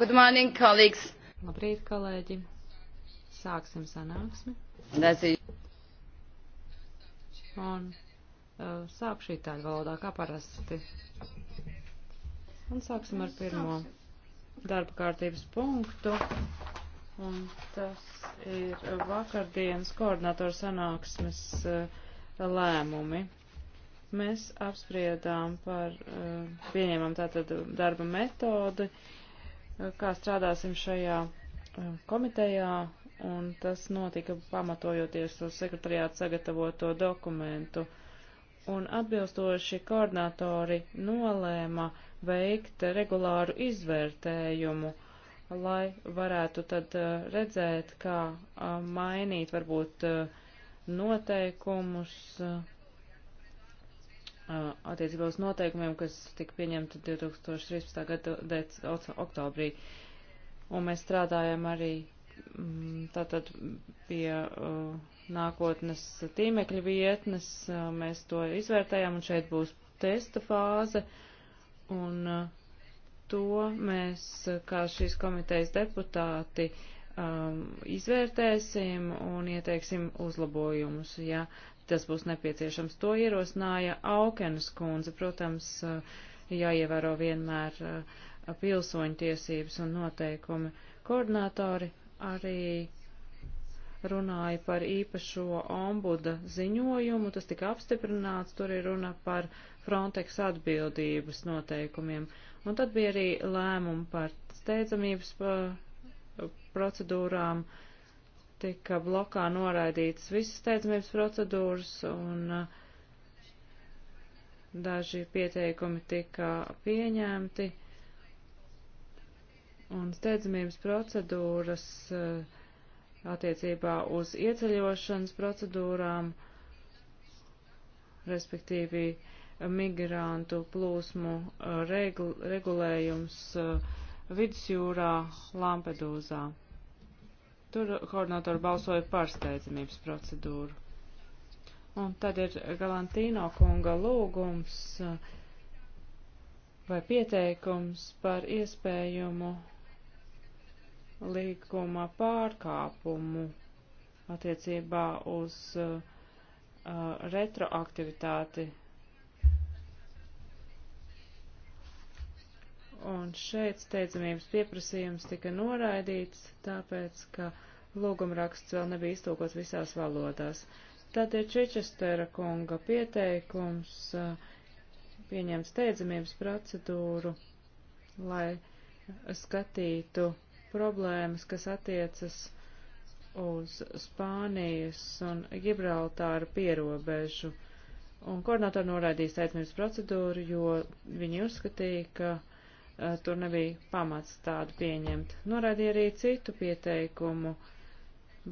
Good morning, colleagues. Labrīt, kolēģi. Sāksim sanāksmi. Un uh, sākšu itāļu valodā, kā parasti. Un sāksim ar pirmo darba kārtības punktu. Un tas ir vakardienas koordinatoru sanāksmes uh, lēmumi mēs apspriedām par, uh, pieņēmām tātad darba metodi, kā strādāsim šajā um, komitejā, un tas notika pamatojoties uz sekretariātu sagatavoto dokumentu. Un atbilstoši koordinatori nolēma veikt regulāru izvērtējumu, lai varētu tad uh, redzēt, kā uh, mainīt varbūt uh, noteikumus, attiecībā uz noteikumiem, kas tika pieņemti 2013. gada dēc, oktobrī. Un mēs strādājam arī mm, tātad pie uh, nākotnes tīmekļa vietnes, uh, mēs to izvērtējam, un šeit būs testa fāze, un uh, to mēs, kā šīs komitejas deputāti, um, izvērtēsim un ieteiksim uzlabojumus, ja tas būs nepieciešams. To ierosināja Aukenas kundze, protams, eh, jāievēro vienmēr eh, pilsoņu tiesības un noteikumi. Koordinātori arī runāja par īpašo ombuda ziņojumu, tas tika apstiprināts, tur ir runa par Frontex atbildības noteikumiem. Un tad bija arī lēmumi par steidzamības eh, procedūrām, uh, tika blokā noraidītas visas steidzamības procedūras un uh, daži pieteikumi tika pieņemti. Un steidzamības procedūras uh, attiecībā uz ieceļošanas procedūrām, respektīvi migrantu plūsmu uh, regl regulējums vidusjūrā Lampedūzā. Tur koordinātori balsoja par steidzamības procedūru. Un tad ir Galantīno kunga lūgums eh, vai pieteikums par iespējumu līguma pārkāpumu attiecībā uz uh, retroaktivitāti un šeit steidzamības pieprasījums tika noraidīts, tāpēc, ka lūgumraksts vēl nebija iztūkots visās valodās. Tad ir Čičestera kunga pieteikums pieņemt steidzamības procedūru, lai skatītu problēmas, kas attiecas uz Spānijas un Gibraltāra pierobežu. Un koordinātori noraidīja steidzamības procedūru, jo viņi uzskatīja, ka Eh, tur nebija pamats tādu pieņemt. Noraidīja arī citu pieteikumu,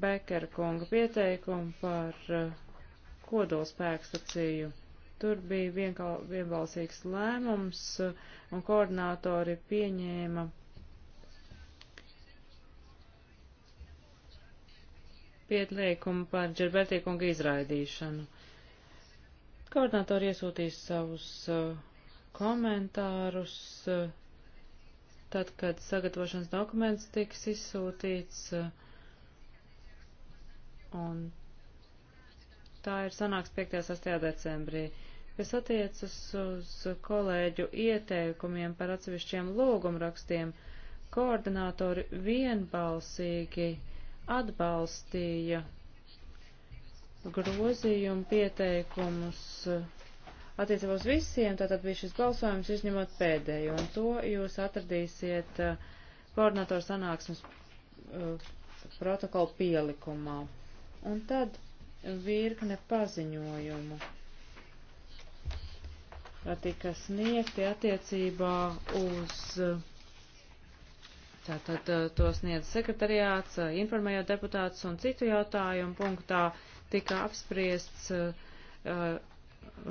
Bekera kunga pieteikumu par eh, kodolspēkstaciju. Tur bija vienkal, vienbalsīgs lēmums, eh, un koordinātori pieņēma pieteikumu par Džerbertī kunga izraidīšanu. Koordinātori iesūtīs savus komentārus, tad, kad sagatavošanas dokuments tiks izsūtīts. Un tā ir sanāks 5.6. decembrī. Kas attiecas uz kolēģu ieteikumiem par atsevišķiem lūgumrakstiem, koordinātori vienbalsīgi atbalstīja grozījumu pieteikumus attiecībā uz visiem, tātad bija šis balsojums izņemot pēdējo, un to jūs atradīsiet uh, koordinatoru sanāksmes uh, protokolu pielikumā. Un tad virkne paziņojumu tika sniegti attiecībā uz tātad uh, to sniedz sekretariāts, informējot deputātus un citu jautājumu punktā tika apspriests uh,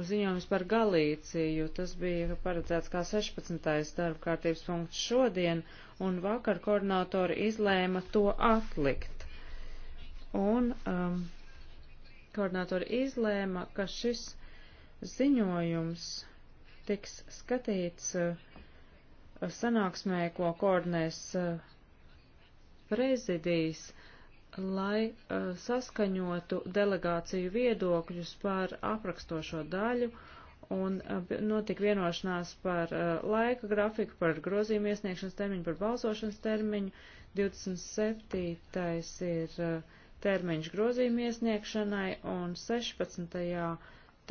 ziņojums par Galīciju. Tas bija paredzēts kā 16. darba kārtības punkts šodien, un vakar koordinātori izlēma to atlikt. Un um, koordinātori izlēma, ka šis ziņojums tiks skatīts uh, sanāksmē, ko koordinēs uh, prezidijs. Uh, lai uh, saskaņotu delegāciju viedokļus par aprakstošo daļu un uh, notika vienošanās par uh, laika grafiku, par grozījumu iesniegšanas termiņu, par balsošanas termiņu. 27. ir uh, termiņš grozījumu iesniegšanai un 16.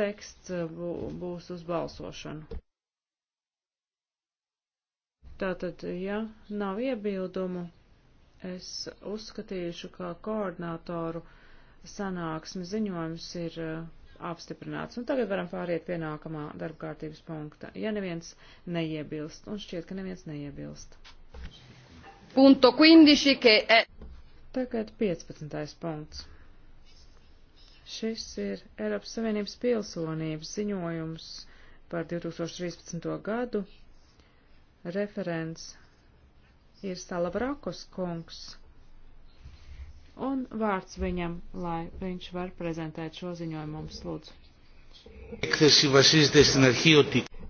teksts uh, bū, būs uz balsošanu. Tātad, ja nav iebildumu, es uzskatīšu, ka koordinātoru sanāksme ziņojums ir uh, apstiprināts. Un tagad varam pāriet pie nākamā darba kārtības punkta, ja neviens neiebilst. Un šķiet, ka neviens neiebilst. Punto 15, che è... Tagad 15. punkts. Šis ir Eiropas Savienības pilsonības ziņojums par 2013. gadu. Referents ir Salavrakos kungs. Un vārds viņam, lai viņš var prezentēt šo ziņojumu mums, lūdzu.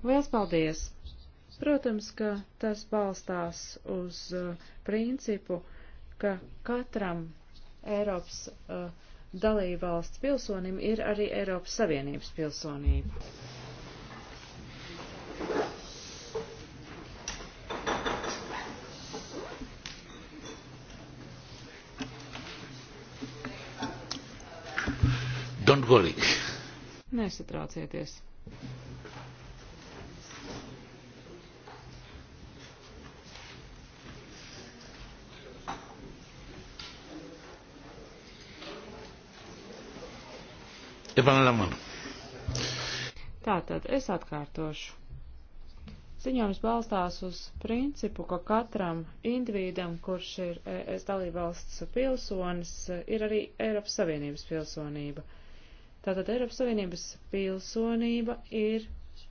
Liels paldies! Protams, ka tas balstās uz uh, principu, ka katram Eiropas uh, dalībvalsts pilsonim ir arī Eiropas Savienības pilsonība. Don't worry. Nesatraucieties. Επαναλαμβάνω. Tātad es atkārtošu. Ziņojums balstās uz principu, ka katram individam, kurš ir ES dalībvalsts pilsonis, ir arī Eiropas Savienības pilsonība. Uh, Tātad Eiropas Savienības pilsonība ir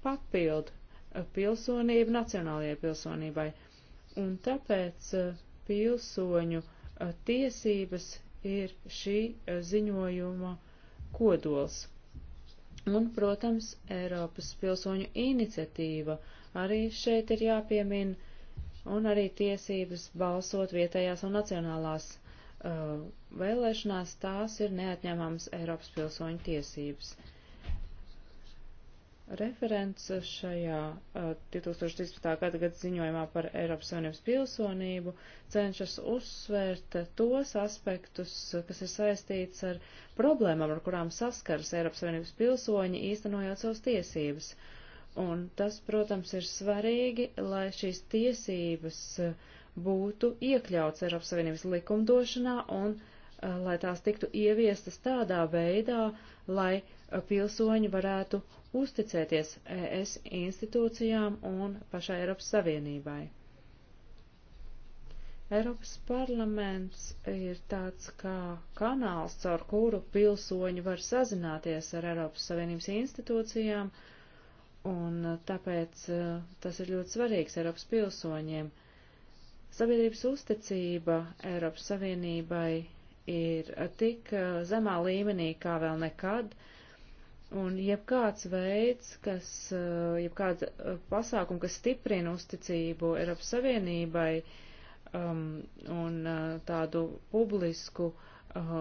papildu eh, pilsonība nacionālajai pilsonībai. Un tāpēc eh, pilsoņu eh, tiesības ir šī ziņojuma kodols. Un, protams, Eiropas pilsoņu iniciatīva arī šeit ir jāpiemina, un arī tiesības balsot vietējās un nacionālās uh, Vēlēšanās tās ir neatņemamas Eiropas pilsoņu tiesības. Referents šajā 2013. gada gada ziņojumā par Eiropas Savienības pilsonību cenšas uzsvērt tos aspektus, kas ir saistīts ar problēmām, ar kurām saskaras Eiropas Savienības pilsoņi īstenojot savas tiesības. Un tas, protams, ir svarīgi, lai šīs tiesības būtu iekļauts Eiropas Savienības likumdošanā un uh, Uh, lai tās tiktu ieviestas tādā veidā, lai uh, pilsoņi varētu uzticēties ES institūcijām un pašai Eiropas Savienībai. Eiropas parlaments ir tāds kā kanāls, caur kuru pilsoņi var sazināties ar Eiropas Savienības institūcijām, un uh, tāpēc tas ir ļoti svarīgs Eiropas pilsoņiem. Sabiedrības uzticība Eiropas Savienībai ir tik uh, zemā līmenī kā vēl nekad. Un jebkāds veids, kas, uh, jebkāda uh, pasākuma, kas stiprina uzticību Eiropas Savienībai um, un tādu publisku uh,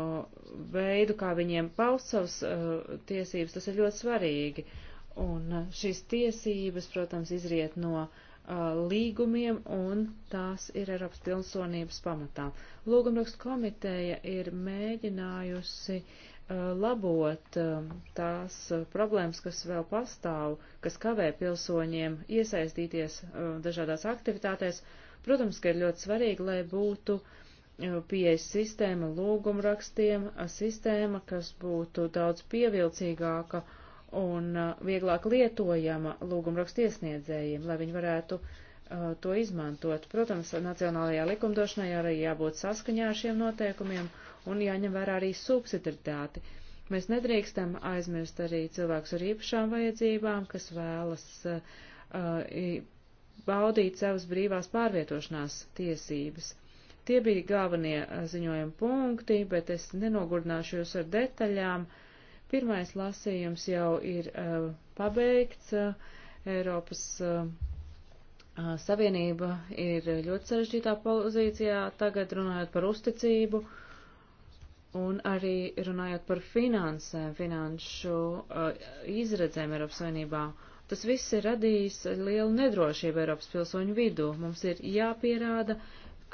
veidu, kā viņiem paust savas uh, tiesības, tas ir ļoti svarīgi. Un šīs tiesības, protams, izriet no uh, Uh, līgumiem, un tās ir Eiropas pilsonības pamatā. Lūgumrakstu komiteja ir mēģinājusi uh, labot um, tās uh, problēmas, kas vēl pastāv, kas kavē pilsoņiem iesaistīties dažādās aktivitātēs. Protams, ka ir ļoti svarīgi, lai būtu pieejas sistēma lūgumrakstiem, sistēma, kas būtu daudz pievilcīgāka un uh, vieglāk lietojama lūgumrakstu iesniedzējiem, lai viņi varētu uh, to izmantot. Protams, nacionālajā likumdošanai arī jābūt saskaņā ar šiem noteikumiem un jāņem vērā arī subsidiaritāti. Mēs nedrīkstam aizmirst arī cilvēkus ar īpašām vajadzībām, kas vēlas uh, baudīt savas brīvās pārvietošanās tiesības. Tie bija galvenie uh, ziņojuma punkti, bet es nenogurdināšu jūs ar detaļām. Uh, Pirmais lasījums jau ir uh, pabeigts. Uh, Eiropas uh, uh, Savienība ir ļoti sarežģītā pozīcijā, tagad runājot par uzticību un arī runājot par finansēm, finanšu uh, izredzēm Eiropas Savienībā. Tas viss ir radījis lielu nedrošību Eiropas pilsoņu vidū. Mums ir jāpierāda,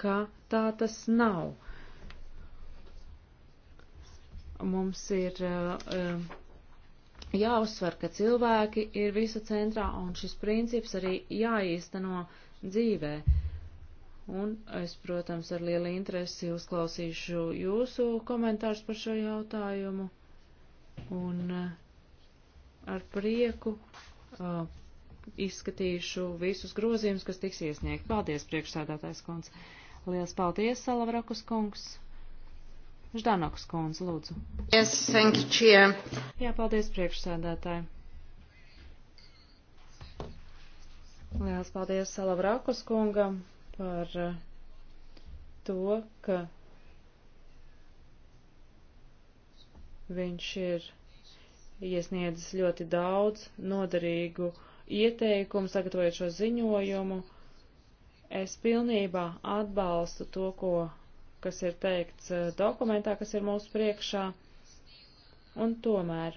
ka tā tas nav. Uh, mums ir eh, jāuzsver, ka cilvēki ir visa centrā un šis princips arī jāīsteno dzīvē. Un es, protams, ar lielu interesi uzklausīšu jūsu komentārus par šo jautājumu un eh, ar prieku uh, izskatīšu visus grozījumus, kas tiks iesniegt. Paldies, priekšsēdātājs kungs! Liels paldies, Salavrakus kungs! Ždanoks kundz, lūdzu. Yes, thank you, chair. Jā, paldies priekšsēdētāji. Lielas paldies Salavrakus kungam par uh, to, ka viņš ir iesniedzis ļoti daudz noderīgu ieteikumu, sagatavojot šo ziņojumu. Es pilnībā atbalstu to, ko kas ir teikts eh, dokumentā, kas ir mūsu priekšā. Un tomēr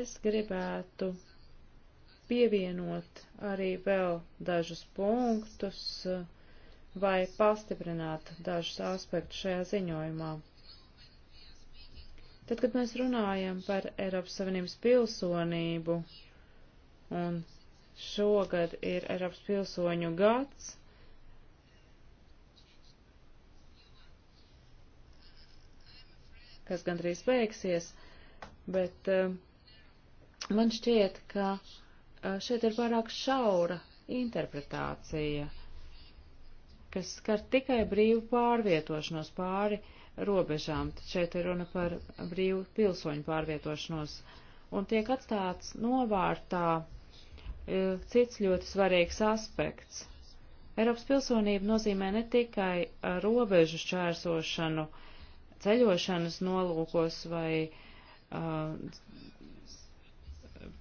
es gribētu pievienot arī vēl dažus punktus eh, vai pastiprināt dažus aspektus šajā ziņojumā. Tad, kad mēs runājam par Eiropas Savienības pilsonību, un šogad ir Eiropas pilsoņu gads, kas gandrīz beigsies, bet eh, man šķiet, ka eh, šeit ir pārāk šaura interpretācija, kas skar tikai brīvu pārvietošanos pāri robežām. Tad šeit ir runa par brīvu pilsoņu pārvietošanos. Un tiek atstāts novārtā eh, cits ļoti svarīgs aspekts. Eiropas pilsonība nozīmē ne tikai robežu šķērsošanu, uh, ceļošanas nolūkos vai uh,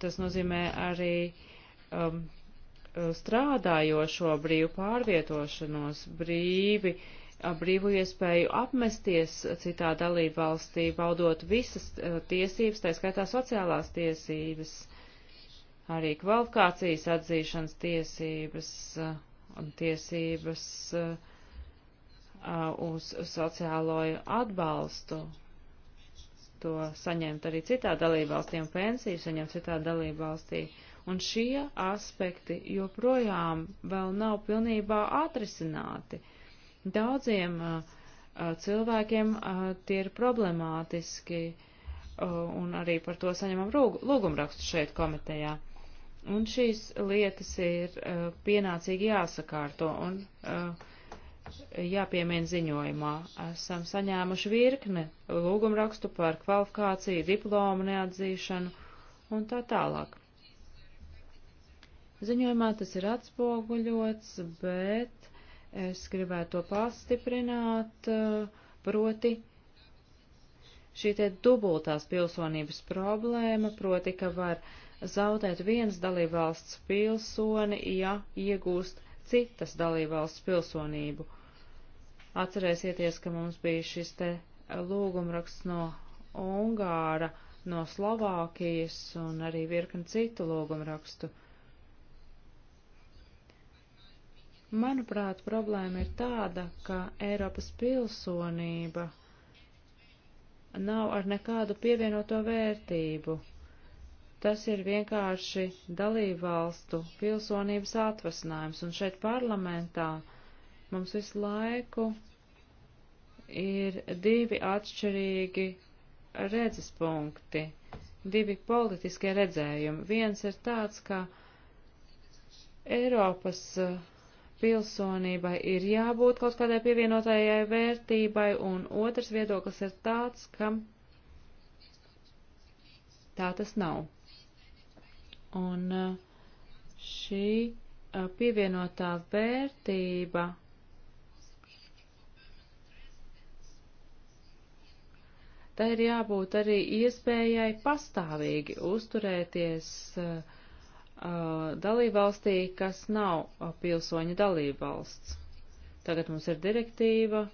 tas nozīmē arī um, strādājošo brīvu pārvietošanos, brīvi, uh, brīvu iespēju apmesties citā dalību valstī, baudot visas uh, tiesības, tā skaitā sociālās tiesības, arī kvalifikācijas atzīšanas tiesības uh, un tiesības uh, Uh, uz sociālo atbalstu. To saņemt arī citā dalībvalstī un pensiju saņemt citā dalībvalstī. Un šie aspekti joprojām vēl nav pilnībā atrisināti. Daudziem uh, uh cilvēkiem uh, tie ir problemātiski uh, un arī par to saņemam lūgumrakstu šeit komitejā. Un šīs lietas ir uh, pienācīgi jāsakārto. Un, uh, jāpiemien ziņojumā. Esam saņēmuši virkne lūgumrakstu par kvalifikāciju, diplomu neatzīšanu un tā tālāk. Ziņojumā tas ir atspoguļots, bet es gribētu to pastiprināt, proti šī te dubultās pilsonības problēma, proti, ka var zaudēt viens dalībvalsts pilsoni, ja iegūst citas dalībvalsts pilsonību Atcerēsieties, ka mums bija šis te lūgumraksts no Ungāra, no Slovākijas un arī virkni citu lūgumrakstu. Manuprāt, problēma ir tāda, ka Eiropas pilsonība nav ar nekādu pievienoto vērtību. Tas ir vienkārši dalībvalstu pilsonības atvasinājums, un šeit parlamentā uh, Mums visu laiku ir divi atšķirīgi redzes punkti, divi politiskie redzējumi. Viens ir tāds, ka Eiropas eh, pilsonībai ir jābūt kaut kādai pievienotājai vērtībai, un otrs viedoklis ir tāds, ka tā tas nav. Un eh, šī eh, pievienotā vērtība te ir jābūt arī iespējai pastāvīgi uzturēties uh, uh dalībvalstī, kas nav uh, pilsoņa dalībvalsts. Tagad mums ir direktīva,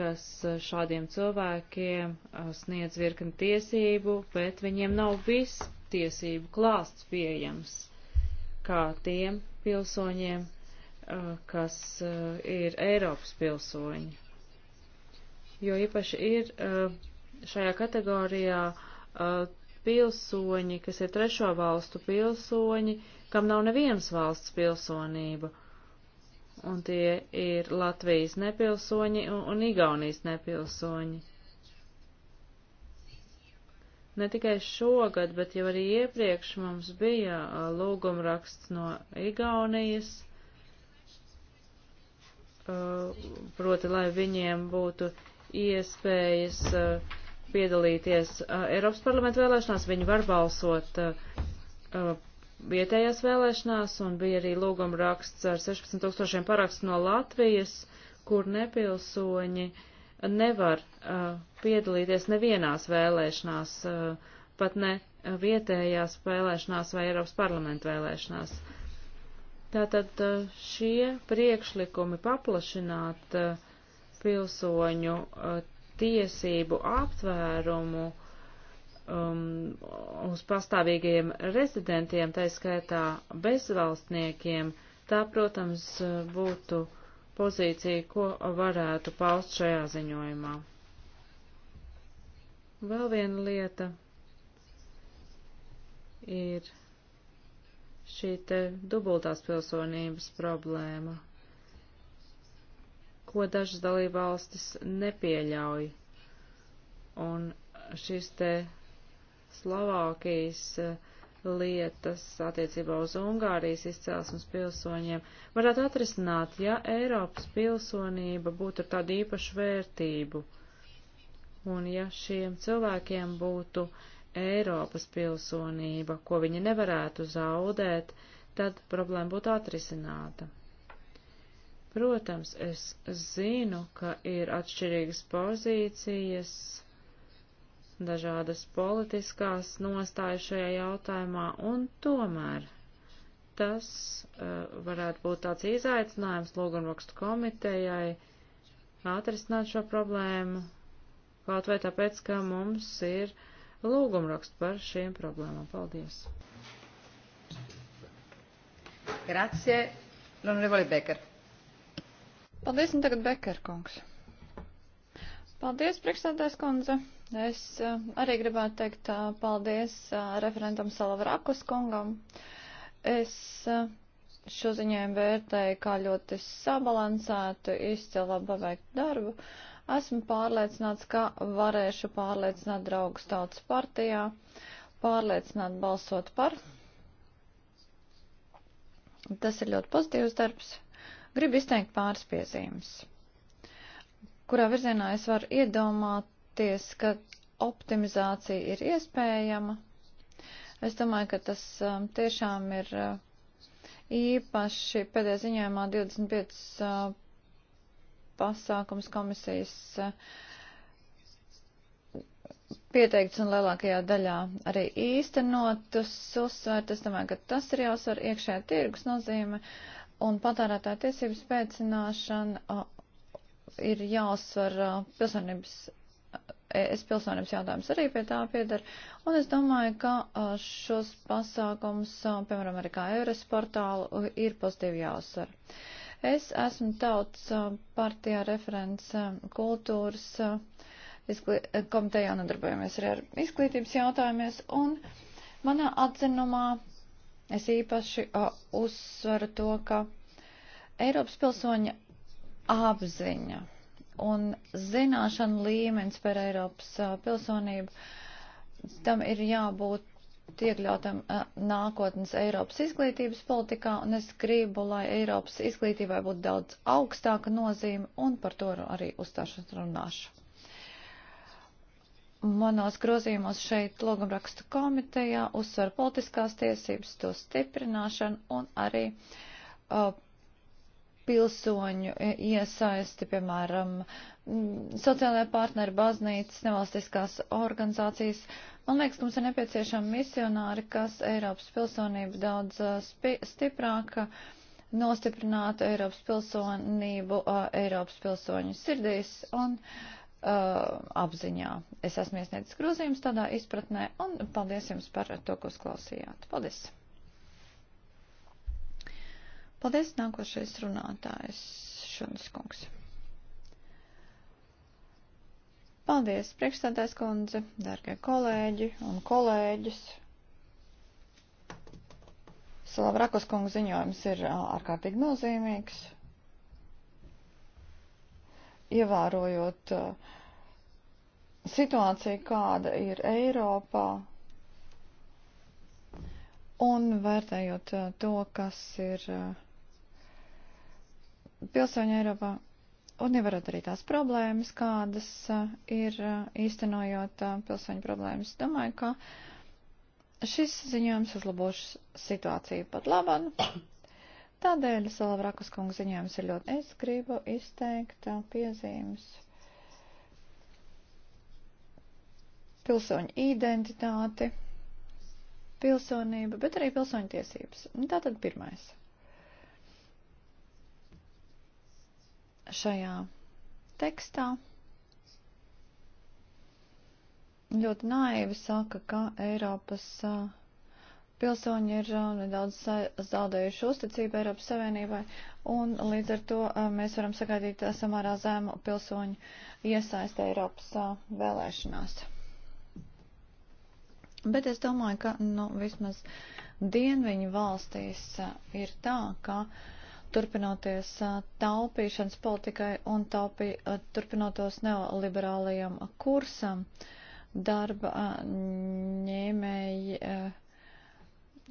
kas uh, šādiem cilvēkiem sniedz virkni tiesību, bet viņiem nav viss tiesību klāsts pieejams, kā tiem pilsoņiem, kas ir Eiropas pilsoņi jo īpaši ir eh, šajā kategorijā eh, pilsoņi, kas ir trešo valstu pilsoņi, kam nav nevienas valsts pilsonība. Un tie ir Latvijas nepilsoņi un, un Igaunijas nepilsoņi. Ne tikai šogad, bet jau arī iepriekš mums bija eh, lūgumraksts no Igaunijas, proti, lai viņiem būtu iespējas eh, piedalīties eh, Eiropas parlamenta vēlēšanās, viņi var balsot eh, vietējās vēlēšanās, un bija arī lūguma raksts ar 16 tūkstošiem parakstu no Latvijas, kur nepilsoņi nevar piedalīties nevienās vēlēšanās, pat ne vietējās vēlēšanās vai Eiropas parlamenta vēlēšanās. Tātad šie priekšlikumi paplašināt uh, pilsoņu eh, tiesību aptvērumu um, uz pastāvīgajiem rezidentiem, tā skaitā bezvalstniekiem, tā, protams, būtu pozīcija, ko varētu paust šajā ziņojumā. Vēl viena lieta ir šī te dubultās pilsonības problēma ko dažas dalībvalstis nepieļauj. Un šis te Slovākijas eh, lietas attiecībā uz Ungārijas izcelsmes pilsoņiem varētu atrisināt, ja Eiropas pilsonība būtu ar tādu īpašu vērtību. Un ja šiem cilvēkiem būtu Eiropas pilsonība, ko viņi nevarētu zaudēt, tad problēma būtu atrisināta. Protams, es zinu, ka ir atšķirīgas pozīcijas, dažādas politiskās nostājas šajā jautājumā, un tomēr tas uh, varētu būt tāds izaicinājums lūgumrakstu komitejai atrisināt šo problēmu, kaut vai tāpēc, ka mums ir lūgumraksts par šīm problēmām. Paldies! Grazie, Lonorevole Becker. Paldies, un tagad Beker kungs. Paldies, priekšstādājs kundze. Es eh, arī gribētu teikt eh, paldies eh, referentam Salavrakus kungam. Es šo ziņojumu vērtēju kā ļoti sabalansētu, izcilu labi paveiktu darbu. Esmu pārliecināts, ka varēšu pārliecināt draugus tautas partijā, pārliecināt balsot par. Tas ir ļoti pozitīvs darbs. Gribu izteikt pāris piezīmes, kurā virzienā es varu iedomāties, ka optimizācija ir iespējama. Es domāju, ka tas um, tiešām ir uh, īpaši pēdējā ziņojumā 25 uh, pasākums komisijas uh, pieteikts un lielākajā daļā arī īstenotus uzsvērt. Es domāju, ka tas ir jāuzsver iekšējā tirgus nozīme. Uh, Un patērētāja tiesības spēcināšana ir jāuzsver pilsonības, e, es pilsonības jautājums arī pie tā piedara. Un es domāju, ka šos pasākums, piemēram, arī kā Eures portālu, ir pozitīvi jāuzsver. Es esmu tautas partijā referents kultūras komitejā nodarbojamies arī ar izglītības jautājumies, un manā atzinumā Es īpaši uzsveru to, ka Eiropas pilsoņa apziņa un zināšana līmenis par Eiropas pilsonību, tam ir jābūt iekļautam nākotnes Eiropas izglītības politikā, un es gribu, lai Eiropas izglītībai būtu daudz augstāka nozīme, un par to arī uzstāšos runāšu. Manos grozījumos šeit logumrakstu komitejā uzsver politiskās tiesības, to stiprināšanu un arī uh, pilsoņu iesaisti, piemēram, mm, sociālajā partneri, baznīcas, nevalstiskās organizācijas. Man liekas, ka mums ir nepieciešami misionāri, kas Eiropas pilsonību daudz stiprāka nostiprinātu Eiropas pilsonību Eiropas pilsoņu sirdīs un uh, Uh, apziņā. Es esmu iesniedzis grozījums tādā izpratnē, un paldies jums par to, ko klausījāt. Paldies! Paldies, nākošais runātājs Šunis kungs. Paldies, priekšstādājs kundze, dārgie kolēģi un kolēģis. Salavrakos kungu ziņojums ir uh, ārkārtīgi nozīmīgs ievērojot uh, situācija, kāda ir Eiropā, un vērtējot eh, to, kas ir eh, pilsoņi Eiropā, un ievarot arī tās problēmas, kādas eh, ir īstenojot pilsoņu problēmas, domāju, ka šis ziņojums uzlabos situāciju pat labāk. Tādēļ Salavrakas kungu ziņojums ir ļoti. Es gribu izteikt piezīmes pilsoņu identitāti, pilsonību, bet arī pilsoņu tiesības. Tātad pirmais. Šajā tekstā ļoti naivi saka, ka Eiropas pilsoņi ir nedaudz zaudējuši uzticību Eiropas Savienībai, un līdz ar to mēs varam sagaidīt samērā zēmu pilsoņu iesaist Eiropas vēlēšanās. Bet es domāju, ka nu, vismaz dienviņu valstīs eh, ir tā, ka turpinoties eh, taupīšanas politikai un taupī, eh, turpinotos neoliberālajam kursam, darba ņēmēji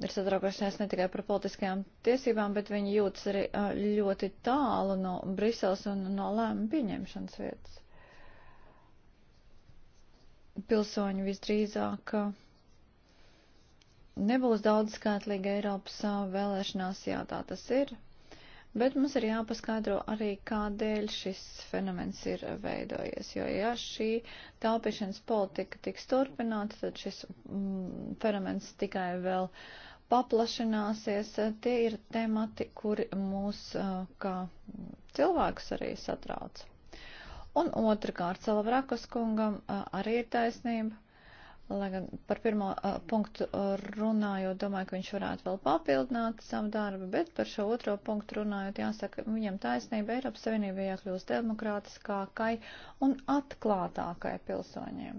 ir satraukušies ne tikai par politiskajām tiesībām, bet viņi jūtas arī ļoti tālu no Briseles un no lēmu pieņemšanas vietas. Pilsoņi visdrīzāk. Uh, nebūs daudz skaitlīga Eiropas uh, vēlēšanās, jā, tā tas ir. Bet mums ir jāpaskaidro arī, kādēļ šis fenomens ir veidojies. Jo, ja šī taupīšanas politika tiks turpināta, tad šis mm, fenomens tikai vēl paplašināsies. Tie ir temati, kuri mūs uh, kā cilvēkus arī satrauc. Un otrkārt, Salavrakos kungam uh, arī ir taisnība Lai gan par pirmo uh, punktu runājot, domāju, ka viņš varētu vēl papildināt savu darbu, bet par šo otro punktu runājot, jāsaka, viņam taisnība Eiropas Savienība jākļūst demokrātiskākai un atklātākai pilsoņiem.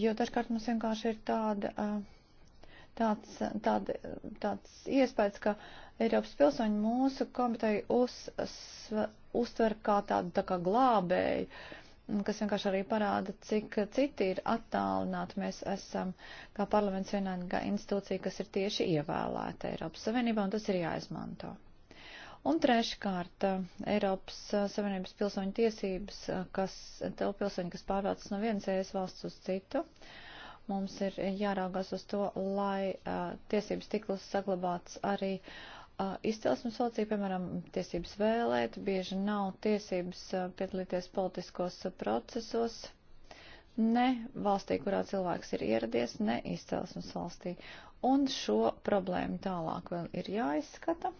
Jo dažkārt mums vienkārši ir tāda. Uh, tāds, tād, tāds iespējas, ka Eiropas pilsoņi mūsu komiteju uzsver uztver kā tādu tā kā glābēju, kas vienkārši arī parāda, cik citi ir attālināti. Mēs esam kā parlaments vienīgā institūcija, kas ir tieši ievēlēta Eiropas Savienībā, un tas ir jāizmanto. Un treškārt, Eiropas Savienības pilsoņu tiesības, kas tev pilsoņi, kas pārvācas no vienas ES valsts uz citu, mums ir jāraugās uz to, lai tiesības tiklas saglabāts arī uh, izcelsmes socija, piemēram, tiesības vēlēt, bieži nav tiesības piedalīties politiskos procesos, ne valstī, kurā cilvēks ir ieradies, ne izcelsmes valstī. Un šo problēmu tālāk vēl ir jāizskata.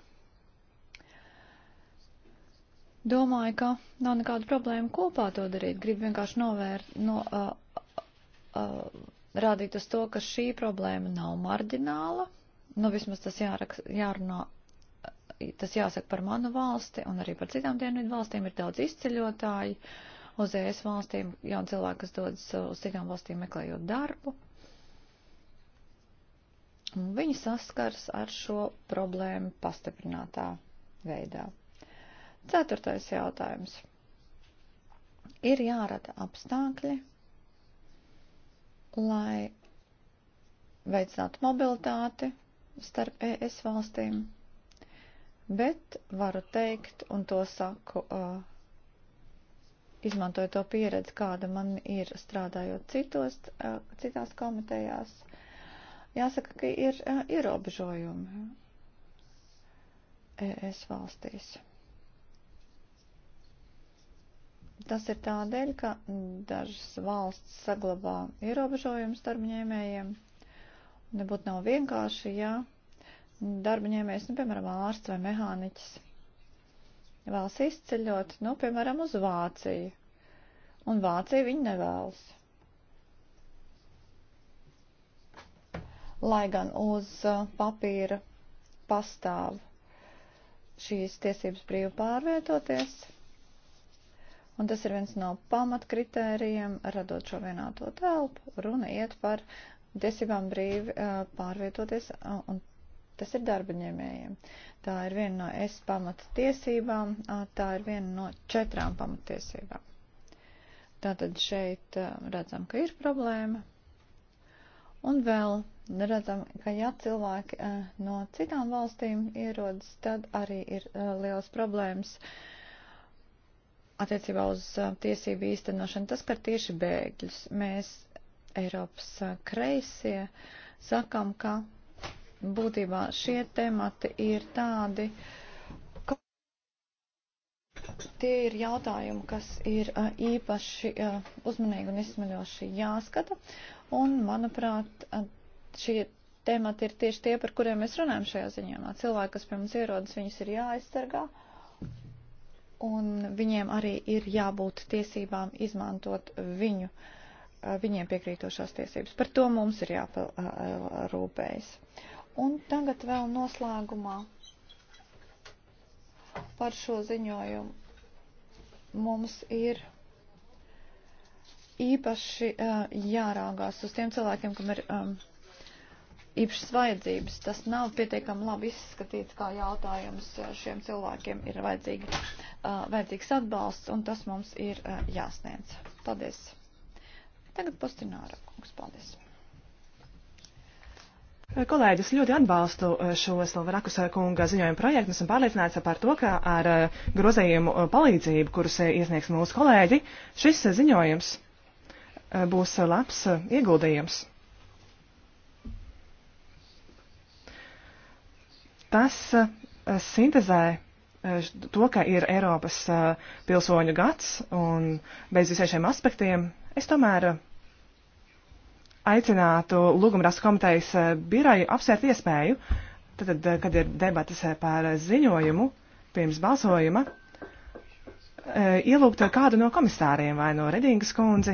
Domāju, ka nav nekāda problēma kopā to darīt. Gribu vienkārši novērt, no, uh, uh, rādīt uz to, ka šī problēma nav marģināla, nu vismaz tas jārakst, jārunā tas jāsaka par manu valsti un arī par citām dienvidu valstīm, ir daudz izceļotāji uz ES valstīm, jauni cilvēki, kas dodas uz citām valstīm meklējot darbu. Un viņi saskars ar šo problēmu pastiprinātā veidā. Ceturtais jautājums. Ir jārada apstākļi, lai veicinātu mobilitāti starp ES valstīm. Mm Bet varu teikt, un to saku, izmantoju to pieredzi, kāda man ir strādājot citos, citās komitejās. Jāsaka, ka ir ierobežojumi ES valstīs. Tas ir tādēļ, ka dažas valsts saglabā ierobežojumus darbņēmējiem. Nebūtu nav vienkārši, ja darba ņēmējs, nu, piemēram, ārsts vai mehāniķis, vēlas izceļot, nu, piemēram, uz Vāciju, un Vāciju viņi nevēlas. Lai gan uz uh, papīra pastāv šīs tiesības brīvi pārvietoties, Un tas ir viens no pamatkritērijiem, radot šo vienāto telpu. Runa iet par tiesībām brīvi uh, pārvietoties uh, un Tas ir darbaņēmējiem. Tā ir viena no es pamata tiesībām, tā ir viena no četrām pamatiesībām. Tātad šeit redzam, ka ir problēma. Un vēl redzam, ka ja cilvēki no citām valstīm ierodas, tad arī ir liels problēmas attiecībā uz tiesību īstenošanu. Tas, ka tieši bēgļus mēs Eiropas kreisie sakam, ka būtībā šie temati ir tādi, ka tie ir jautājumi, kas ir īpaši uzmanīgi un izsmeļoši jāskata. Un, manuprāt, šie temati ir tieši tie, par kuriem mēs runājam šajā ziņojumā. Cilvēki, kas pie mums ierodas, viņus ir jāaizsargā. Un viņiem arī ir jābūt tiesībām izmantot viņu uh, viņiem piekrītošās tiesības. Par to mums ir jāparūpējas. Un tagad vēl noslēgumā par šo ziņojumu. Mums ir īpaši uh, jārāgās uz tiem cilvēkiem, kam ir um, īpašas vajadzības. Tas nav pietiekami labi izskatīts, kā jautājums eh, šiem cilvēkiem ir vajadzīgi, uh, vajadzīgs atbalsts, un tas mums ir uh, jāsniedz. Paldies! Tagad postināra kungs, paldies! Kolēģis ļoti atbalstu eh, šo Sloverakus eh, kunga ziņojumu projektu. Esmu pārliecināts par to, ka ar eh, grozējumu palīdzību, kurus iesniegs mūsu kolēģi, šis ziņojums būs labs ieguldījums. Tas sintezē to, ka ir Eiropas pilsoņu gads un bez visiem šiem aspektiem es tomēr aicinātu lūgumrakstu komitejas eh, biroju apsvērt iespēju, tad, eh, kad ir debatas eh, par ziņojumu pirms balsojuma, ielūgt kādu no komisāriem, vai no Redingas kundzi,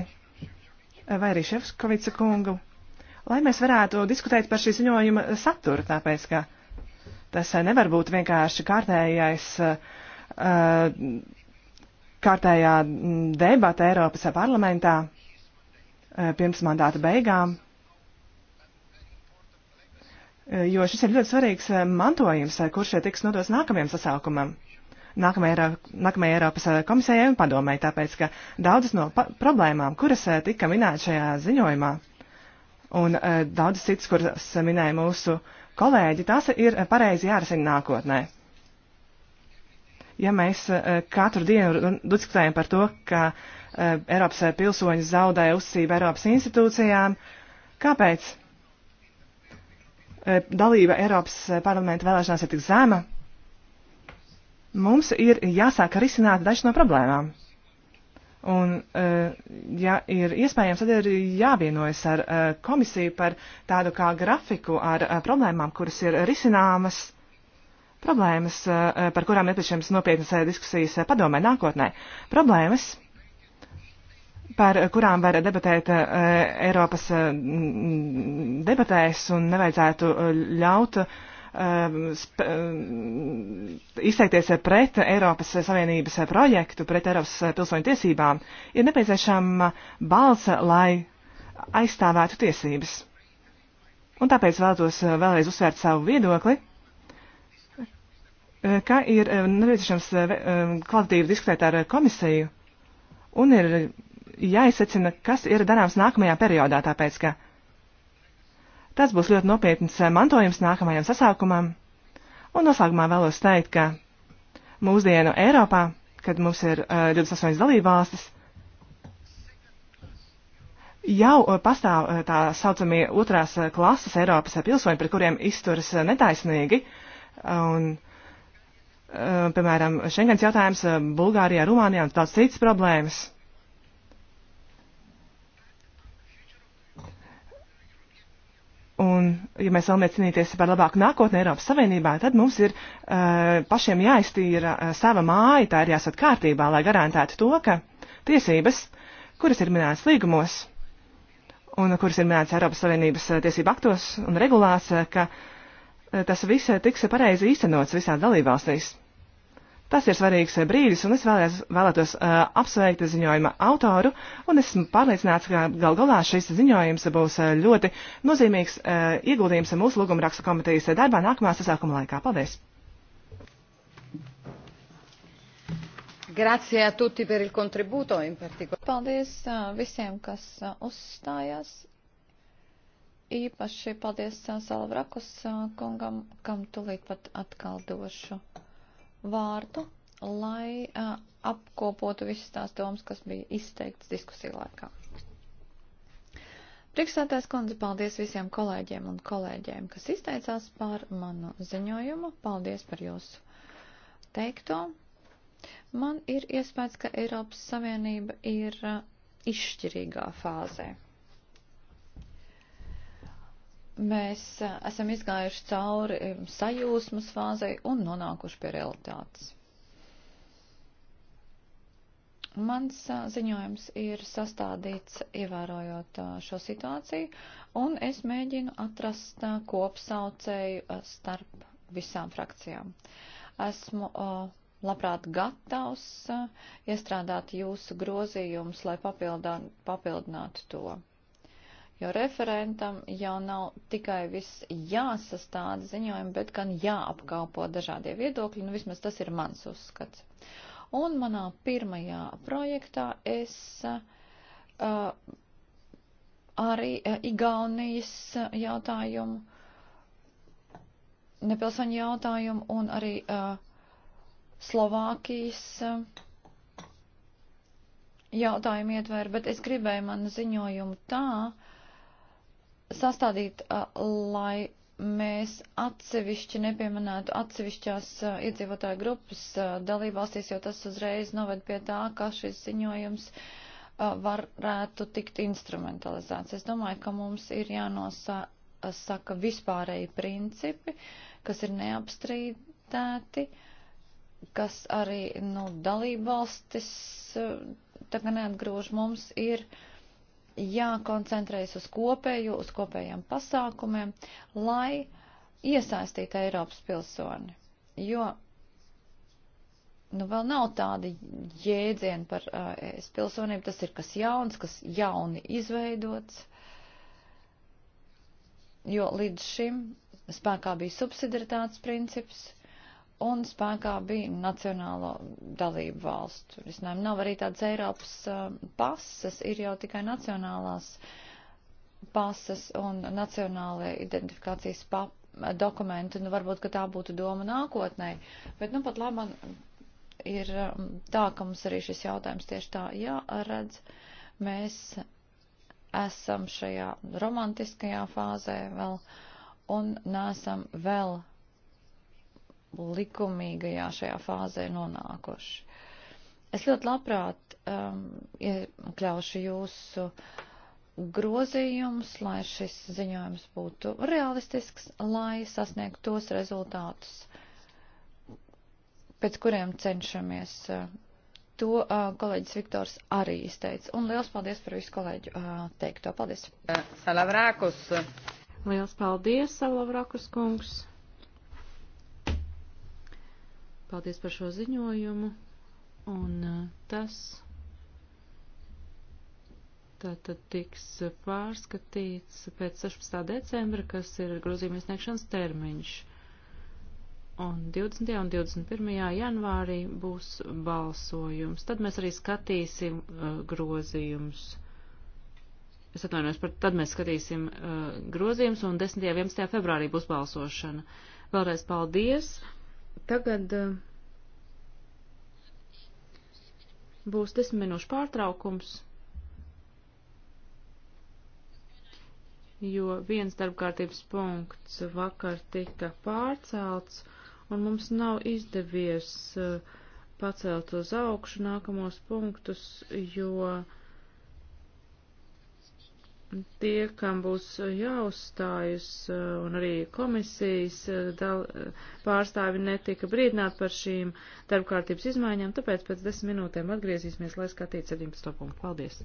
vai arī Šefskovica kungu, lai mēs varētu diskutēt par šī ziņojuma saturu, tāpēc, ka tas nevar būt vienkārši kārtējais, kārtējā mm, debata Eiropas parlamentā Eh, pirms mandāta beigām. Eh, jo šis ir ļoti svarīgs eh, mantojums, kurš šeit tiks nodos nākamajam sasaukumam, nākamajai, Eiro, nākamajai Eiropas komisijai un padomēji, tāpēc ka daudzas no problēmām, kuras tika minētas šajā ziņojumā, un daudzas citas, kuras minēja mūsu kolēģi, tās ir pareizi jārasina nākotnē ja mēs katru dienu diskutējam par to, ka Eh, Eiropas eh, pilsoņi zaudēja uzticību Eiropas institūcijām. Kāpēc eh, dalība Eiropas parlamenta vēlēšanās ir tik zema? Mums ir jāsāk risināt dažas no problēmām. Un, ja ir iespējams, tad ir jāvienojas ar komisiju par tādu kā grafiku ar problēmām, kuras ir risināmas problēmas, par kurām nepieciešams nopietnas diskusijas padomē nākotnē. Problēmas, par kurām var debatēt eh, Eiropas eh, debatēs un nevajadzētu eh, ļaut izteikties pret Eiropas Savienības projektu, pret Eiropas pilsoņu tiesībām, ir nepieciešama balsa, lai aizstāvētu tiesības. Un tāpēc vēlētos vēlreiz uzsvērt savu viedokli, ka ir nepieciešams kvalitatīvi diskutēt ar komisiju un ir jāizsacina, kas ir darāms nākamajā periodā, tāpēc, ka tas būs ļoti nopietns mantojums nākamajam sasākumam. Un noslēgumā vēlos teikt, ka mūsdienu Eiropā, kad mums ir uh, 28 dalībvalstis, jau pastāv tā saucamie otrās klases Eiropas pilsoņi, pret kuriem izturas netaisnīgi. Un, piemēram, Schengens jautājums Bulgārijā, Rumānijā un tāds cits problēmas. Un, ja mēs vēlamies cīnīties par labāku nākotni Eiropas Savienībā, tad mums ir uh, pašiem jāiztīra uh, sava māja, tā ir jāsat kārtībā, lai garantētu to, ka tiesības, kuras ir minētas līgumos un kuras ir minētas Eiropas Savienības eh, tiesību aktos un regulās, ka tas viss tiks pareizi īstenots visās dalībvalstīs. Tas ir svarīgs eh, brīdis, un es vēlēs, vēlētos uh, apsveikt ziņojuma autoru, un esmu pārliecināts, ka gal galā šis ziņojums būs uh, ļoti nozīmīgs uh, ieguldījums mūsu lūguma rakstu komitejas darbā nākamā sasākuma laikā. Paldies! Grazie a tutti per il contributo in particolare. Paldies uh, visiem, kas uh, uzstājās. Īpaši paldies uh, Salvrakus uh, kungam, kam tulīt pat atkal došu vārdu, lai uh, apkopotu visas tās domas, kas bija izteiktas diskusiju laikā. Priekšsētājs kundze, paldies visiem kolēģiem un kolēģiem, kas izteicās par manu ziņojumu. Paldies par jūsu teikto. Man ir iespējas, ka Eiropas Savienība ir uh, izšķirīgā fāzē mēs eh, esam izgājuši cauri sajūsmas fāzei un nonākuši pie realitātes. Mans eh, ziņojums ir sastādīts ievērojot eh, šo situāciju, un es mēģinu atrast kopsaucēju starp visām frakcijām. Esmu labprāt gatavs iestrādāt jūsu grozījumus, lai papildinātu to jo referentam jau nav tikai viss jāsastāda ziņojumi, bet gan jāapkalpo dažādie viedokļi, nu vismaz tas ir mans uzskats. Un manā pirmajā projektā es uh, arī uh, Igaunijas uh, jautājumu, nepilsoņu jautājumu un arī uh, Slovākijas uh, jautājumu ietvēru, bet es gribēju manu ziņojumu tā, sastādīt, lai mēs atsevišķi nepieminētu atsevišķās iedzīvotāju grupas dalībvalstīs, jo tas uzreiz noved pie tā, ka šis ziņojums varētu tikt instrumentalizēts. Es domāju, ka mums ir jānosaka vispārēji principi, kas ir neapstrīdēti, kas arī, nu, dalībvalstis tagad neatgrūž mums ir. Uh, jākoncentrējas uz kopēju, uz kopējiem pasākumiem, lai iesaistītu Eiropas pilsoni. Jo nu, vēl nav tāda jēdziena par uh, es pilsonību, tas ir kas jauns, kas jauni izveidots, jo līdz šim spēkā bija subsidaritātes princips, un spēkā bija nacionālo dalību valstu. Risinājumu nav arī tādas Eiropas um, pases, ir jau tikai nacionālās pases un nacionālie identifikācijas pap, dokumenti. Nu, varbūt, ka tā būtu doma nākotnē, bet nu pat labi ir um, tā, ka mums arī šis jautājums tieši tā jāredz. Mēs esam šajā romantiskajā fāzē vēl un nesam vēl likumīgajā šajā fāzē nonākuši. Es ļoti labprāt um, iekļaušu jūsu grozījumus, lai šis ziņojums būtu realistisks, lai sasniegtu tos rezultātus, pēc kuriem cenšamies. Uh, to uh, kolēģis Viktors arī izteica. Un liels paldies par visu kolēģu uh, teikto. Paldies. Salavrākus. Liels paldies, Salavrākus kungs. Paldies par šo ziņojumu. Un uh, tas tātad tiks pārskatīts pēc 16. decembra, kas ir grozījuma iesniegšanas termiņš. Un 20. un 21. janvārī būs balsojums. Tad mēs arī skatīsim uh, grozījumus. Es atvainojos par, tad mēs skatīsim uh, grozījumus un 10. un 11. februārī būs balsošana. Vēlreiz paldies! Tagad eh, būs desmit minūšu pārtraukums, jo viens darbkārtības punkts vakar tika pārcelts, un mums nav izdevies eh, pacelt uz augšu nākamos punktus, jo tie, kam būs jāuzstājas, eh, un arī komisijas eh, dal, eh, pārstāvi netika brīdināti par šīm darbkārtības izmaiņām, tāpēc pēc desmit minūtēm atgriezīsimies, lai skatītu 17. punktu. Paldies!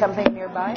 something nearby?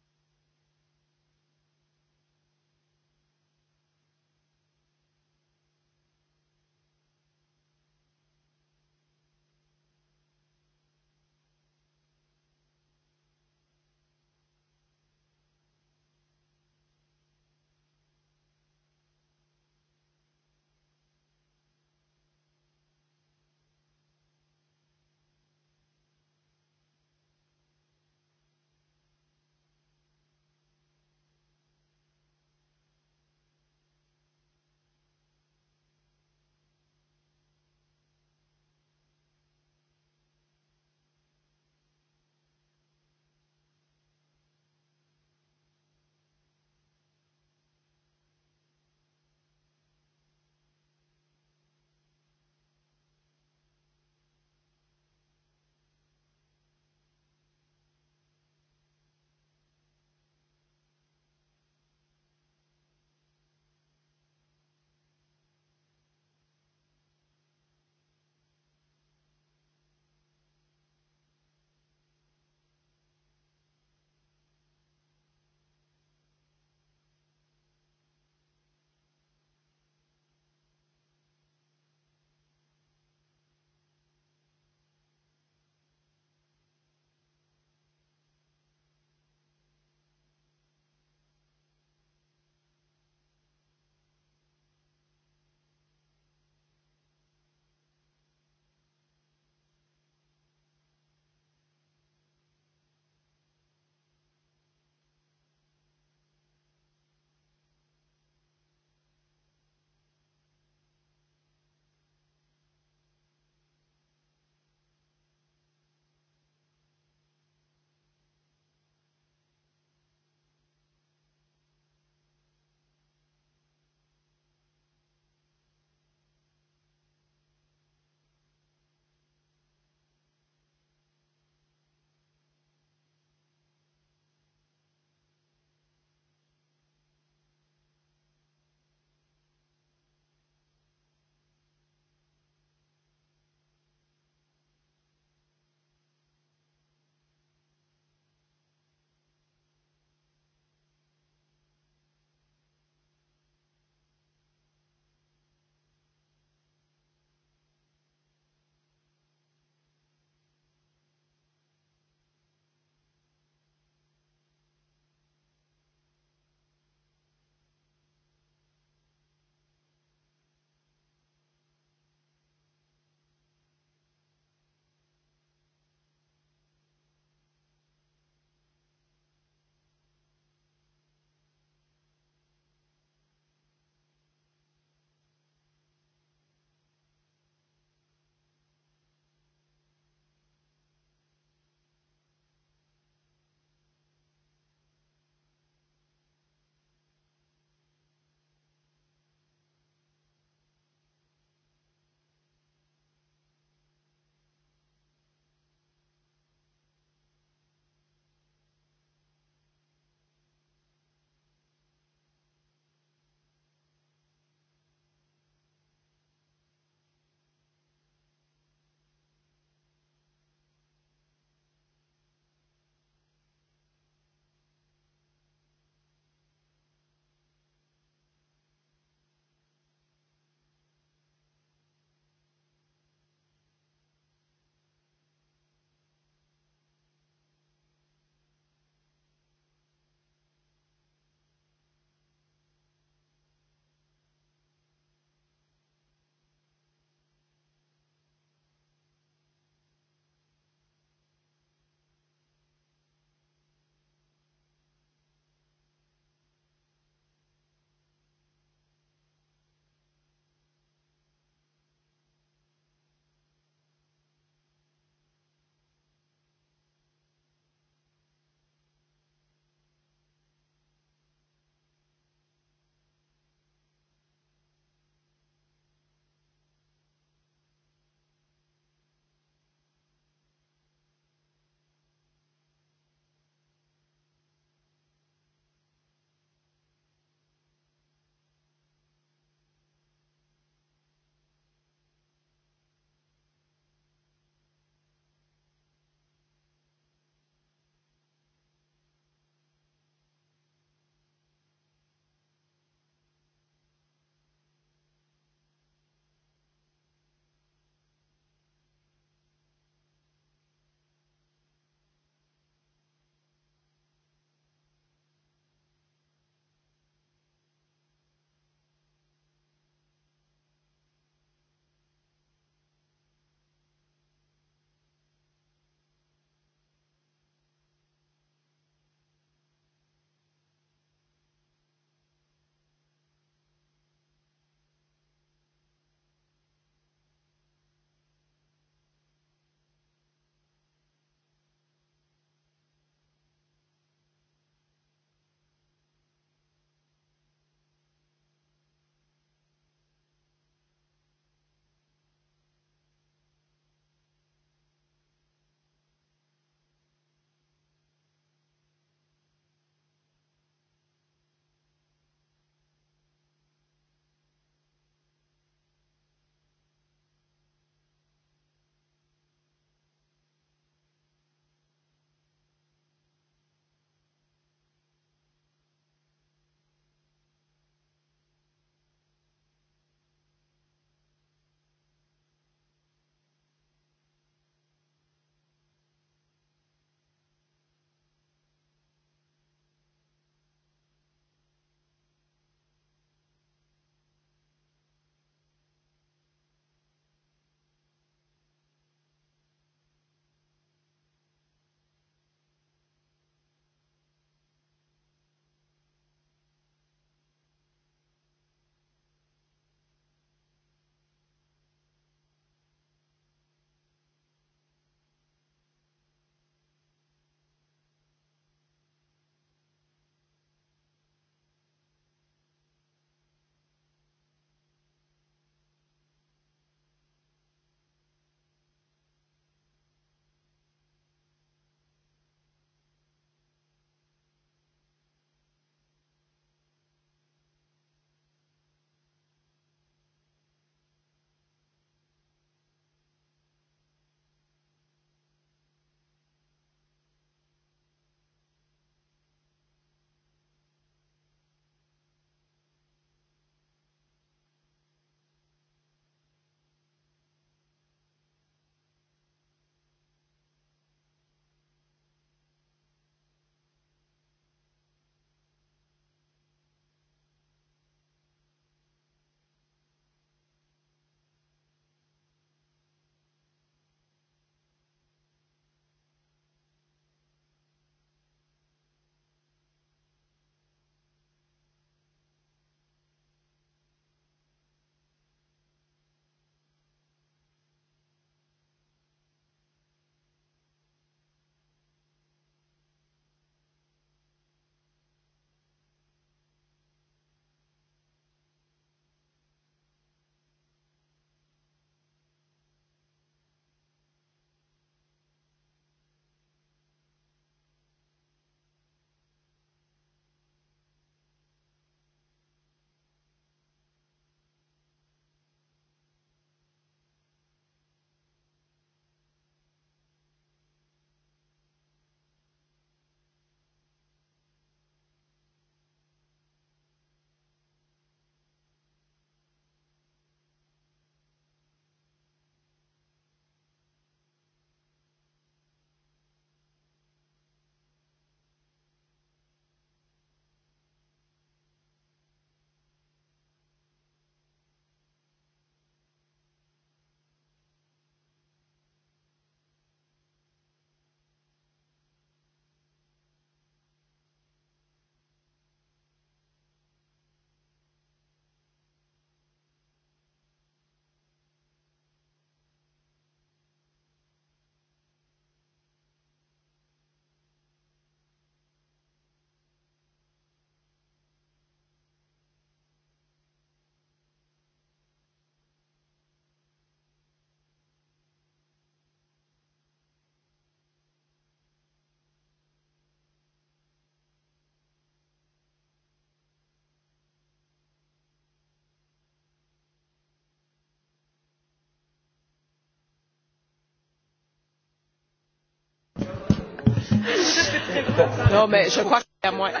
Non, mais je crois qu'il y a moyen.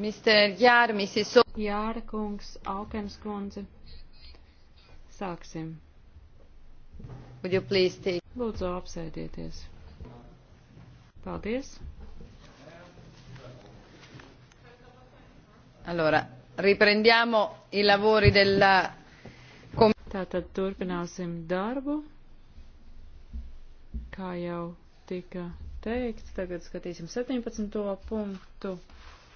Mr. Jāra, Mrs. So Jāra kungs, Aukens kundze. Sāksim. Would you please take? Lūdzu, apsēdieties. Paldies. Allora, riprendiamo i lavori della Tātad turpināsim darbu. Kā jau tika teikts, tagad skatīsim 17. punktu.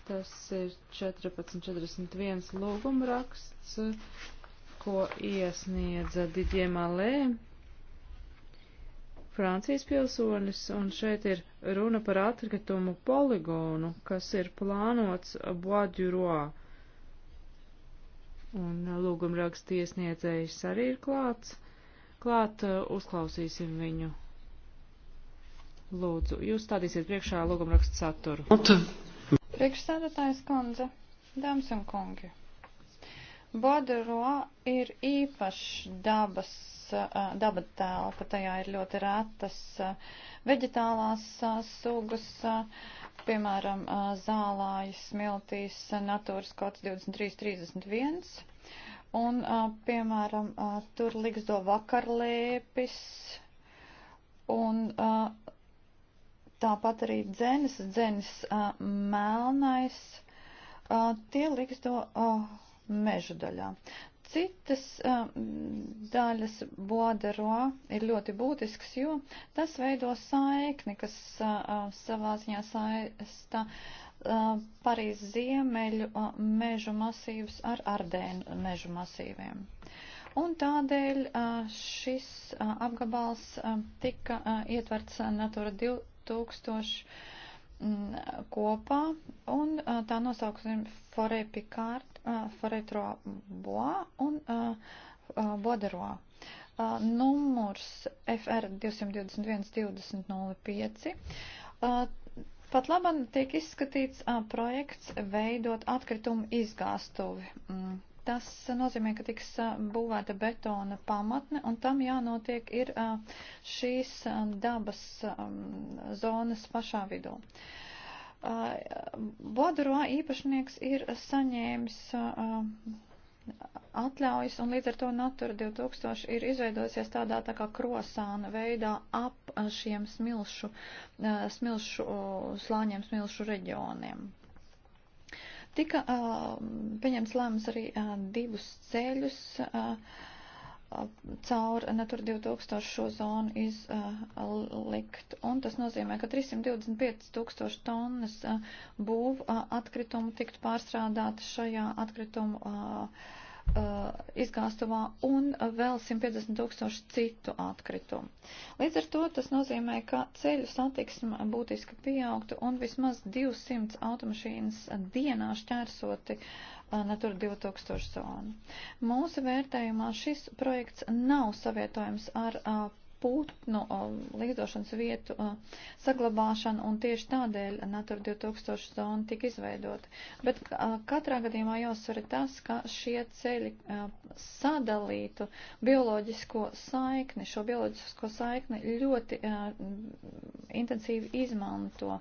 Tas ir 1441 lūguma raksts, ko iesniedza Didie Malē, Francijas pilsonis, un šeit ir runa par atkritumu poligonu, kas ir plānots Bois du Roi. Un lūguma raksts iesniedzējs arī ir klāts. Klāt uh, uzklausīsim viņu. Lūdzu, jūs stādīsiet priekšā lūguma raksts saturu. Un tu. Priekšsēdētājs kundze, dāmas un kungi. Bodro ir īpašs dabas, daba telpa, tajā ir ļoti retas veģetālās sugas, piemēram, zālājas, smiltīs, natūras kods 2331. Un, piemēram, tur liksdo vakarlēpis un tāpat arī dzēnis, dzēnis uh, melnais, uh, tie liks to uh, mežu daļā. Citas uh, daļas boderoā ir ļoti būtisks, jo tas veido saikni, kas uh, savā ziņā saista uh, Parīz ziemeļu uh, mežu masīvus ar Ardēnu mežu masīviem. Un tādēļ uh, šis uh, apgabals uh, tika uh, ietverts Natura 2000 tūkstoši mm, kopā, un tā nosaukums ir Forē Picard, Forē Trobois un Boderoa. Numurs FR 221-2005. Pat labam tiek izskatīts projekts veidot atkritumu izgāstuvi mm. Tas nozīmē, ka tiks būvēta betona pamatne, un tam jānotiek ir šīs dabas zonas pašā vidū. Boduroā īpašnieks ir saņēmis atļaujas, un līdz ar to Natura 2000 ir izveidojusies tādā tā kā krosāna veidā ap šiem smilšu, smilšu slāņiem, smilšu reģioniem. Tika um, pieņemts lēmums arī uh, divus ceļus uh, uh, caur Natura 2000 šo zonu izlikt. Un tas nozīmē, ka 325 tūkstoši tonnas būvu atkritumu tiktu pārstrādāt šajā atkritumu. Uh, Uh, izgāstuvā un vēl 150 tūkstoši citu atkritumu. Līdz ar to tas nozīmē, ka ceļu satiksme būtiski pieaugtu un vismaz 200 automašīnas dienā šķērsoti uh, Natura 2000 zonu. Mūsu vērtējumā šis projekts nav savietojams ar uh, putnu lidošanas vietu saglabāšanu, un tieši tādēļ Natura 2000 zona tika izveidota. Bet katrā gadījumā jāsver tas, ka šie ceļi sadalītu bioloģisko saikni, šo bioloģisko saikni ļoti intensīvi izmanto,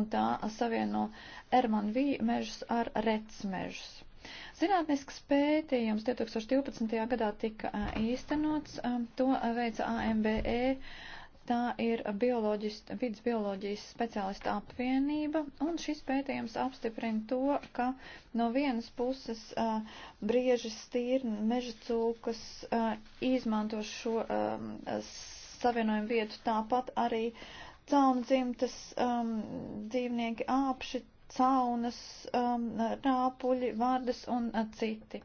un tā savieno Ermanvī mežus ar rec mežus. Zinātnisks pētījums 2012. gadā tika īstenots, to veica AMBE, tā ir vidas bioloģijas speciālista apvienība, un šis pētījums apstiprina to, ka no vienas puses briežas stīrni, meža cūkas izmanto šo savienojumu vietu tāpat arī caurdzimtas um, dzīvnieki āpši caunas, um, rāpuļi, vārdas un uh, citi.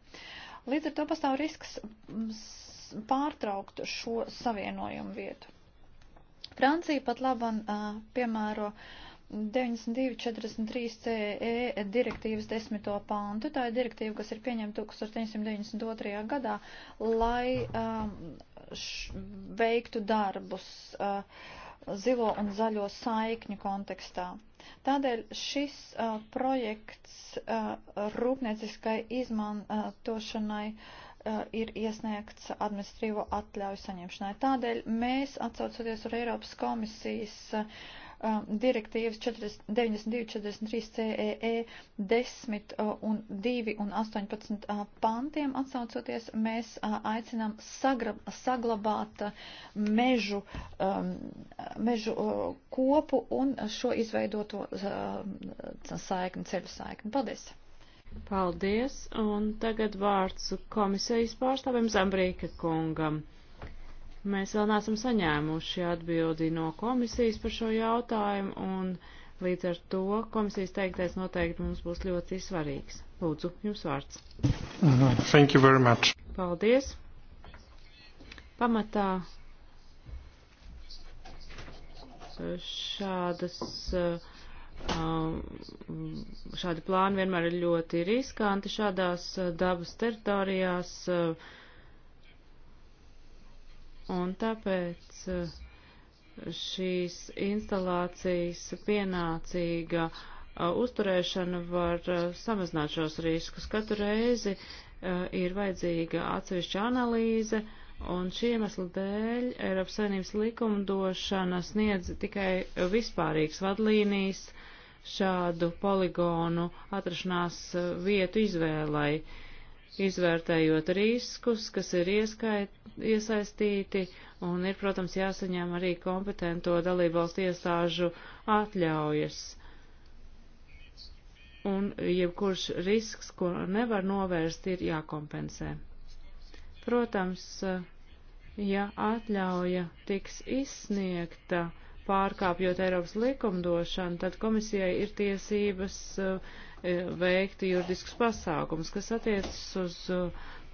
Līdz ar to pastāv risks mm, pārtraukt šo savienojumu vietu. Francija pat laban uh, piemēro 92.43 CE e direktīvas desmito pāntu. Tā ir direktīva, kas ir pieņemta 1992. gadā, lai um, š, veiktu darbus. Uh, zilo un zaļo saikņu kontekstā. Tādēļ šis uh, projekts uh, rūpnieciskai izmantošanai uh, ir iesniegts administrīvo atļauju saņemšanai. Tādēļ mēs, atsaucoties uz Eiropas komisijas uh, Um, direktīvas 92-43 CEE 10 un 2 un 18 uh, pantiem atsaucoties, mēs uh, aicinām sagrab, saglabāt uh, mežu, um, mežu kopu un šo izveidoto saikni, ceļu saikni. Paldies! Paldies, un tagad vārds komisijas pārstāvim Zambrīka kungam. Mēs vēl neesam saņēmuši atbildi no komisijas par šo jautājumu, un līdz ar to komisijas teiktais noteikti mums būs ļoti svarīgs. Lūdzu, jums vārds. Uh-huh. Thank you very much. Paldies. Pamatā uh, šādas. Uh, um, šādi plāni vienmēr ir ļoti riskanti šādās uh, dabas teritorijās, uh, un tāpēc eh, šīs instalācijas pienācīga eh, uzturēšana var eh, samazināt šos riskus. Katru reizi ir vajadzīga atsevišķa analīze, un šī iemesla dēļ Eiropas Savienības likumdošana sniedz tikai vispārīgas vadlīnijas šādu poligonu atrašanās vietu izvēlai. Uh, izvērtējot riskus, kas ir ieskait, iesaistīti, un ir, protams, jāsaņem arī kompetento dalībvalstu iestāžu atļaujas. Un jebkurš risks, ko nevar novērst, ir jākompensē. Protams, ja atļauja tiks izsniegta pārkāpjot Eiropas likumdošanu, tad komisijai ir tiesības uh, E, veikt juridiskus pasākumus, kas attiecas uz e,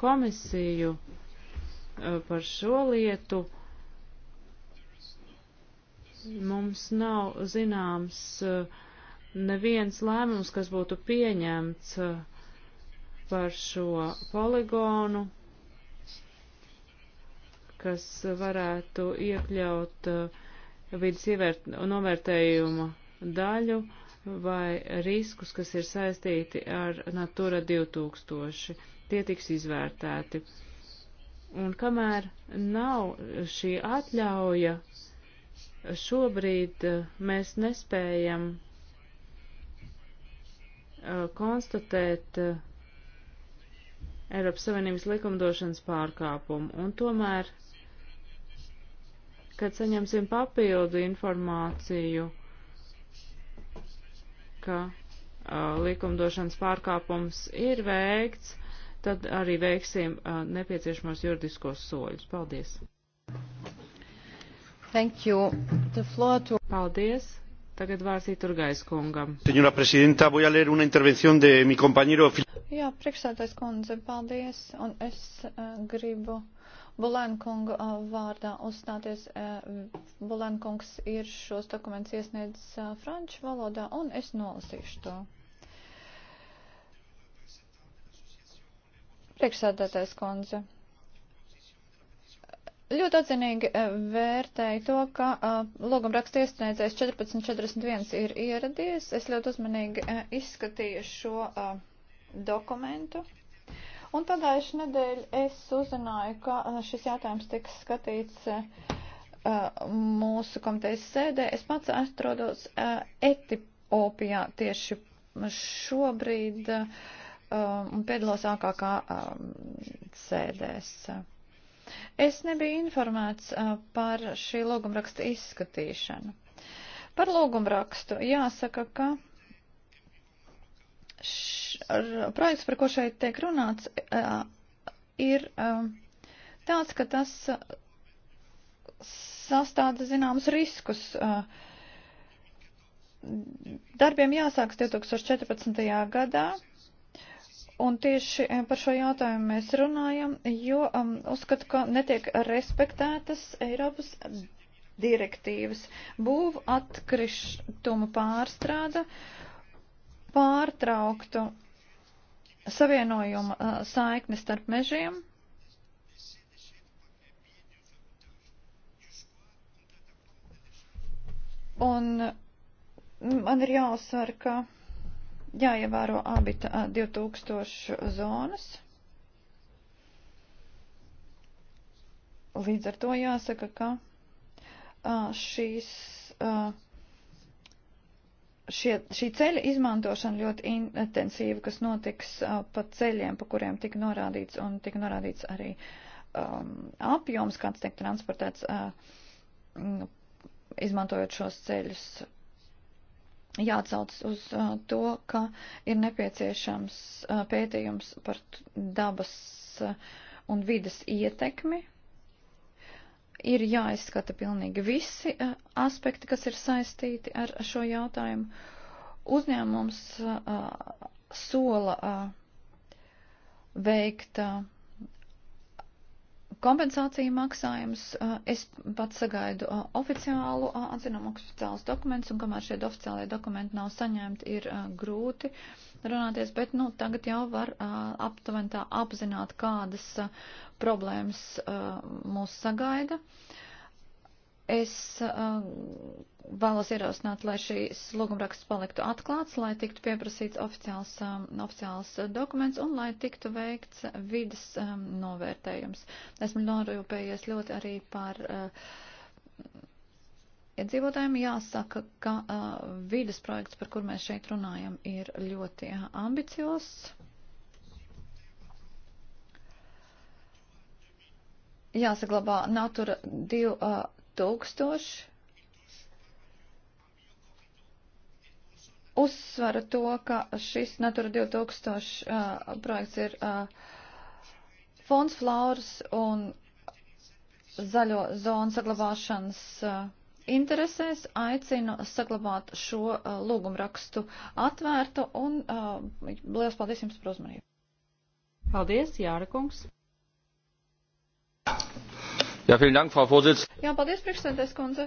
komisiju e, par šo lietu. Mums nav zināms neviens lēmums, kas būtu pieņemts par šo poligonu, kas varētu iekļaut vidas ievērt, novērtējuma daļu. Uh, vai riskus, kas ir saistīti ar Natura 2000. Tie tiks izvērtēti. Un kamēr nav šī atļauja, šobrīd eh, mēs nespējam eh, konstatēt eh, Eiropas Savienības likumdošanas pārkāpumu, un tomēr, kad saņemsim papildu informāciju, ka uh, likumdošanas pārkāpums ir veikts, tad arī veiksim uh, nepieciešamos juridiskos soļus. Paldies! Thank you. The floor to... Paldies! Tagad vārds Iturgais kungam. Señora presidenta, voy a leer una intervención de mi compañero. Jā, priekšsētais kundze, paldies, un es uh, gribu uh, Bulenkunga uh, vārdā uzstāties. Uh, Bulenkungs ir šos dokumentus iesniedzis uh, franču valodā, un es nolasīšu to. Priekšsēdētais konze. Ļoti atzinīgi vērtēju to, ka logumraksta iesniedzējs 1441 ir ieradies. Es ļoti uzmanīgi izskatīju šo dokumentu. Un pagājuši nedēļu es uzzināju, ka uh, šis jautājums tiks skatīts uh, mūsu komitejas sēdē. Es pats atrodos uh, Etiopijā tieši šobrīd un piedalos AKK um, sēdēs. Es nebiju informēts par šī lūgumraksta izskatīšanu. Par lūgumrakstu jāsaka, ka š, uh, projekts, par ko šeit tiek runāts, uh, ir uh, tāds, ka tas sastāda zināmus riskus. Darbiem jāsāks 2014. gadā, un tieši par šo jautājumu mēs runājam, jo um, uzskatu, ka netiek respektētas Eiropas direktīvas būvu atkrištuma pārstrāda pārtrauktu savienojuma uh, saikni starp mežiem. Un man ir jāuzsver, ka jāievēro abi 2000 uh, zonas. Līdz ar to jāsaka, ka uh, šīs. Uh, šie, šī ceļa izmantošana ļoti intensīva, kas notiks uh, pa ceļiem, pa kuriem tika norādīts, un tika norādīts arī um, apjoms, kāds tiek transportēts, uh, izmantojot šos ceļus. Jāatsauc uz uh, to, ka ir nepieciešams uh, pētījums par dabas uh, un vidas ietekmi ir jāizskata pilnīgi visi eh, aspekti, kas ir saistīti ar šo jautājumu. Uzņēmums eh, sola eh, veikt kompensāciju maksājumus. Es pats sagaidu oficiālu atzinumu, oficiālus dokumentus, un kamēr šie oficiālie dokumenti nav saņemti, ir grūti runāties, bet nu, tagad jau var aptuveni tā apzināt, kādas problēmas mūs sagaida. Uh, Es uh, vēlos ierosināt, lai šīs lūgumraksts paliktu atklāts, lai tiktu pieprasīts oficiāls, um, oficiāls dokuments un lai tiktu veikts vidas um, novērtējums. Esmu norūpējies ļoti arī par uh, iedzīvotājiem. Jāsaka, ka uh, vidas projekts, par kur mēs šeit runājam, ir ļoti ambiciozs. Jāsaglabā Natura 2. Uh, tūkstoši. Uzsvara to, ka šis Natura 2000 uh, projekts ir uh, fonds flauras un zaļo zonu saglabāšanas uh, interesēs aicinu saglabāt šo uh, lūgumrakstu atvērtu un uh, liels paldies jums par uzmanību. Paldies, Jāra kungs! Jā, dank, Frau Vorsitz. Jā, paldies, priekšsēdētājs kundze.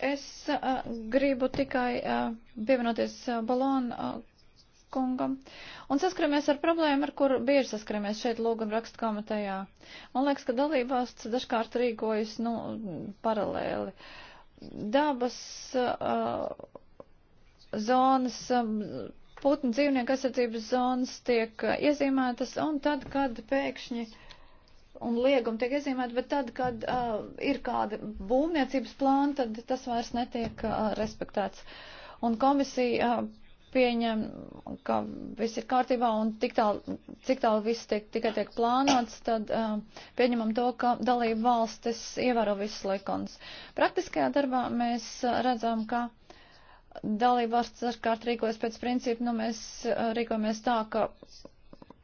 Es uh, gribu tikai uh, pievienoties uh, eh, Balona uh, kungam. Un saskaramies ar problēmu, ar kuru bieži saskaramies šeit lūguma rakstu komitejā. Man liekas, ka dalībvalsts dažkārt rīkojas nu, paralēli. Dabas uh, zonas. Uh, Putnu dzīvnieku aizsardzības zonas tiek iezīmētas, un tad, kad pēkšņi uh, un liegumi tiek iezīmēti, bet tad, kad uh, ir kāda būvniecības plāna, tad tas vairs netiek uh, respektēts. Un komisija uh, pieņem, ka viss ir kārtībā un tik tālu, cik tālu viss tiek, tikai tiek plānots, tad uh, pieņemam to, ka dalība valstis ievēro visus likums. Praktiskajā darbā mēs uh, redzam, ka dalība valsts arkārt rīkojas pēc principa, nu mēs uh, rīkojamies tā, ka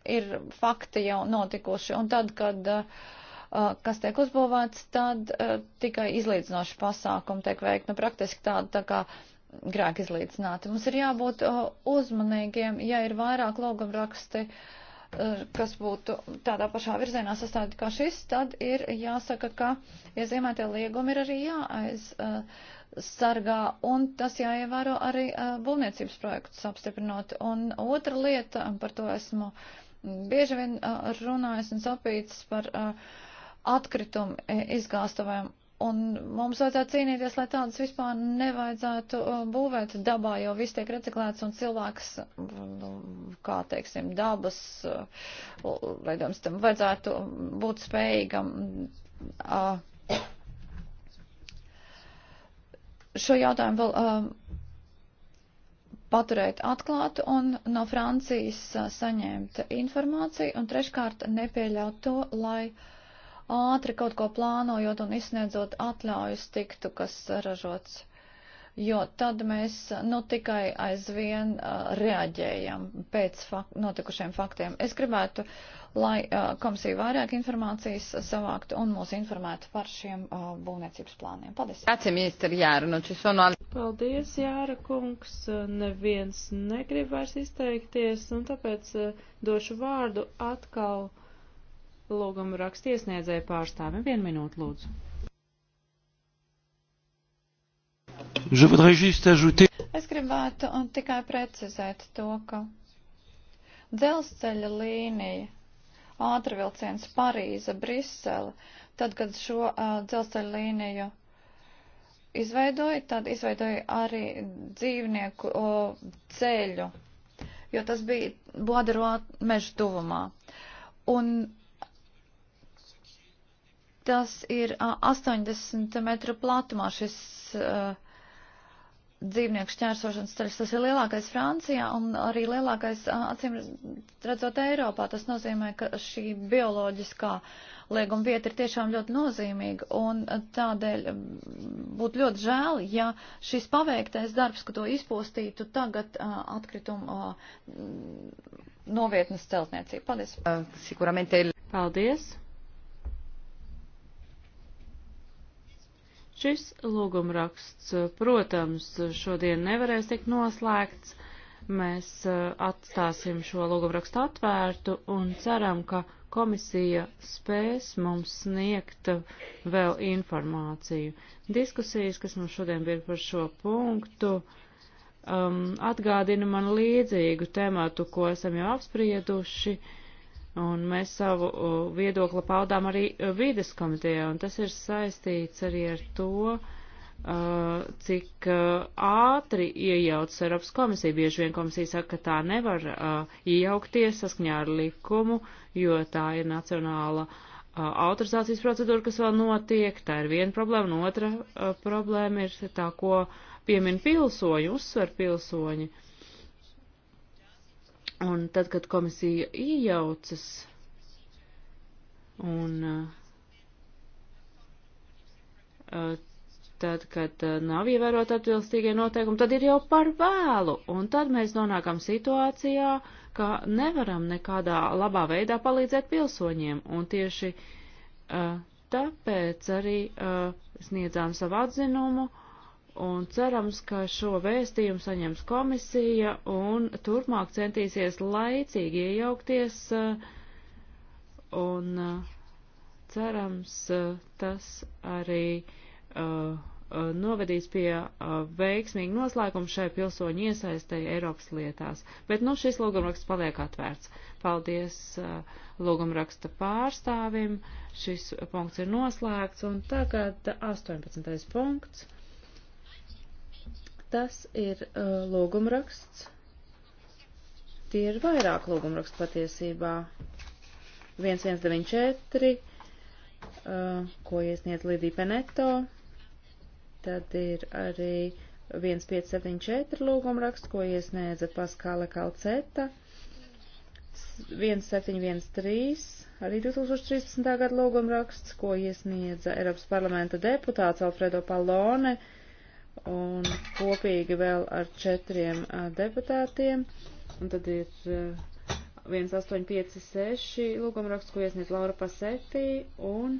ir fakti jau notikuši. Un tad, kad uh, uh, kas tiek uzbūvēts, tad uh, tikai izlīdzinoši pasākumi tiek veikti. Nu, praktiski tāda tā kā grēk izlīdzināti. Mums ir jābūt uzmanīgiem, ja ir vairāk logumraksti kas būtu tādā pašā virzienā sastādīti kā šis, tad ir jāsaka, ka iezīmētie liegumi ir arī jāaizsargā, un tas jāievēro arī būvniecības projektus apstiprinot. Un otra lieta, par to esmu uh, bieži vien runājas un sapīts par atkritumu izgāstavēm. Un mums vajadzētu cīnīties, lai tādas vispār nevajadzētu būvēt dabā, jo viss tiek reciklēts un cilvēks, nu, kā teiksim, dabas, lai domas tam vajadzētu būt spējīgam šo jautājumu vēl paturēt atklātu un no Francijas saņemt informāciju, un treškārt nepieļaut to, lai ātri kaut ko plānojot un izsniedzot atļaujas tiktu, kas ražots jo tad mēs nu tikai aizvien uh, reaģējam pēc fak notikušiem faktiem. Es gribētu, lai uh, komisija vairāk informācijas savāktu un mūs informētu par šiem uh, būvniecības plāniem. Paldies. Nu, Paldies, Jāra kungs. Neviens negrib vairs izteikties, un tāpēc uh, došu vārdu atkal lūgumu rakstiesniedzēju pārstāvim. Vienu minūtu, lūdzu. Es gribētu tikai precizēt to, ka dzelzceļa līnija, ātrvilciens Parīza, Brisele, tad, kad šo uh, dzelzceļa līniju izveidoja, tad izveidoja arī dzīvnieku o, ceļu, jo tas bija Boderoā meža tuvumā. Un tas ir a, 80 metru platumā šis uh, dzīvnieku šķērsošanas ceļš. Tas ir lielākais Francijā un arī lielākais, acīm redzot, Eiropā. Tas nozīmē, ka šī bioloģiskā lieguma vieta ir tiešām ļoti nozīmīga un tādēļ būtu ļoti žēl, ja šis paveiktais darbs, ka to izpostītu tagad atkritumu novietnes celtniecību. Paldies! Paldies! Šis lūgumraksts, protams, šodien nevarēs tikt noslēgts. Mēs eh, atstāsim šo lūgumrakstu atvērtu un ceram, ka komisija spēs mums sniegt vēl informāciju. Diskusijas, kas mums šodien bija par šo punktu, um, atgādina man līdzīgu tematu, ko esam jau apsprieduši. Uh, Un mēs savu viedokli paudām arī vides komitejā, un tas ir saistīts arī ar to, cik ātri iejaucas Eiropas komisija. Bieži vien komisija saka, ka tā nevar iejaukties saskaņā ar likumu, jo tā ir nacionāla autorizācijas procedūra, kas vēl notiek. Tā ir viena problēma, un otra problēma ir tā, ko piemin pilsoņi, uzsver pilsoņi. Uh, Un tad, kad komisija iejaucas un uh, tad, kad nav ievērot atbilstīgie noteikumi, tad ir jau par vēlu, un tad mēs nonākam situācijā, ka nevaram nekādā labā veidā palīdzēt pilsoņiem, un tieši uh, tāpēc arī uh, sniedzām savu atzinumu, un cerams, ka šo vēstījumu saņems komisija un turpmāk centīsies laicīgi iejaukties uh, un uh, cerams, uh, tas arī uh, novedīs pie uh, veiksmīga noslēguma šai pilsoņu iesaistēji Eiropas lietās. Bet nu šis lūgumraksts paliek atvērts. Paldies uh, lūgumraksta pārstāvim. Šis punkts ir noslēgts un tagad 18. punkts. Tas ir uh, lūgumraksts. Tie ir vairāk lūgumrakstu patiesībā. 1194, uh, ko iesniedz Lidija Peneto. Tad ir arī 1574 lūgumraksts, ko iesniedza Paskāla Kalceta. 1713, arī 2013. gada lūgumraksts, ko iesniedza Eiropas parlamenta deputāts Alfredo Palone. Uh, un kopīgi vēl ar četriem deputātiem. Un tad ir 1856 lūgumraksts, ko iesniedz Laura Pasetī un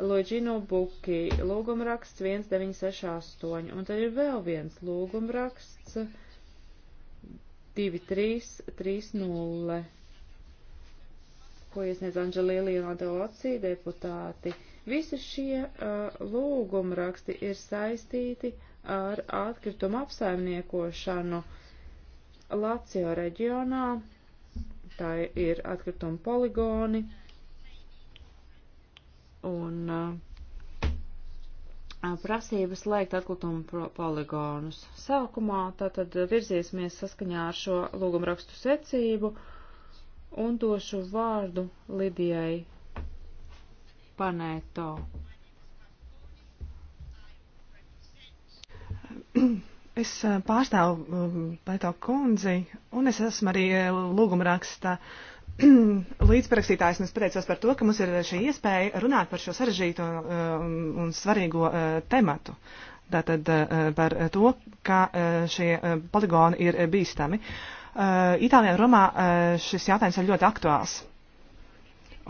Loģino Buki. Lūgumraksts 1968. Un tad ir vēl viens lūgumraksts 2330, ko iesniedz Anģelīlija Nadaloci deputāti. Visi šie uh, lūgumraksti ir saistīti ar ar atkritumu apsaimniekošanu Lācijā reģionā. Tā ir atkrituma poligoni. Un prasības slēgt atkrituma poligonus. Sākumā tātad virziesimies saskaņā ar šo lūgumrakstu secību un došu vārdu Lidijai Panēto. Es eh, pārstāvu Pēto um, kundzi, un es esmu arī eh, lūgumraksta līdzparakstītājs, un es pateicos par to, ka mums ir eh, šī iespēja runāt par šo sarežģīto un, um, un svarīgo tematu. Tātad par to, kā šie poligoni ir bīstami. Itālijā un Romā šis jautājums ir ļoti aktuāls.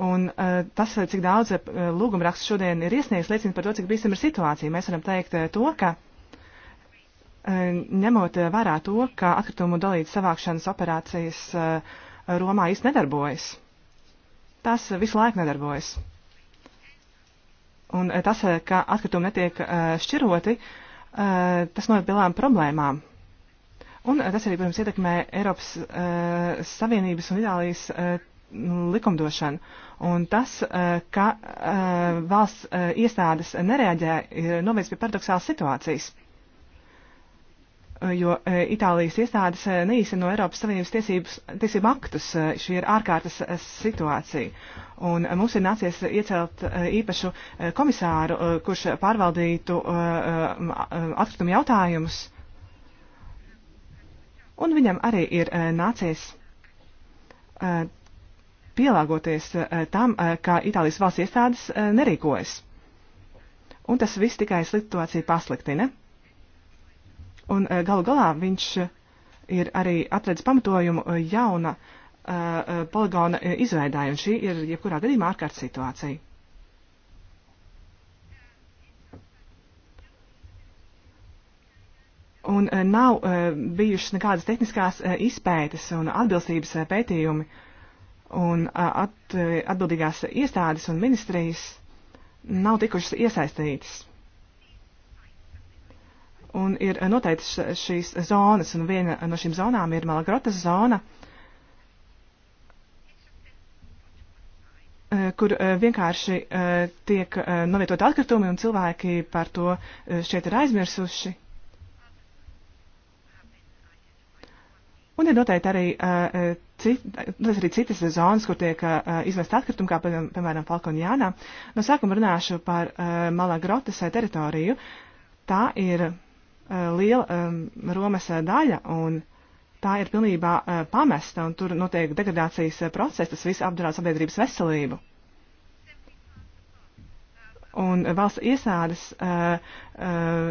Un uh, tas, cik daudz uh, lūgumrakstu šodien ir iesniegts, liecina par to, cik bīstam ir situācija. Mēs varam teikt uh, to, ka uh, Eh, ņemot vērā to, ka atkritumu dalītas savākšanas operācijas eh, Romā īsti nedarbojas. Tas visu laiku nedarbojas. Un eh, tas, ka atkritumi netiek šķiroti, tas noved pie lielām problēmām. Un tas arī, protams, ietekmē Eiropas Savienības un Itālijas likumdošanu. Un tas, ka valsts iestādes nereaģē, noved pie paradoxālas situācijas jo e, Itālijas iestādes e, neīseno Eiropas Savienības tiesības, tiesību aktus. E, šī ir ārkārtas situācija. Un mums ir nācies iecelt īpašu komisāru, kurš pārvaldītu atkritumu jautājumus. Un viņam arī ir nācies pielāgoties tam, kā Itālijas valsts iestādes nerīkojas. Un tas viss tikai situāciju pasliktina. Ne? Un e, galu galā viņš ir arī atradis pamatojumu e, jauna uh, poligona izveidāja, un šī ir jebkurā gadījumā ārkārtas situācija. Un uh, nav uh, bijušas nekādas tehniskās uh, izpētes un atbilstības uh, pētījumi, un uh, at, uh, atbildīgās iestādes un ministrijas nav tikušas iesaistītas un ir noteikts šīs zonas, un viena no šīm zonām ir Malagrotas zona, eh, kur eh, vienkārši eh, tiek novietot atkritumi, un cilvēki par to šeit ir aizmirsuši. Un ir noteikti arī, uh, cit, arī citas zonas, kur tiek uh, izmest atkritumi, kā piemēram Falkonjānā. No sākuma runāšu par uh, Malagrotas teritoriju. Tā ir Eh, liela um, Romas eh, daļa, un tā ir pilnībā uh, pamesta, un tur notiek degradācijas uh, process, tas viss apdraud sabiedrības veselību. Un valsts iestādes uh, uh,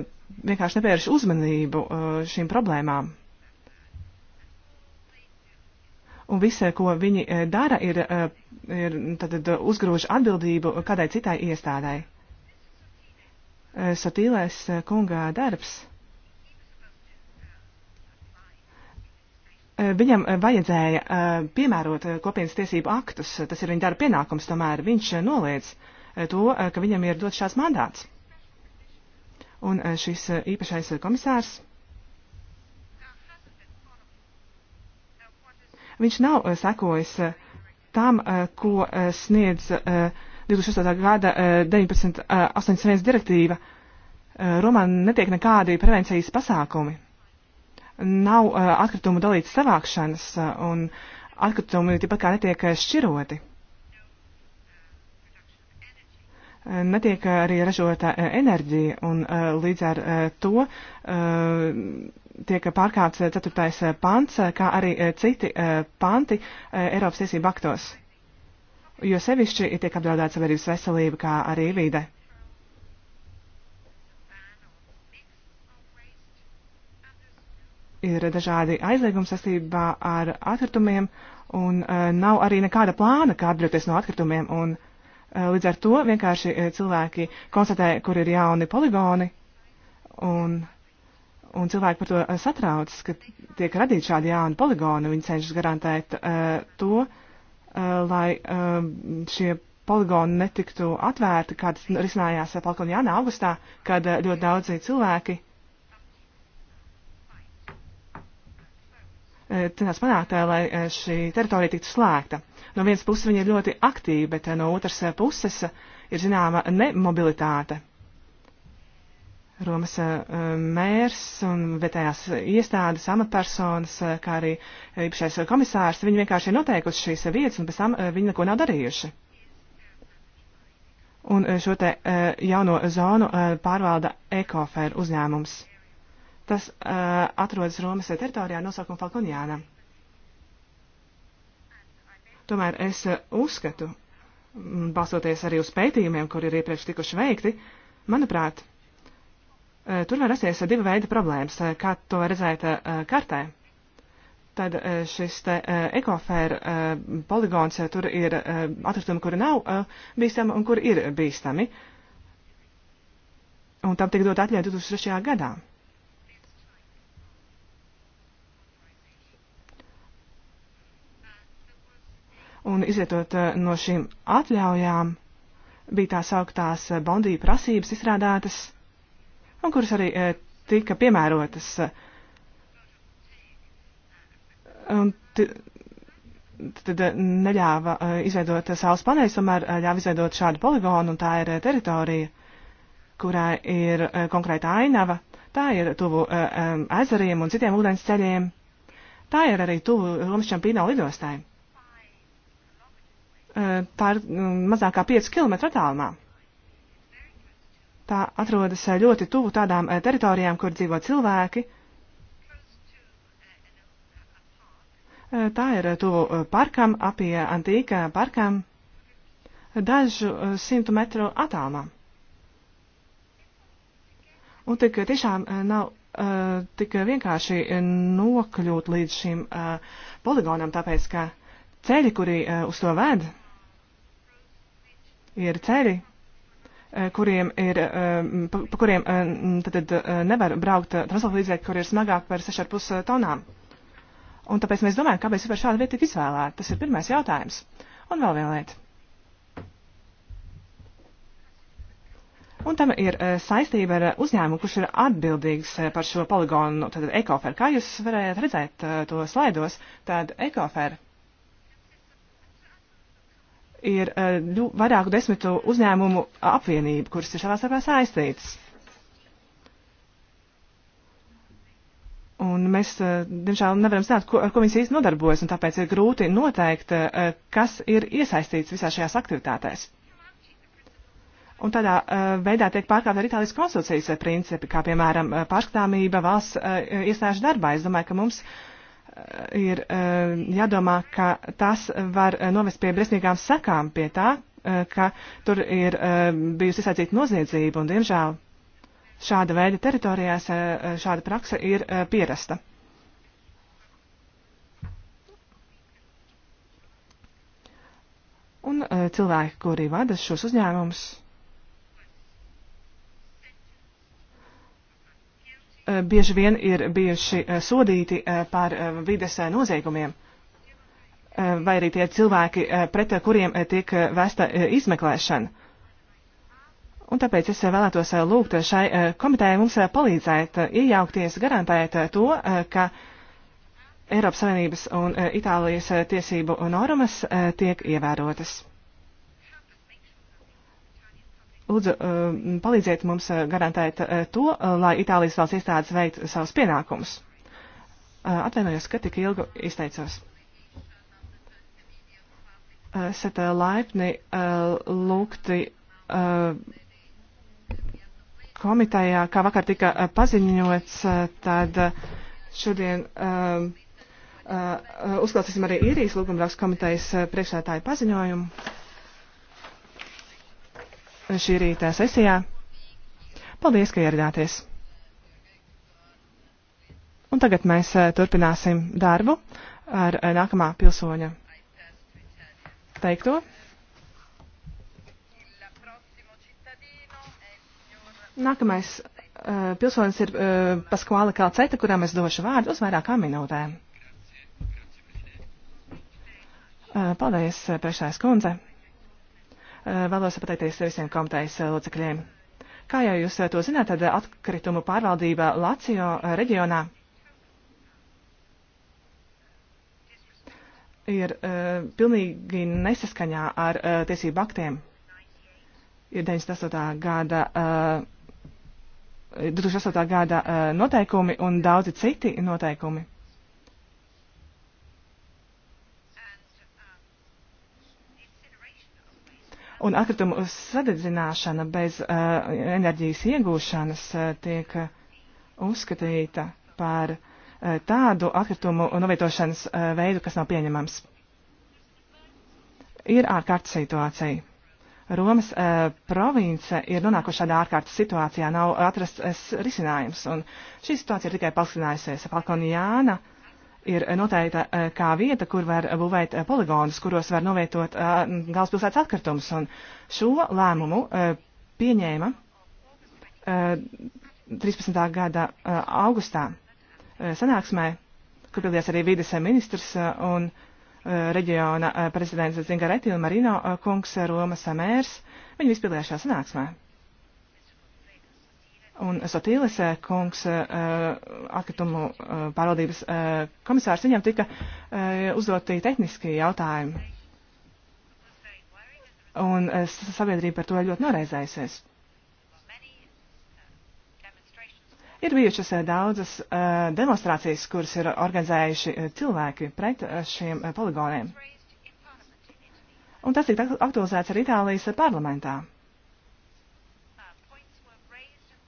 vienkārši nepievērš uzmanību uh, šīm problēmām. Un viss, ko viņi uh, dara, ir, uh, ir tad, uh, uzgrūž atbildību kādai citai iestādai. Uh, Satīlēs uh, kungā darbs Eh, viņam eh, vajadzēja eh, piemērot kopienas tiesību aktus, tas ir viņa darba pienākums, tomēr viņš noliedz to, ka viņam ir dots šāds mandāts. Un šis īpašais komisārs. Viņš nav sekojis tam, ko sniedz 2008. gada 1981 direktīva. Romāna netiek nekādi prevencijas pasākumi nav eh, atkritumu dalītas savākšanas eh, un atkritumi tāpat kā netiek eh, šķiroti. Netiek arī ražota enerģija un līdz ar to tiek pārkāpts 4. pants, kā arī citi panti Eiropas tiesību aktos jo sevišķi tiek apdraudēta sabiedrības veselība, kā arī vide. ir dažādi aizliegumi sastībā ar atkritumiem, un uh, nav arī nekāda plāna, kā atbrīvoties no atkritumiem. Un, uh, līdz ar to vienkārši uh, cilvēki konstatē, kur ir jauni poligoni, un, un cilvēki par to uh, satrauc, ka tiek radīti šādi jauni poligoni. Viņi cenšas garantēt uh, to, uh, lai uh, šie poligoni netiktu atvērti, kāds risinājās Palkonjāna augustā, kad uh, ļoti daudzi cilvēki. Uh, cenās panākt, eh, lai eh, šī teritorija tiktu slēgta. No vienas puses viņi ir ļoti aktīvi, bet eh, no otras puses ir zināma nemobilitāte. Romas mērs un vietējās iestādes, amatpersonas, kā arī īpašais komisārs, viņi vienkārši ir noteikuši šīs vietas un pēc tam viņi neko nav darījuši. Un šo te jauno zonu pārvalda Ekofer uzņēmums. Tas uh, atrodas Romas teritorijā nosaukuma Falkonjāna. Tomēr es eh, uzskatu, balstoties arī uz pētījumiem, kur ir iepriekš tikuši veikti, manuprāt, eh, tur var rasties divi veidi problēmas, kā to var redzēt kartē. Tad šis te ekofēra poligons, tur ir atkritumi, kuri nav bīstami un kuri ir bīstami. Un tam tika dot atļauja 2003. gadā. Un izietot eh, no šīm atļaujām bija tās augtās eh, bondīja prasības izstrādātas, un kuras arī eh, tika piemērotas. Un tad neļāva izveidot saules paneļus, tomēr ļāva izveidot šādu poligonu, un tā ir teritorija, kurā ir konkrēta ainava, tā ir tuvu ezeriem un citiem ūdens ceļiem, tā ir arī tuvu Romas Čampīno lidostai. Eh, pār mm, mazākā 5 km attālumā. Tā atrodas eh, ļoti tuvu tādām eh, teritorijām, kur dzīvo cilvēki. Tā ir tuvu parkam, apie antīka parkam, dažu simtu metru attālumā. Un tik tiešām nav tik vienkārši nokļūt līdz šim poligonam, tāpēc, ka ceļi, kuri uz to veda, ir ceļi, eh, kuriem ir, eh, pa, pa kuriem eh, tad, tad nevar braukt transporta līdzekļi, kur ir smagāk par 6,5 tonām. Un tāpēc mēs domājam, kāpēc vispār šāda vieta tika izvēlēta. Tas ir pirmais jautājums. Un vēl viena lieta. Un tam ir saistība ar uzņēmumu, kurš ir atbildīgs par šo poligonu, tātad ekofer. Kā jūs varējāt redzēt to slaidos, tad ekofer ir ļu, eh, nu, vairāku desmitu uzņēmumu apvienību, kuras ir savā starpā saistītas. Un mēs, eh, diemžēl, nevaram zināt, ko, ar ko viņas īsti nodarbojas, un tāpēc ir grūti noteikt, eh, kas ir iesaistīts visā šajās aktivitātēs. Un tādā veidā tiek pārkāpta arī Itālijas konstitūcijas principi, kā piemēram pārskatāmība valsts iestāžu darbā. Es domāju, ka mums uh, ir e, jādomā, ka tas var novest pie briesmīgām sekām, pie tā, e, ka tur ir e, bijusi izsaicīta noziedzība un, diemžēl, šāda veida teritorijās šāda praksa ir pierasta. Un cilvēki, kuri vada šos uzņēmumus, Eh, bieži vien ir bijuši eh, sodīti eh, par vides noziegumiem, vai arī tie cilvēki, pret kuriem tiek vēsta izmeklēšana. Un tāpēc es vēlētos lūgt šai komitējai mums palīdzēt, iejaukties, garantēt to, ka Eiropas Savienības un Itālijas tiesību normas tiek ievērotas lūdzu uh, palīdziet mums uh, garantēt uh, to, lai Itālijas valsts iestādes veikt savus pienākumus. Atvainojos, ka tik ilgu izteicos. Esat laipni lūgti komitejā, kā vakar tika paziņots, tad šodien um, uzklausīsim arī īrijas lūgumrakstu komitejas priekšētāju paziņojumu šī rīta sesijā. Paldies, ka ieradāties! Un tagad mēs eh, turpināsim darbu ar eh, nākamā pilsoņa teikto. Nākamais eh, pilsonis ir Paskvāla Kalceta, kuram es došu vārdu uz vairākām minūtēm. Paldies, priekšsēs kundze. Eh, vēlos pateikties visiem komitejas eh, locekļiem. Kā jau jūs eh, to zināt, tad atkritumu pārvaldība Lācijo reģionā ir uh, pilnīgi nesaskaņā ar uh, tiesību aktiem. Ir 98. gada, uh, 2008. gada uh, noteikumi un daudzi citi noteikumi. Un atkritumu sadedzināšana bez uh, enerģijas iegūšanas uh, tiek uh, uzskatīta par uh, tādu atkritumu novietošanas uh, veidu, kas nav pieņemams. Ir ārkārtas situācija. Romas uh, province ir nonākuši šādā ārkārtas situācijā, nav atrasts uh, risinājums, un šī situācija ir tikai pasliktinājusies. Falkonijāna uh, ir noteikta e, kā vieta, kur var būvēt e, poligonus, kuros var novietot e, galvaspilsētas atkritumus. Un šo lēmumu pieņēma 13. gada augustā sanāksmē, kur piedalījās arī vides ministrs un reģiona prezidents Zingaretti un Marino kungs Romas mērs. Viņi visi piedalījās šajā sanāksmē. Un Sotīlis eh, kungs, eh, eh, atkritumu pārvaldības komisārs, viņam tika uzdoti tehniski jautājumi. Un sabiedrība par to ir ļoti noraizējusies. Ir bijušas daudzas demonstrācijas, kuras ir organizējuši cilvēki pret šiem poligoniem. Un tas tika aktualizēts arī Itālijas parlamentā.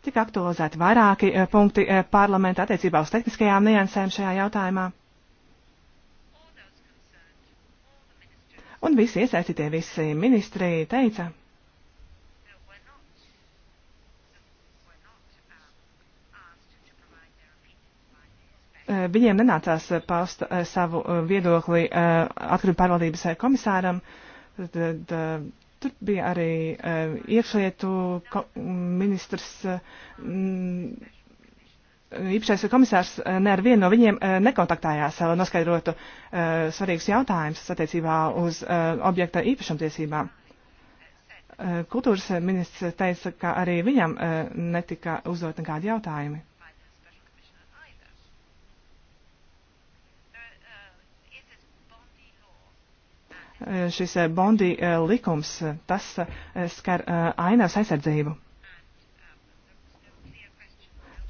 Tik aktualizēti vairāki eh, punkti eh, parlamenta attiecībā uz tehniskajām niansēm šajā jautājumā. Un visi iesaistītie, visi ministri teica, eh, viņiem nenācās paust savu viedokli atkarību pārvaldības komisāram. Tad, tad, Tur bija arī uh, iekšlietu ministrs, e, īpašais uh, komisārs uh, ne ar vienu no viņiem uh, nekontaktējās, lai noskaidrotu uh, svarīgus jautājumus attiecībā uz uh, objekta īpašumtiesībām. Uh, kultūras ministrs teica, ka arī viņam uh, netika uzdot nekādi jautājumi. Eh, šis eh, bondi eh, likums, tas skar ainās aizsardzību.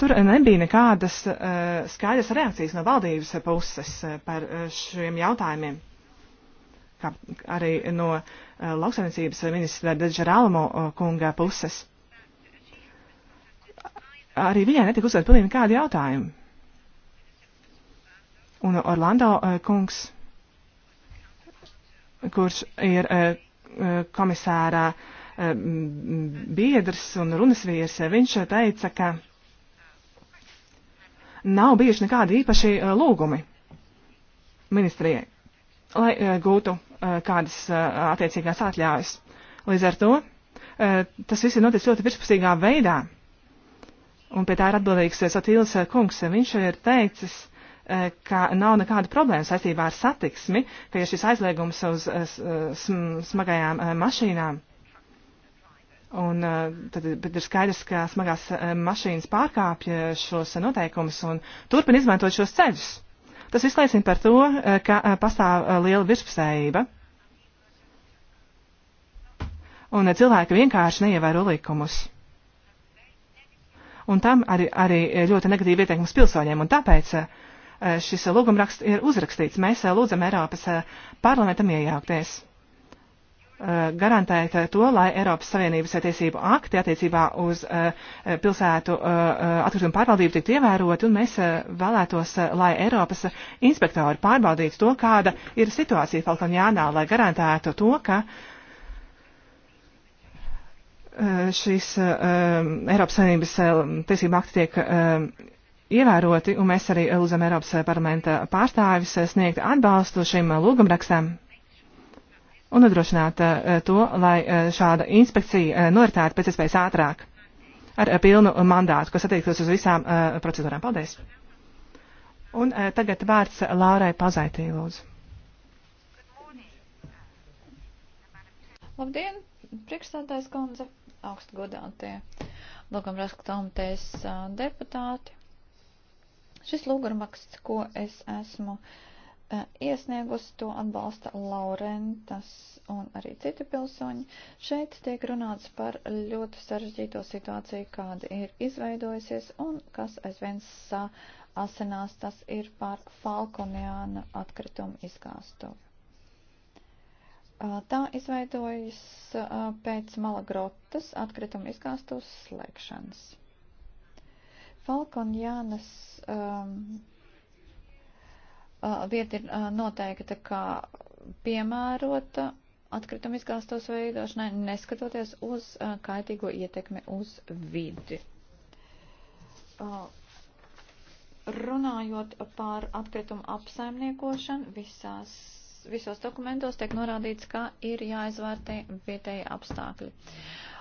Tur nebija nekādas skaidras reakcijas no valdības puses par šiem jautājumiem. Kā arī no lauksaimniecības ministra Deģerālamo kunga puses. Arī viņai netika uzdot pilnīgi nekādi jautājumi. Un Orlando kungs kurš ir eh, eh, komisārā eh, biedrs un runas vīrs, viņš teica, ka nav bijuši nekādi īpaši lūgumi ministrijai, lai gūtu kādas attiecīgās atļaujas. Līdz ar to tas viss ir noticis ļoti virspusīgā veidā. Un pie tā ir atbildīgs Satīls kungs. Viņš ir teicis, Eh, ka nav nekāda problēma saistībā ar satiksmi, ka ir šis aizliegums uz eh, eh, smagajām mašīnām. Un, tad, bet ir skaidrs, ka smagās mašīnas pārkāpja šos noteikumus un turpina izmantot šos ceļus. Tas viss liecina par to, ka pastāv liela virspusējība. Un cilvēki vienkārši neievēro likumus. Un tam arī, arī ļoti negatīvi ieteikums pilsoņiem. Un tāpēc uh, Eh, šis lūgumraksts ir uzrakstīts. Mēs eh, lūdzam Eiropas eh, parlamentam iejaukties garantēt to, lai Eiropas Savienības tiesību akti attiecībā uz pilsētu atkritumu pārvaldību tiktu ievēroti, un mēs vēlētos, lai Eiropas inspektori pārbaudītu to, kāda ir situācija Falkonjānā, lai garantētu to, ka šīs Eiropas Savienības tiesību akti tiek ievēroti, un mēs arī lūdzam Eiropas parlamenta pārstāvis sniegt atbalstu šim lūgumrakstam un nodrošināt eh, to, lai eh, šāda inspekcija eh, noritētu pēc iespējas ātrāk ar pilnu mandātu, kas attiektos uz visām procedūrām. Paldies! Un tagad vārds Laurai Pazaitī, lūdzu. Labdien, priekšstādājs kundze, augstu godātie, lūgam raskatām tēs deputāti. Šis lūgurmaksts, ko es esmu eh, iesniegusi, to atbalsta Laurentas un arī citi pilsoņi. Šeit tiek runāts par ļoti sarežģīto situāciju, kāda ir izveidojusies un kas aizvien asinās, tas ir par Falkoniāna atkritumu izgāstuvi. Eh, tā izveidojas eh, pēc Malagrotas atkrituma izgāstuves slēgšanas. Falkon Jānas um, uh, vieta ir uh, noteikta kā piemērota atkrituma izgāstos veidošanai, neskatoties uz uh, kaitīgo ietekmi uz vidi. Runājot par atkritumu apsaimniekošanu, visās, visos dokumentos tiek norādīts, ka ir jāizvērtē vietēji apstākļi. Uh,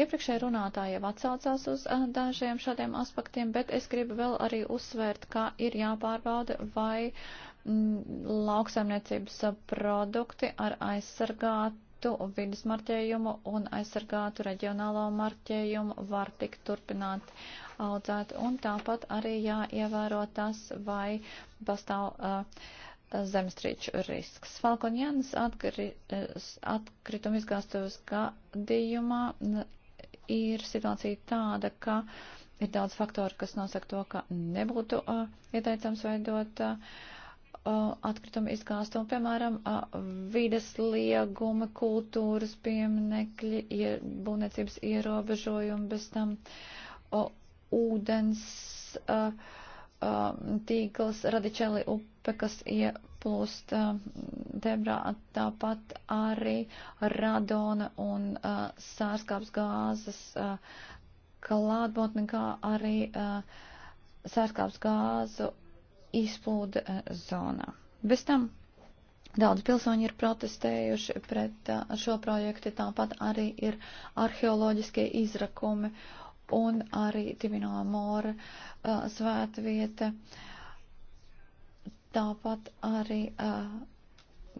Iepriekšēji runātāji jau atsaucās uz dažiem šādiem aspektiem, bet es gribu vēl arī uzsvērt, kā ir jāpārbauda, vai mm, lauksaimniecības produkti ar aizsargātu vidas marķējumu un aizsargātu reģionālo marķējumu var tikt turpināt audzēt. Un tāpat arī jāievēro tas, vai pastāv. Uh, zemestrīču risks. Falkonjānas atkrituma izgāstuves gadījumā ir situācija tāda, ka ir daudz faktoru, kas nosaka to, ka nebūtu uh, ieteicams veidot uh, atkritumu izgāstumu, piemēram, uh, vides lieguma, kultūras pieminekļi, ie, būvniecības ierobežojumi, bez tam uh, ūdens. Uh, Um, tīkls Radičeli upe, kas ieplūst um, debrā, tāpat arī radona un uh, sārskāps gāzes uh, klātbūtne, kā arī uh, sārskāps gāzu izplūde zonā. Bez tam Daudz pilsoņi ir protestējuši pret šo projektu, tāpat arī ir arheoloģiskie izrakumi un arī Divino Amora uh, svētvieta. Tāpat arī uh,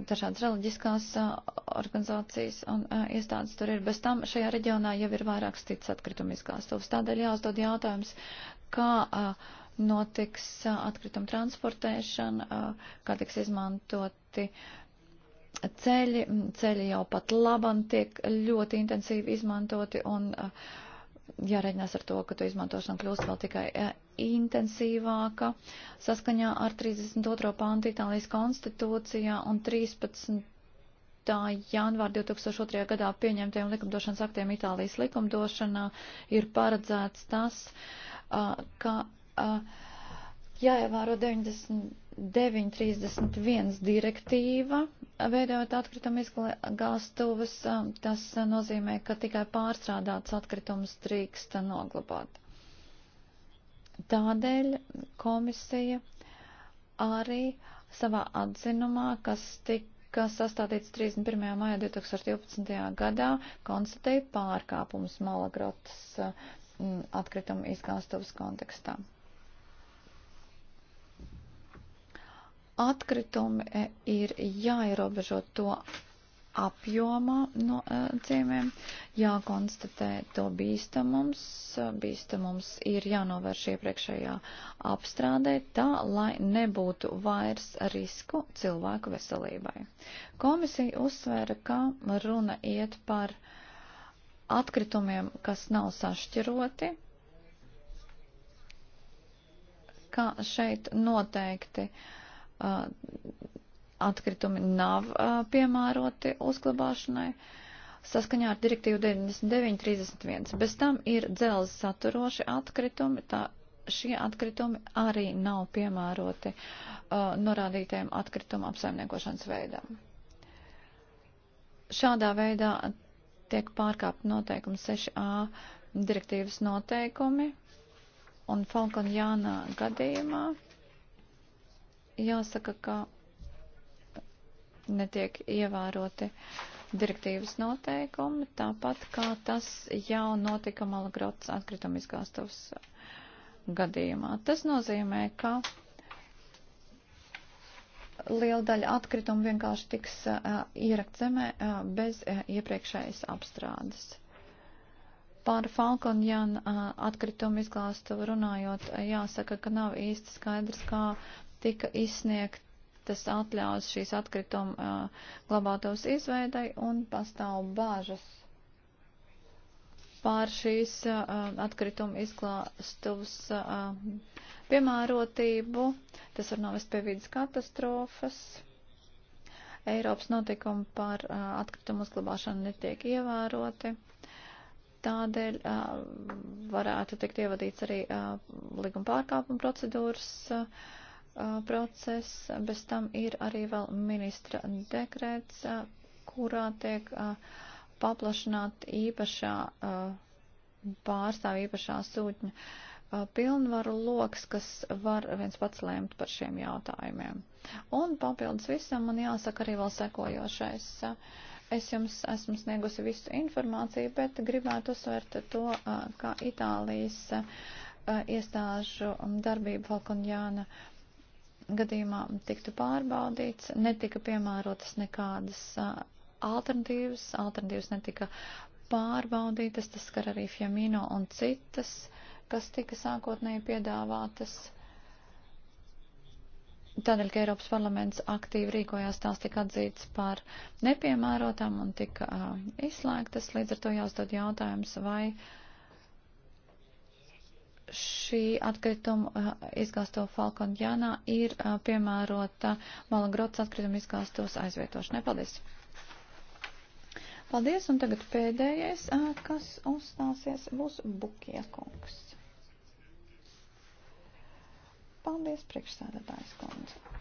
dažādas reliģiskās uh, organizācijas un uh, iestādes tur ir. Bez tam šajā reģionā jau ir vairākas citas atkrituma izkāstuves. Tādēļ jāuzdod jautājums, kā. Uh, Notiks uh, atkrituma transportēšana, uh, kā tiks izmantoti ceļi. Ceļi jau pat labam tiek ļoti intensīvi izmantoti un uh, jāreģinās ar to, ka tu izmantošana kļūst vēl tikai e, intensīvāka saskaņā ar 32. pāntu Itālijas konstitūcijā un 13. janvāra 2002. gadā pieņemtajiem likumdošanas aktiem Itālijas likumdošanā ir paredzēts tas, ka jāievēro 90 931 direktīva veidojot atkritumu izgāstuves, um, tas nozīmē, ka tikai pārstrādāts atkritums drīkst noglabāt. Tādēļ komisija arī savā atzinumā, kas tika sastādīts 31. maijā 2012. gadā, konstatēja pārkāpumus Malagrotas uh, mm, atkritumu izgāstuves kontekstā. Atkritumi e, ir jāierobežo to apjomā no e, dzīvēm, jākonstatē to bīstamums, e, bīstamums ir jānovērš iepriekšējā apstrādē tā, lai nebūtu vairs risku cilvēku veselībai. Komisija uzsvēra, ka runa iet par atkritumiem, kas nav sašķiroti, ka šeit noteikti uh, atkritumi nav piemēroti uzglabāšanai saskaņā ar direktīvu 99.31. Bez tam ir dzelzi saturoši atkritumi, tā šie atkritumi arī nav piemēroti uh, norādītajiem atkritumu apsaimniekošanas veidam. Šādā veidā tiek pārkāpt noteikumi 6a direktīvas noteikumi un Falkonjānā gadījumā jāsaka, ka netiek ievēroti direktīvas noteikumi, tāpat kā tas jau notika Malagrotas atkritumiskāstavas gadījumā. Tas nozīmē, ka liela daļa atkritumu vienkārši tiks uh, ierakt zemē uh, bez uh, iepriekšējas apstrādes. Par Falkonjana atkritumu izklāstu runājot, jāsaka, ka nav īsti skaidrs, kā tika izsniegtas atļaus šīs atkrituma glabātos izveidai un pastāv bāžas pār šīs atkrituma izklāstuvas piemērotību. Tas var novest pie vidas katastrofas. Eiropas notikumi par atkritumu uzglabāšanu netiek ievēroti tādēļ uh, varētu tikt ievadīts arī uh, līguma pārkāpuma procedūras. Uh, process, bez tam ir arī vēl ministra dekrets, kurā tiek paplašināt īpašā pārstāv īpašā sūtņa pilnvaru loks, kas var viens pats lēmt par šiem jautājumiem. Un papildus visam man jāsaka arī vēl sekojošais. Es jums esmu sniegusi visu informāciju, bet gribētu uzsvērt to, ka Itālijas iestāžu darbība Falkonjāna gadījumā tiktu pārbaudīts, netika piemērotas nekādas alternatīvas, alternatīvas netika pārbaudītas, tas skar arī Fjamino un citas, kas tika sākotnēji piedāvātas. Tādēļ, ka Eiropas parlaments aktīvi rīkojās, tās tika atzītas par nepiemērotām un tika uh, izslēgtas, līdz ar to jāuzdod jautājums, vai uh, šī atkrituma eh, izgāsto Falkonjānā ir eh, piemērota Malagrotas atkrituma izgāstos aizvietošanai. Paldies! Paldies, un tagad pēdējais, eh, kas uzstāsies, būs Bukie kungs. Paldies, priekšsēdētājs kundze.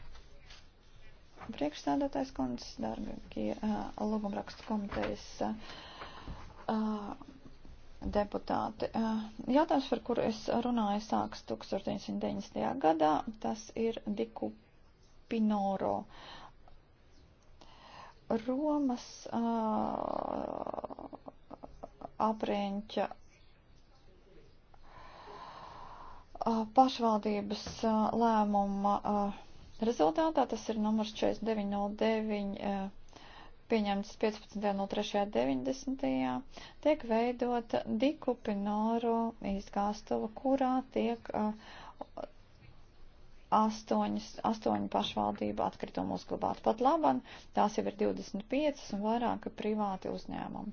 Priekšsēdētājs kundze, dargi lūgumrakstu komitejas. Uh, deputāti. Jautājums, par kuru es runāju, sāks 1990. gadā. Tas ir Diku Pinoro. Romas uh, aprēņķa uh, pašvaldības uh, lēmuma uh, rezultātā, tas ir numurs 4909. Uh, pieņemts 15.03.90. tiek veidota dikupinoru izgāstuva, kurā tiek uh, astoņas, astoņu pašvaldību atkritumu uzglabāt. Pat laban, tās jau ir 25 un vairāk privāti uzņēmumi.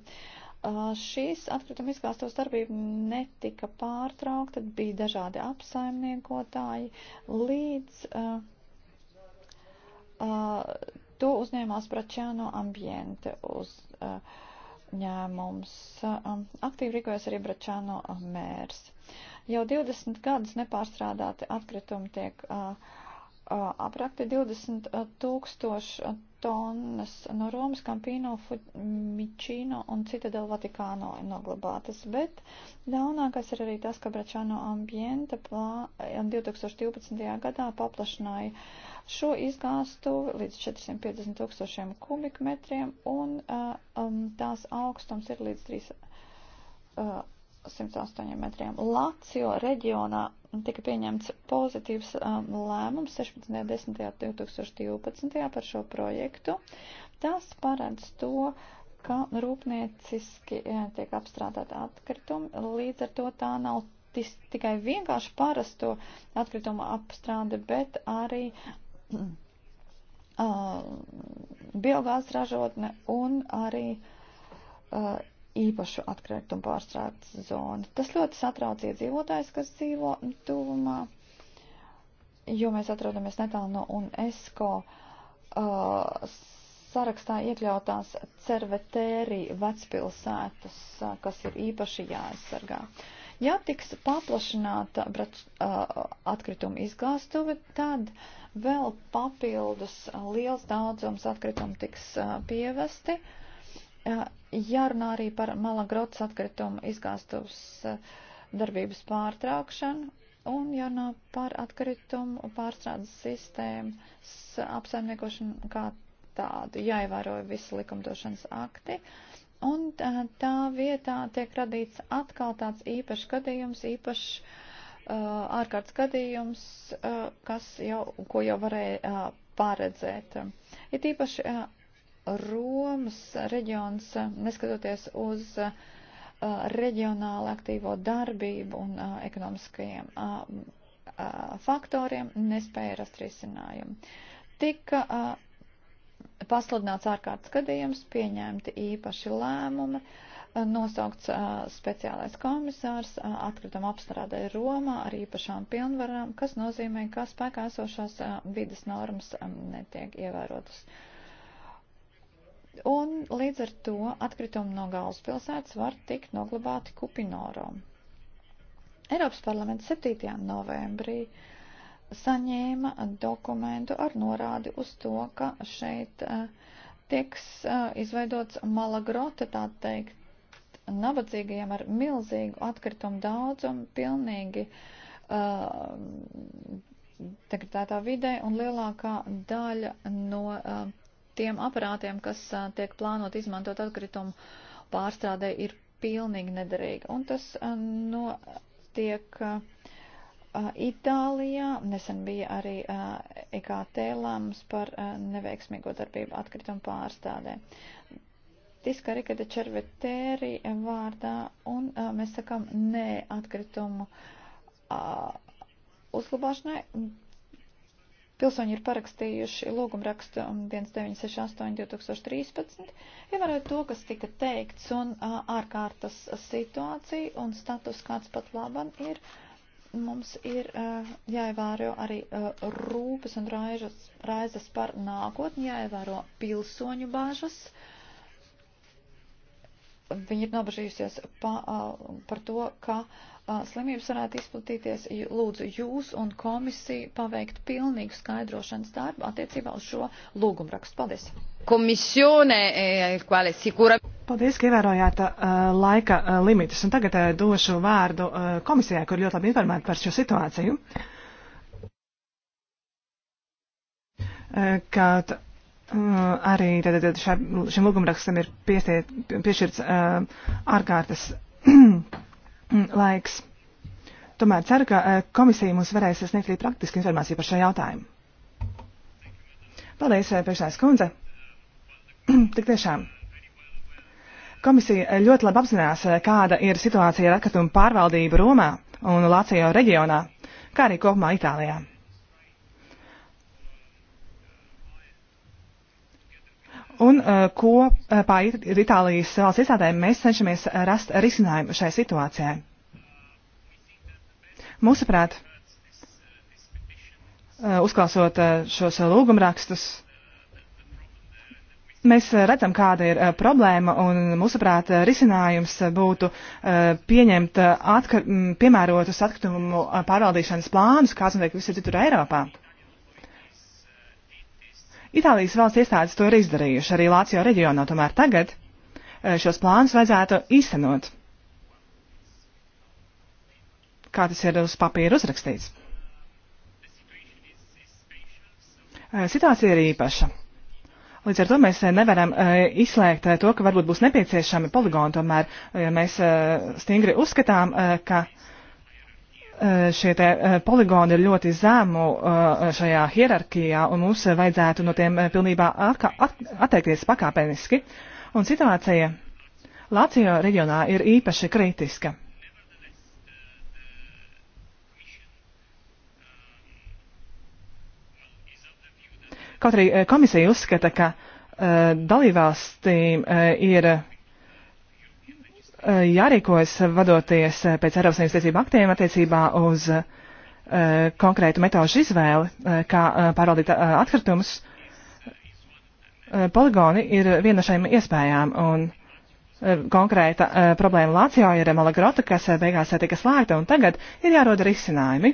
Uh, šīs atkrituma izgāstos darbība netika pārtraukta, bija dažādi apsaimniekotāji līdz uh, uh, To uzņēmās Bračāno ambiente uzņēmums. Eh, um, aktīvi rīkojas arī Bračāno uh, mērs. Jau 20 gadus nepārstrādāti atkritumi tiek uh, aprakti 20 tūkstoši tonnas no Romas, Kampino, Fumičino un Citadel Vatikāno noglabātas, bet ļaunākais ir arī tas, ka Bračano ambienta plā, 2012. gadā paplašināja šo izgāstuvi līdz 450 tūkstošiem kubikmetriem un uh, um, tās augstums ir līdz 3. Uh, 108 metriem. Lācijo reģionā tika pieņemts pozitīvs um, lēmums 16.10.2012. par šo projektu. Tas paredz to, ka rūpnieciski e, tiek apstrādāta atkritumi, līdz ar to tā nav tis, tikai vienkārši parasto atkritumu apstrāde, bet arī uh, biogāzes ražotne un arī uh, īpašu atkritumu pārstrādes zonu. Tas ļoti satrauc iedzīvotājs, kas dzīvo tuvumā, jo mēs atrodamies netālu no UNESCO uh, sarakstā iekļautās cervetērī vecpilsētas, uh, kas ir īpaši jāaizsargā. Ja tiks paplašināta brač, uh, atkrituma izgāstuve, tad vēl papildus liels daudzums atkritumu tiks uh, pievesti. Uh, Jārunā arī par malagrotas atkritumu izgāstus eh, darbības pārtraukšanu un jārunā par atkritumu pārstrādes sistēmas apsaimniekošanu kā tādu. Jāievēro visi likumdošanas akti. Un eh, tā vietā tiek radīts atkal tāds īpašs gadījums, īpašs uh, ārkārtas gadījums, uh, kas jau, ko jau varēja uh, paredzēt. Ir īpaši uh, Romas reģions, neskatoties uz uh, reģionāli aktīvo darbību un uh, ekonomiskajiem uh, faktoriem, nespēja rast risinājumu. Tika pasludināts ārkārtas gadījums, pieņemti īpaši lēmumi, nosaukts speciālais komisārs atkrituma apstrādē Romā ar īpašām pilnvarām, kas nozīmē, ka spēkā esošās vidas normas um, netiek ievērotas. Un līdz ar to atkritumi no galvaspilsētas var tikt noglabāti Kupinoro. Eiropas parlaments 7. novembrī saņēma dokumentu ar norādi uz to, ka šeit eh, tieks eh, izveidots malagrote, tā teikt, nabadzīgajiem ar milzīgu atkritumu daudzumu, pilnīgi uh, degradētā vidē, un lielākā daļa no uh, tiem aparātiem, kas tiek plānot izmantot atkritumu pārstrādē, ir pilnīgi nederīga. Un tas notiek Itālijā. Nesen bija arī IKT e lēmums par neveiksmīgo darbību atkritumu pārstrādē. Tiska arī, kad ir červetēri vārdā, un mēs sakam nē atkritumu uzglabāšanai, pilsoņi ir parakstījuši lūgumrakstu 1968-2013, ievērojot to, kas tika teikts, un ārkārtas situācija un status kāds pat laban ir. Mums ir jāievēro arī rūpes un raizes, raizes par nākotni, jāievēro pilsoņu bāžas. Uh, Viņa ir nobežījusies pa, par to, ka slimības varētu izplatīties. Lūdzu jūs un komisiju paveikt pilnīgu skaidrošanas darbu attiecībā uz šo lūgumrakstu. Paldies! Komisione, kuale e, sicura. Paldies, ka ievērojāt uh, laika uh, limitus. Un tagad uh, došu vārdu uh, komisijai, kur ļoti labi informēta par šo situāciju. Uh, kad, uh, arī tad, tad šā, šim lūgumrakstam ir piestiet, piešķirts uh, ārkārtas laiks. Tomēr ceru, ka uh, komisija mums varēs sniegt arī praktisku informāciju par šo jautājumu. Paldies, priekšsēdētājas kundze. Tik tiešām. Komisija ļoti labi apzinās, kāda ir situācija ar atkritumu pārvaldību Romā un Lācijā reģionā, kā arī kopumā Itālijā. Un uh, kopā uh, ar Itālijas valsts iestādēm mēs cenšamies rast risinājumu šai situācijai. Mūsuprāt, uh, uzklausot šos lūgumrakstus, mēs redzam, kāda ir problēma, un mūsuprāt, risinājums būtu pieņemt atka piemērotus atkritumu pārvaldīšanas plānus, kāds notiek visur citur Eiropā. Itālijas valsts iestādes to ir izdarījuši arī Lācijā reģionā, tomēr tagad eh, šos plānus vajadzētu īstenot. Kā tas ir uz papīra uzrakstīts? Eh, situācija ir īpaša. Līdz ar to mēs eh, nevaram izslēgt to, ka varbūt būs nepieciešami poligoni, tomēr mēs stingri uzskatām, ka uh, Eh, šie te eh, poligoni ir ļoti zemu eh, šajā hierarkijā, un mums vajadzētu no tiem pilnībā atka, at, atteikties pakāpeniski. Un situācija Lācijo reģionā ir īpaši kritiska. Kaut arī komisija uzskata, ka dalībvalstīm ir jārīkojas vadoties eh, pēc Eiropas Savienības tiesību aktiem attiecībā uz eh, konkrētu metožu izvēli, eh, kā pārvaldīt atkritumus. Poligoni ir viena no šīm iespējām, un konkrēta problēma Lācijā ir Malagrota, kas beigās tika slēgta, un tagad ir jāroda risinājumi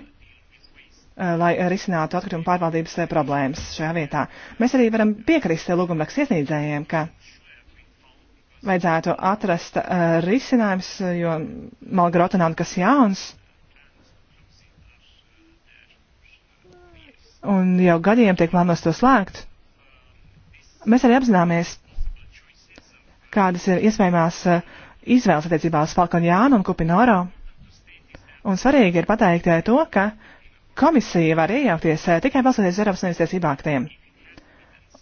lai risinātu atkrituma pārvaldības problēmas šajā vietā. Mēs arī varam piekrist lūgumraksta iesniedzējiem, ka vajadzētu atrast uh, risinājums, uh, jo Malgrota nav nekas jauns. Un jau gadiem tiek plānos to slēgt. Mēs arī apzināmies, kādas ir iespējamās uh, izvēles attiecībā uz Falkonjānu un Kupinoro. Un svarīgi ir pateikt uh, to, ka komisija var iejaukties uh, tikai balstoties Eiropas Savienības tiesību aktiem.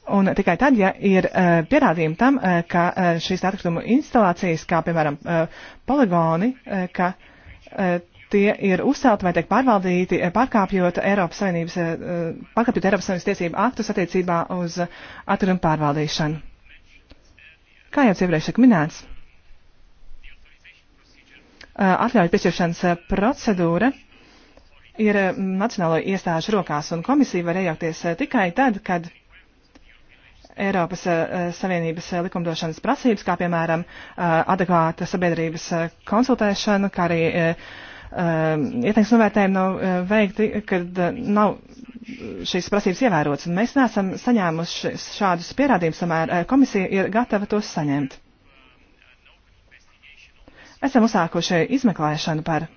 Un tikai tad, ja ir uh, pierādījumi tam, uh, ka uh, šīs atkritumu instalācijas, kā piemēram uh, poligoni, uh, ka uh, tie ir uzcelti vai tiek pārvaldīti, pārkāpjot Eiropas Savienības, uh, pārkāpjot Eiropas Savienības tiesību aktus attiecībā uz uh, atkritumu pārvaldīšanu. Kā jau iepriekš tika minēts, uh, atļauju piešķiršanas procedūra ir nacionālo iestāžu rokās, un komisija var iejaukties tikai tad, kad Eiropas eh, Savienības eh, likumdošanas prasības, kā piemēram eh, adekvāta sabiedrības konsultēšana, kā arī ieteikums novērtējumi nav veikti, kad nav šīs prasības ievērotas. Un mēs neesam saņēmuši šādus pierādījumus, samēr komisija ir gatava tos saņemt. Esam uzsākuši izmeklēšanu par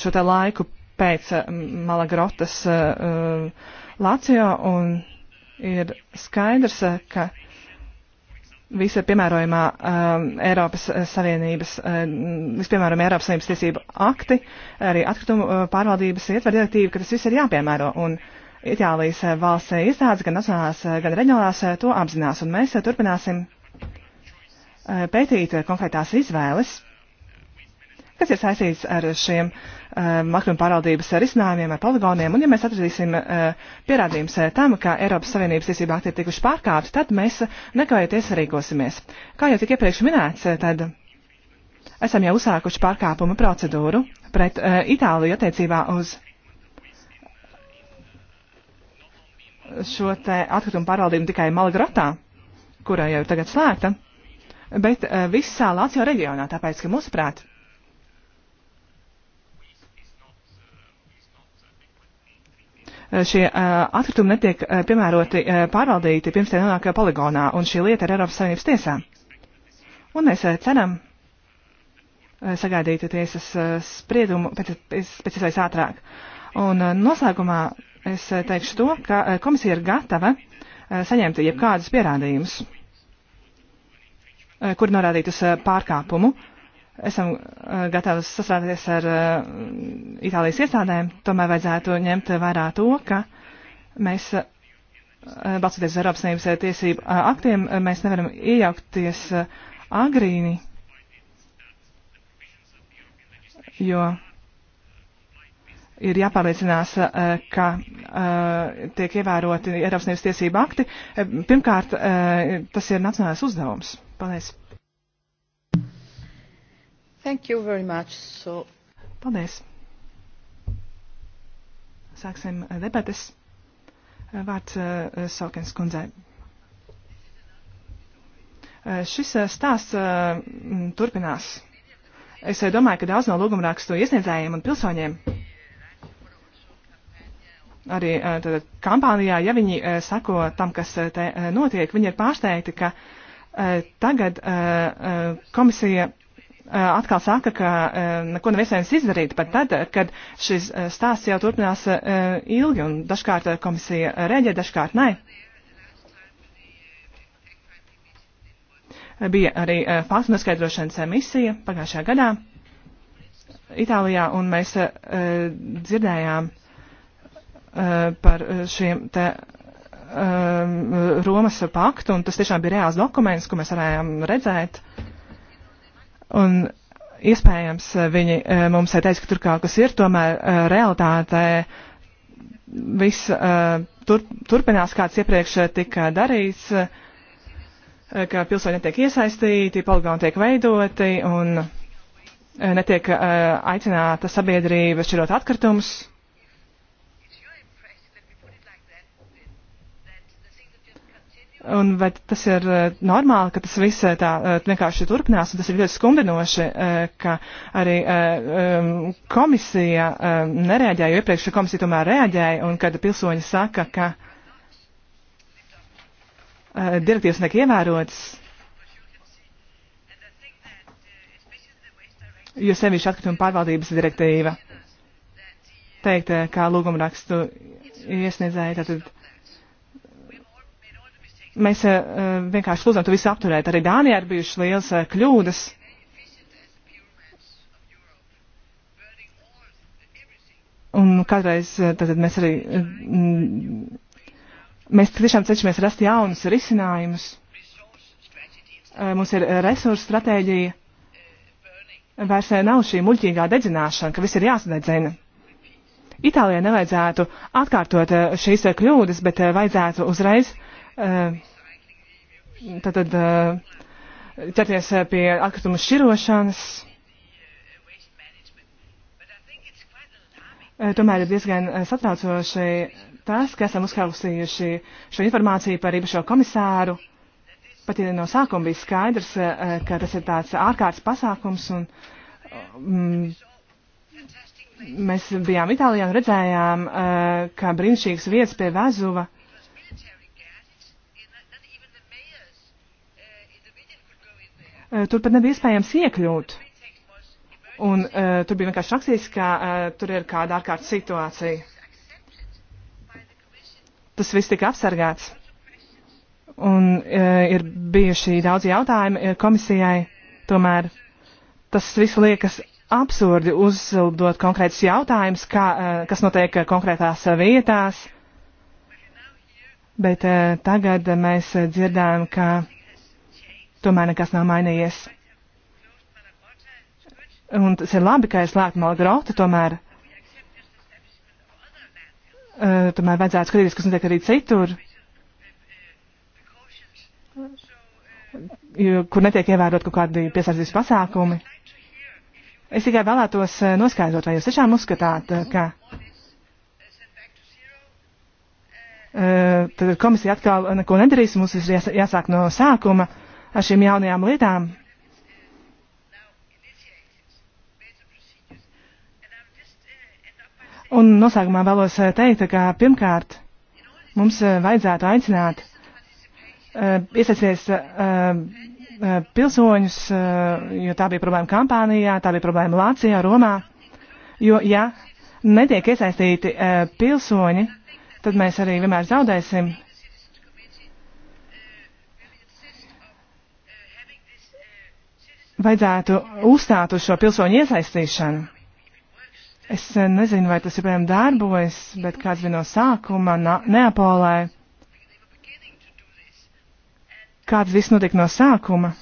šo te laiku pēc eh, Malagrotas eh, eh, Lācijā un ir skaidrs, ka visa piemērojumā Eiropas Savienības, vispiemērojumā Eiropas Savienības tiesību akti, arī atkritumu pārvaldības ietver direktīva, ka tas viss ir jāpiemēro. Un, Itālijas valsts iestādes, gan nacionālās, gan reģionālās to apzinās, un mēs turpināsim pētīt konkrētās izvēles kas ir saistīts ar šiem uh, eh, makruma pārvaldības risinājumiem, ar poligoniem. Un ja mēs atradīsim uh, pierādījums uh, tam, ka Eiropas Savienības tiesība akti ir tikuši pārkāpti, tad mēs nekavējoties rīkosimies. Kā jau tik iepriekš minēts, tad esam jau uzsākuši pārkāpuma procedūru pret uh, Itāliju attiecībā uz šo te atkritumu pārvaldību tikai Malagrotā, kura jau ir tagad slēgta, bet uh, visā Lācijā reģionā, tāpēc, ka mūsuprāt, uh, Eh, šie eh, atkritumi netiek eh, piemēroti pārvaldīti pirms tie nonāk poligonā, un šī lieta ir Eiropas Savienības tiesā. Un mēs ceram sagaidīt tiesas spriedumu pēc iespējas ātrāk. Un noslēgumā es teikšu to, ka komisija ir gatava saņemt jebkādus pierādījumus, kur norādīt uz pārkāpumu esam eh, gatavi sasrādīties ar eh, Itālijas iestādēm, tomēr vajadzētu ņemt vērā to, ka mēs, eh, balstoties uz Eiropas Savienības tiesību aktiem, mēs nevaram iejaukties agrīni, jo ir jāpārliecinās, ka tiek ievēroti Eiropas Savienības tiesību akti. Pirmkārt, tas ir nacionālais uzdevums. Paldies! Thank you very much. So... Paldies. Sāksim eh, debates. Eh, vārds uh, Saukens kundzei. Uh, šis uh, stāsts uh, turpinās. Es uh, domāju, ka daudz no lūgumrakstu iesniedzējiem un pilsoņiem arī uh, tad, kampānijā, ja viņi uh, sako tam, kas uh, te uh, notiek, viņi ir pārsteigti, ka uh, tagad uh, uh, komisija Eh, atkal saka, ka eh, neko nav iespējams izdarīt pat tad, kad šis eh, stāsts jau turpinās ilgi un dažkārt komisija reaģē, dažkārt nē. Bija arī faktu noskaidrošanas misija pagājušajā gadā Itālijā, un mēs dzirdējām par šiem te Romas paktu, un tas tiešām bija reāls dokuments, ko mēs varējām redzēt. Uh, Un iespējams eh, viņi eh, mums teica, ka tur kaut kas ir, tomēr eh, realitātē viss tur, turpinās, kāds iepriekš tika darīts, ka pilsoņi netiek iesaistīti, poligoni tiek veidoti un netiek aicināta sabiedrība šķirot atkritumus. Un vai tas ir eh, normāli, ka tas viss eh, tā eh, vienkārši turpinās, un tas ir ļoti skumbinoši, ka arī komisija nereaģēja, jo iepriekšējā komisija tomēr reaģēja, un kad pilsoņi saka, ka direktīvas netiek ievērotas, jo sevišķi atkrituma pārvaldības direktīva teikt, kā lūgumrakstu iesniedzēja, tātad mēs eh, vienkārši lūdzam to visu apturēt. Arī Dānijā ir bijušas liels eh, kļūdas. Un kādreiz eh, tad mēs arī, mm, mēs tiešām cenšamies rast jaunus risinājumus. Mums ir resursu stratēģija. Vairs nav šī muļķīgā dedzināšana, ka viss ir jāsadedzina. Itālijai nevajadzētu atkārtot šīs kļūdas, bet vajadzētu uzreiz uh, tātad eh, eh, ķerties eh, pie atkritumu šķirošanas. Tomēr ir diezgan satraucoši tas, ka esam uzklausījuši šo informāciju par īpašo komisāru. Pat ja no sākuma bija skaidrs, ka tas ir tāds ārkārtas pasākums, un mm, mēs bijām Itālijā un redzējām, ka brīnišķīgas vietas pie Vēzuva Eh, tur pat nebija iespējams iekļūt. Un uh, tur bija vienkārši rakstīts, ka uh, tur ir kāda ārkārtas situācija. Tas viss tika apsargāts. Un uh, ir bijuši daudz jautājumi komisijai. Tomēr tas viss liekas absurdi uzdot konkrētus jautājumus, kā, uh, kas notiek konkrētās vietās. Bet uh, tagad mēs dzirdām, ka Tomēr nekas nav mainījies. Un tas ir labi, ka ir slēgta Malgrota, tomēr, uh, tomēr vajadzētu skatīties, kas notiek arī citur, jo, kur netiek ievērot kaut kādi piesardzības pasākumi. Es tikai vēlētos eh, noskaidrot, vai jūs tiešām uzskatāt, eh, ka uh, komisija atkal neko nedarīs, mums ir jāsāk no sākuma. Uh, ar šīm jaunajām lietām. Un noslēgumā vēlos eh, teikt, ka pirmkārt mums eh, vajadzētu aicināt eh, iesaistīties pilsoņus, jo tā bija problēma kampānijā, tā bija problēma Lācijā, Romā. Jo, ja netiek iesaistīti pilsoņi, tad mēs arī vienmēr zaudēsim vajadzētu uzstāt uz šo pilsoņu iesaistīšanu. Es eh, nezinu, vai tas joprojām darbojas, bet kāds bija no sākuma Neapolē. Kāds viss notika no sākuma?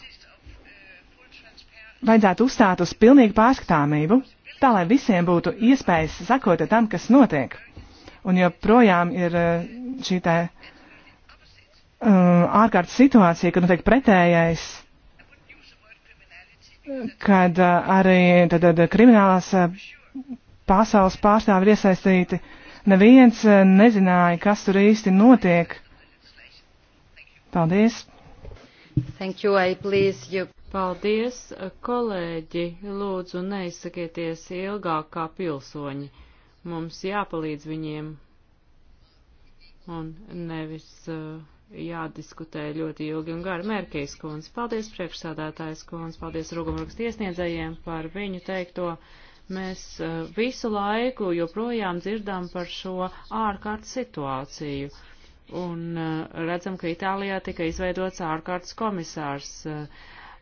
Vajadzētu uzstāt uz pilnīgu pārskatāmību, tā lai visiem būtu iespējas sakot tam, kas notiek. Un joprojām ir eh, šī tā um, eh, ārkārtas situācija, kad notiek pretējais kad uh, arī tad, tad, kriminālās uh, pasaules pārstāvi ir iesaistīti. Neviens uh, nezināja, kas tur īsti notiek. Paldies! Thank you, I please you. Paldies, kolēģi, lūdzu neizsakieties ilgāk kā pilsoņi. Mums jāpalīdz viņiem un nevis uh, jādiskutē ļoti ilgi un gari. Mērkijas kundze, paldies priekšsādātājs kundze, paldies rūgumrakstu iesniedzējiem par viņu teikto. Mēs eh, visu laiku joprojām dzirdām par šo ārkārtas situāciju. Un eh, redzam, ka Itālijā tika izveidots ārkārtas komisārs. Eh,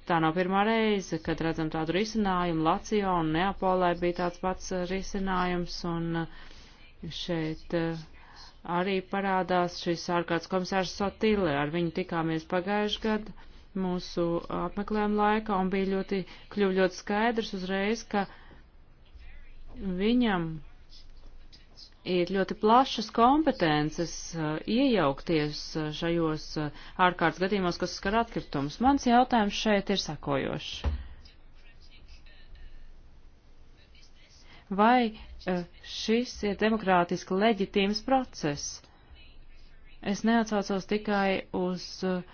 tā nav pirmā reize, kad redzam tādu risinājumu. Lācijā un Neapolē bija tāds pats risinājums. Un šeit uh, arī parādās šis ārkārtas komisārs Sotile. Ar viņu tikāmies pagājuši gadu mūsu apmeklējuma laikā un bija ļoti, kļuva ļoti skaidrs uzreiz, ka viņam ir ļoti plašas kompetences uh, iejaukties uh, šajos uh, ārkārtas gadījumos, kas skar atkritumus. Mans jautājums šeit ir sakojošs. vai eh, šis ir demokrātiski leģitīms process. Es neatsaucos tikai uz eh,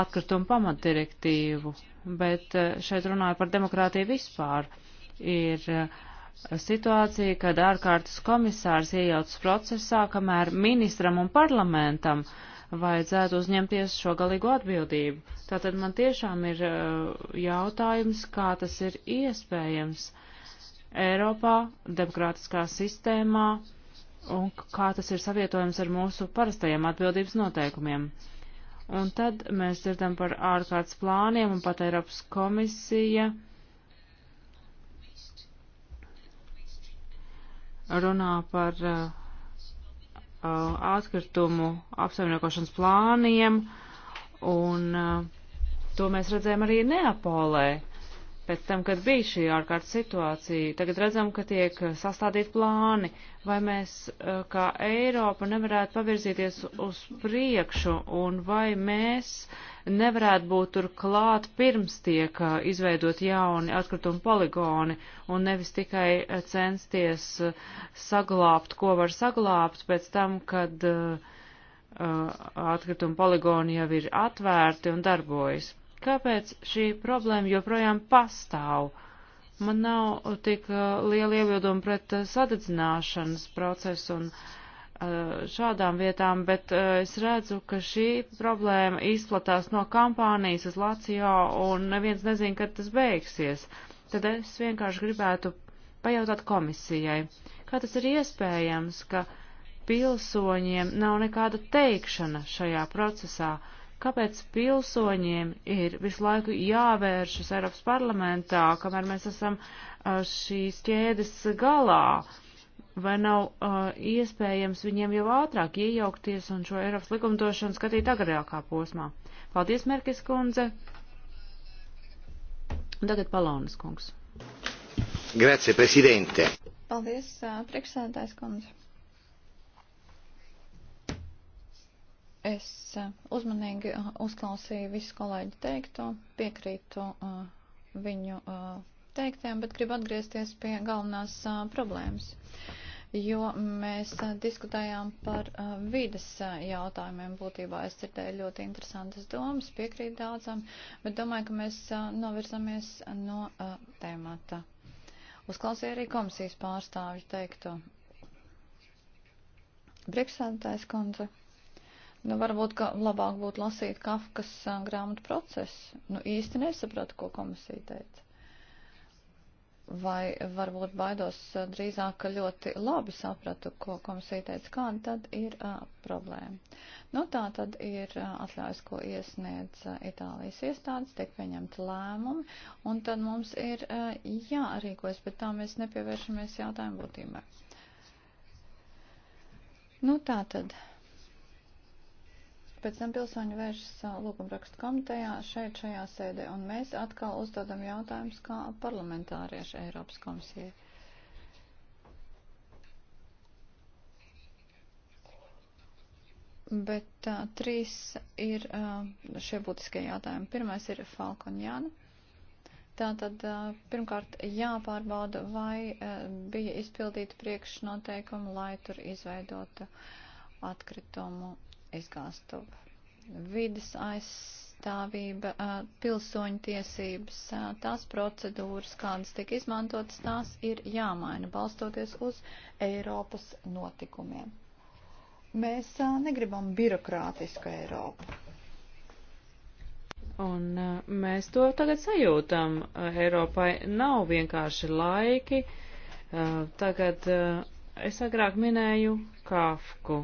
atkritumu pamatdirektīvu, bet eh, šeit runāju par demokrātiju vispār. Ir situācija, kad ārkārtas komisārs iejaucas procesā, kamēr ministram un parlamentam vajadzētu uzņemties šo galīgo atbildību. Tātad man tiešām ir jautājums, kā tas ir iespējams. Uh, Eiropā, demokrātiskā sistēmā un kā tas ir savietojams ar mūsu parastajiem atbildības noteikumiem. Un tad mēs dzirdam par ārkārtas plāniem un pat Eiropas komisija runā par uh, uh atkritumu apsaimniekošanas plāniem un uh, to mēs redzējām arī Neapolē. Uh, pēc tam, kad bija šī ārkārtas situācija. Tagad redzam, ka tiek sastādīti plāni, vai mēs eh, kā Eiropa nevarētu pavirzīties uz priekšu, un vai mēs nevarētu būt tur klāt pirms tiek eh, izveidot jauni atkrituma poligoni, un nevis tikai eh, censties saglābt, ko var saglābt pēc tam, kad atkrituma poligoni jau ir atvērti un darbojas. Kāpēc šī problēma joprojām pastāv? Man nav tik uh, liela iebilduma pret uh, sadedzināšanas procesu un uh, šādām vietām, bet es redzu, ka šī problēma izplatās no kampānijas uz Lācijā un neviens nezin, kad tas beigsies. Tad es vienkārši gribētu pajautāt komisijai, kā tas ir iespējams, ka pilsoņiem nav nekāda teikšana šajā procesā Kāpēc pilsoņiem ir visu laiku jāvēršas Eiropas parlamentā, kamēr mēs esam šīs ķēdes galā? Vai nav uh, iespējams viņiem jau ātrāk iejaukties un šo Eiropas likumdošanu skatīt agrākā posmā? Paldies, Merkis kundze. Un tagad Palonas kungs. Grazie, prezidente. Paldies, priekšsēdētājs kundze. Es eh, uzmanīgi eh, uzklausīju visu kolēģi teikto, piekrītu eh, viņu teiktiem, bet gribu atgriezties pie galvenās problēmas jo mēs diskutējām par vides jautājumiem. Būtībā es dzirdēju ļoti interesantas domas, piekrīt daudzam, bet domāju, ka mēs novirzamies no tēmata. Uzklausīju arī komisijas pārstāvju teikto. Priekšsēdētājs kundze. Nu, varbūt, ka labāk būtu lasīt Kafkas grāmatu procesu. Nu, īsti nesapratu, ko komisija teica. Vai varbūt baidos drīzāk, ka ļoti labi sapratu, ko komisija teica, kāda tad ir uh, problēma. Nu, tā tad ir uh, atļaujas, ko iesniedz uh, Itālijas iestādes, tiek pieņemti lēmumi, un tad mums ir uh, jārīkojas, bet tā mēs nepievēršamies jautājumu būtībai. Nu, tā tad. Pēc tam pilsoņi vēršas lūgumrakstu komitejā šeit, šajā sēdē, un mēs atkal uzdodam jautājumus kā parlamentārieši Eiropas komisijai. Bet uh, trīs ir uh, šie būtiskie jautājumi. Pirmais ir Falkonjāna. Tātad uh, pirmkārt jāpārbauda, vai uh, bija izpildīta priekšnoteikuma, lai tur izveidotu atkritumu izgāstuvu. Vides aizstāvība, pilsoņu tiesības, tās procedūras, kādas tiek izmantotas, tās ir jāmaina, balstoties uz Eiropas notikumiem. Mēs negribam birokrātisku Eiropu. Un mēs to tagad sajūtam. Eiropai nav vienkārši laiki. Tagad es agrāk minēju Kafku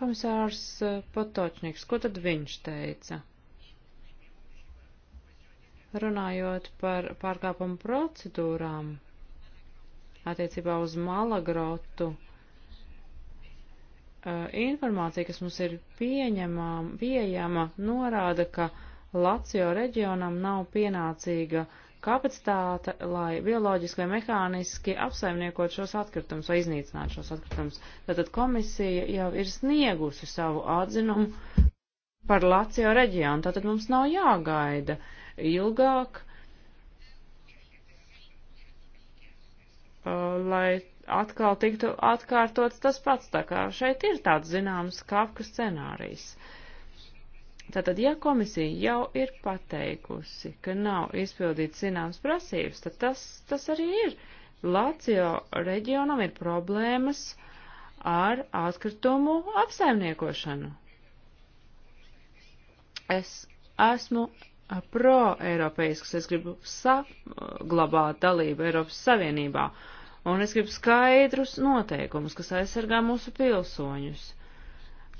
Komisārs eh, Potočņiks, ko tad viņš teica? Runājot par pārkāpumu procedūrām attiecībā uz malagrotu, eh, informācija, kas mums ir pieņemām, pieejama, norāda, ka Lācijo reģionam nav pienācīga uh, kapacitāte, lai bioloģiski vai mehāniski apsaimniekot šos atkritumus vai iznīcināt šos atkritumus. Tātad komisija jau ir sniegusi savu atzinumu par Lācijo reģionu, tātad mums nav jāgaida ilgāk, uh, lai atkal tiktu atkārtots tas pats, tā kā šeit ir tāds zināms kāpka scenārijs. Uh, Tātad, ja komisija jau ir pateikusi, ka nav izpildīts zināms prasības, tad tas, tas arī ir. Lācijo reģionam ir problēmas ar atkritumu apsaimniekošanu. Es esmu pro-eiropeisks, es gribu saglabāt dalību Eiropas Savienībā, un es gribu skaidrus noteikumus, kas aizsargā mūsu pilsoņus.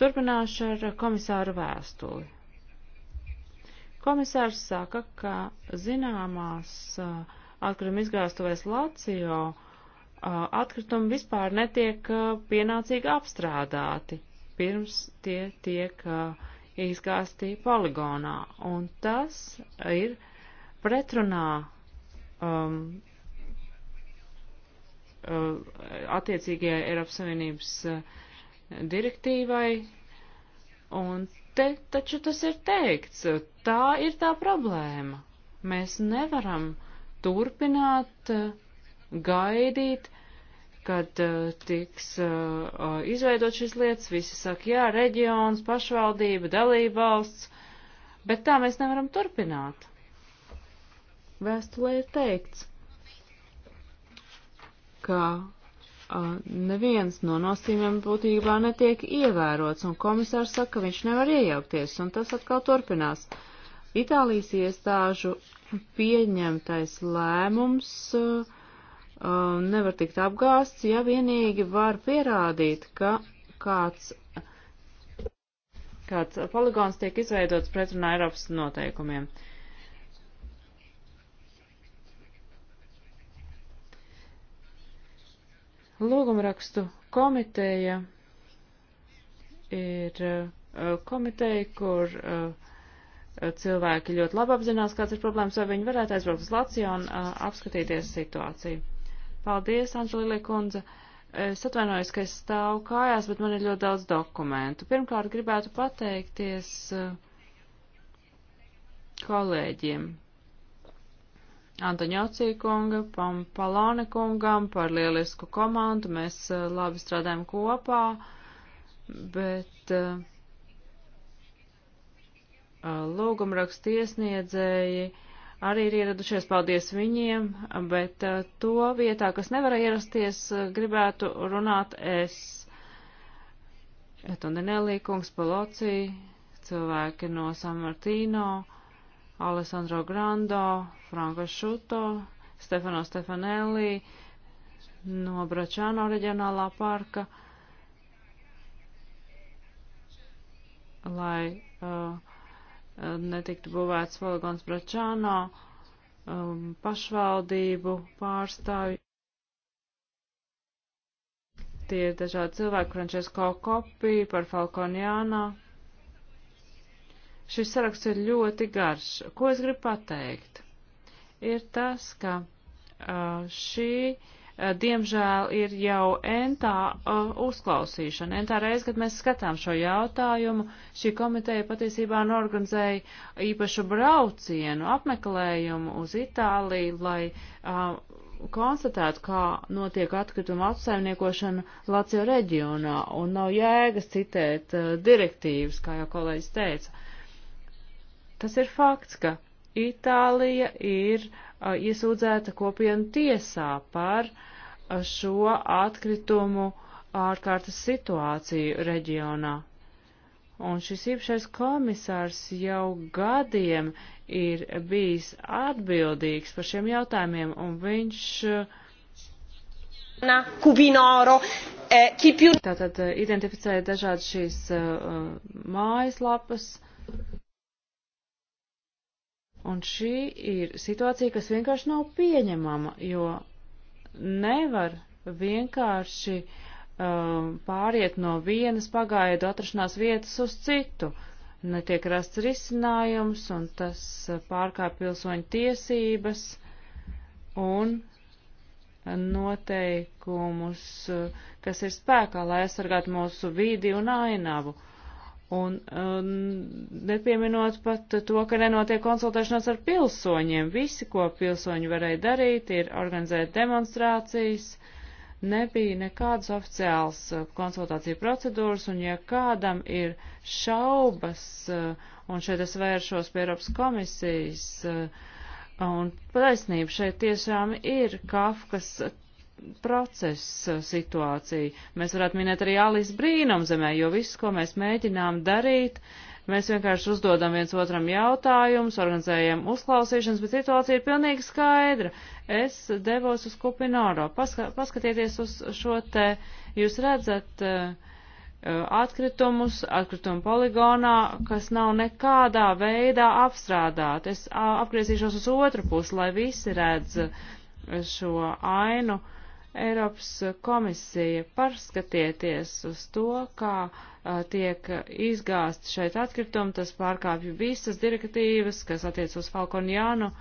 Turpināšu ar komisāru vēstuli. Komisārs saka, ka zināmās atkrituma izgāstuvēs Lācijo atkritumi vispār netiek pienācīgi apstrādāti pirms tie tiek izgāsti poligonā. Un tas ir pretrunā um, attiecīgajai Eiropas Savienības direktīvai, un te taču tas ir teikts, tā ir tā problēma. Mēs nevaram turpināt eh, gaidīt, kad eh, tiks eh, izveidot šis lietas, visi saka, jā, reģions, pašvaldība, dalībvalsts, bet tā mēs nevaram turpināt. Vēstulē ir teikts, ka neviens no nosīmiem būtībā netiek ievērots, un komisārs saka, ka viņš nevar iejaukties, un tas atkal turpinās. Itālijas iestāžu pieņemtais lēmums uh, uh nevar tikt apgāsts, ja vienīgi var pierādīt, ka kāds, kāds poligons tiek izveidots pretrunā Eiropas noteikumiem. Uh, Lūgumrakstu komiteja ir uh, komiteja, kur uh, cilvēki ļoti labi apzinās, kāds ir problēmas, vai viņi varētu aizbraukt uz Lāciju un uh, apskatīties situāciju. Paldies, Anželīlija kundze. Es atvainojos, ka es stāvu kājās, bet man ir ļoti daudz dokumentu. Pirmkārt, gribētu pateikties kolēģiem, Antoņocī kunga, Pampalone kungam par lielisku komandu. Mēs eh, labi strādājam kopā, bet eh, eh, lūgumrakstu iesniedzēji arī ir ieradušies, paldies viņiem, bet to vietā, kas nevarēja ierasties, gribētu runāt es. Etonenelī kungs, Paloci, cilvēki no San Martīno Alessandro Grando, Franko Šuto, Stefano Stefanelli no Bračāno reģionālā parka, lai uh, netiktu būvēts poligons Bračāno, um, pašvaldību pārstāvju. Tie ir dažādi cilvēki, Francesco Kopi, par Falkonjānā, Šis saraksts ir ļoti garš. Ko es gribu pateikt? Ir tas, ka uh, šī, uh, diemžēl, ir jau entā uh, uzklausīšana. Entā reiz, kad mēs skatām šo jautājumu, šī komiteja patiesībā norganizēja īpašu braucienu, apmeklējumu uz Itāliju, lai uh, konstatētu, kā notiek atkrituma apsaimniekošana Lācijā reģionā, un nav jēgas citēt uh, direktīvas, kā jau kolēģis teica. Uh, Tas ir fakts, ka Itālija ir uh, iesūdzēta kopienu tiesā par uh, šo atkritumu ārkārtas situāciju reģionā. Un šis īpašais komisārs jau gadiem ir bijis atbildīgs par šiem jautājumiem, un viņš. E, Tātad e, identificēja dažādas šīs uh, mājaslapas. Un šī ir situācija, kas vienkārši nav pieņemama, jo nevar vienkārši um, pāriet no vienas pagaidu atrašanās vietas uz citu. Netiek rasts risinājums, un tas uh, pārkāp pilsoņu tiesības un noteikumus, uh, kas ir spēkā, lai aizsargātu mūsu vidi un ainavu. Uh, Un um, nepieminot pat to, ka nenotiek konsultēšanās ar pilsoņiem. Visi, ko pilsoņi varēja darīt, ir organizēt demonstrācijas. Nebija nekādas oficiāls uh, konsultāciju procedūras, un ja kādam ir šaubas, uh, un šeit es vēršos pie Eiropas komisijas, uh, un taisnība šeit tiešām ir Kafkas procesa situāciju. Mēs varētu minēt arī Alis brīnumzemē, jo viss, ko mēs mēģinām darīt, mēs vienkārši uzdodam viens otram jautājumus, organizējam uzklausīšanas, bet situācija ir pilnīgi skaidra. Es devos uz Kupinoro. Paska, paskatieties uz šo te, jūs redzat uh, atkritumus, atkritumu poligonā, kas nav nekādā veidā apstrādāti. Es apgriezīšos uz otru pusi, lai visi redz eh, šo ainu. Uh, Eiropas komisija, parskatieties uz to, kā a, tiek izgāst šeit atkritumi, tas pārkāpju visas direktīvas, kas attiec uz Falkonjānu.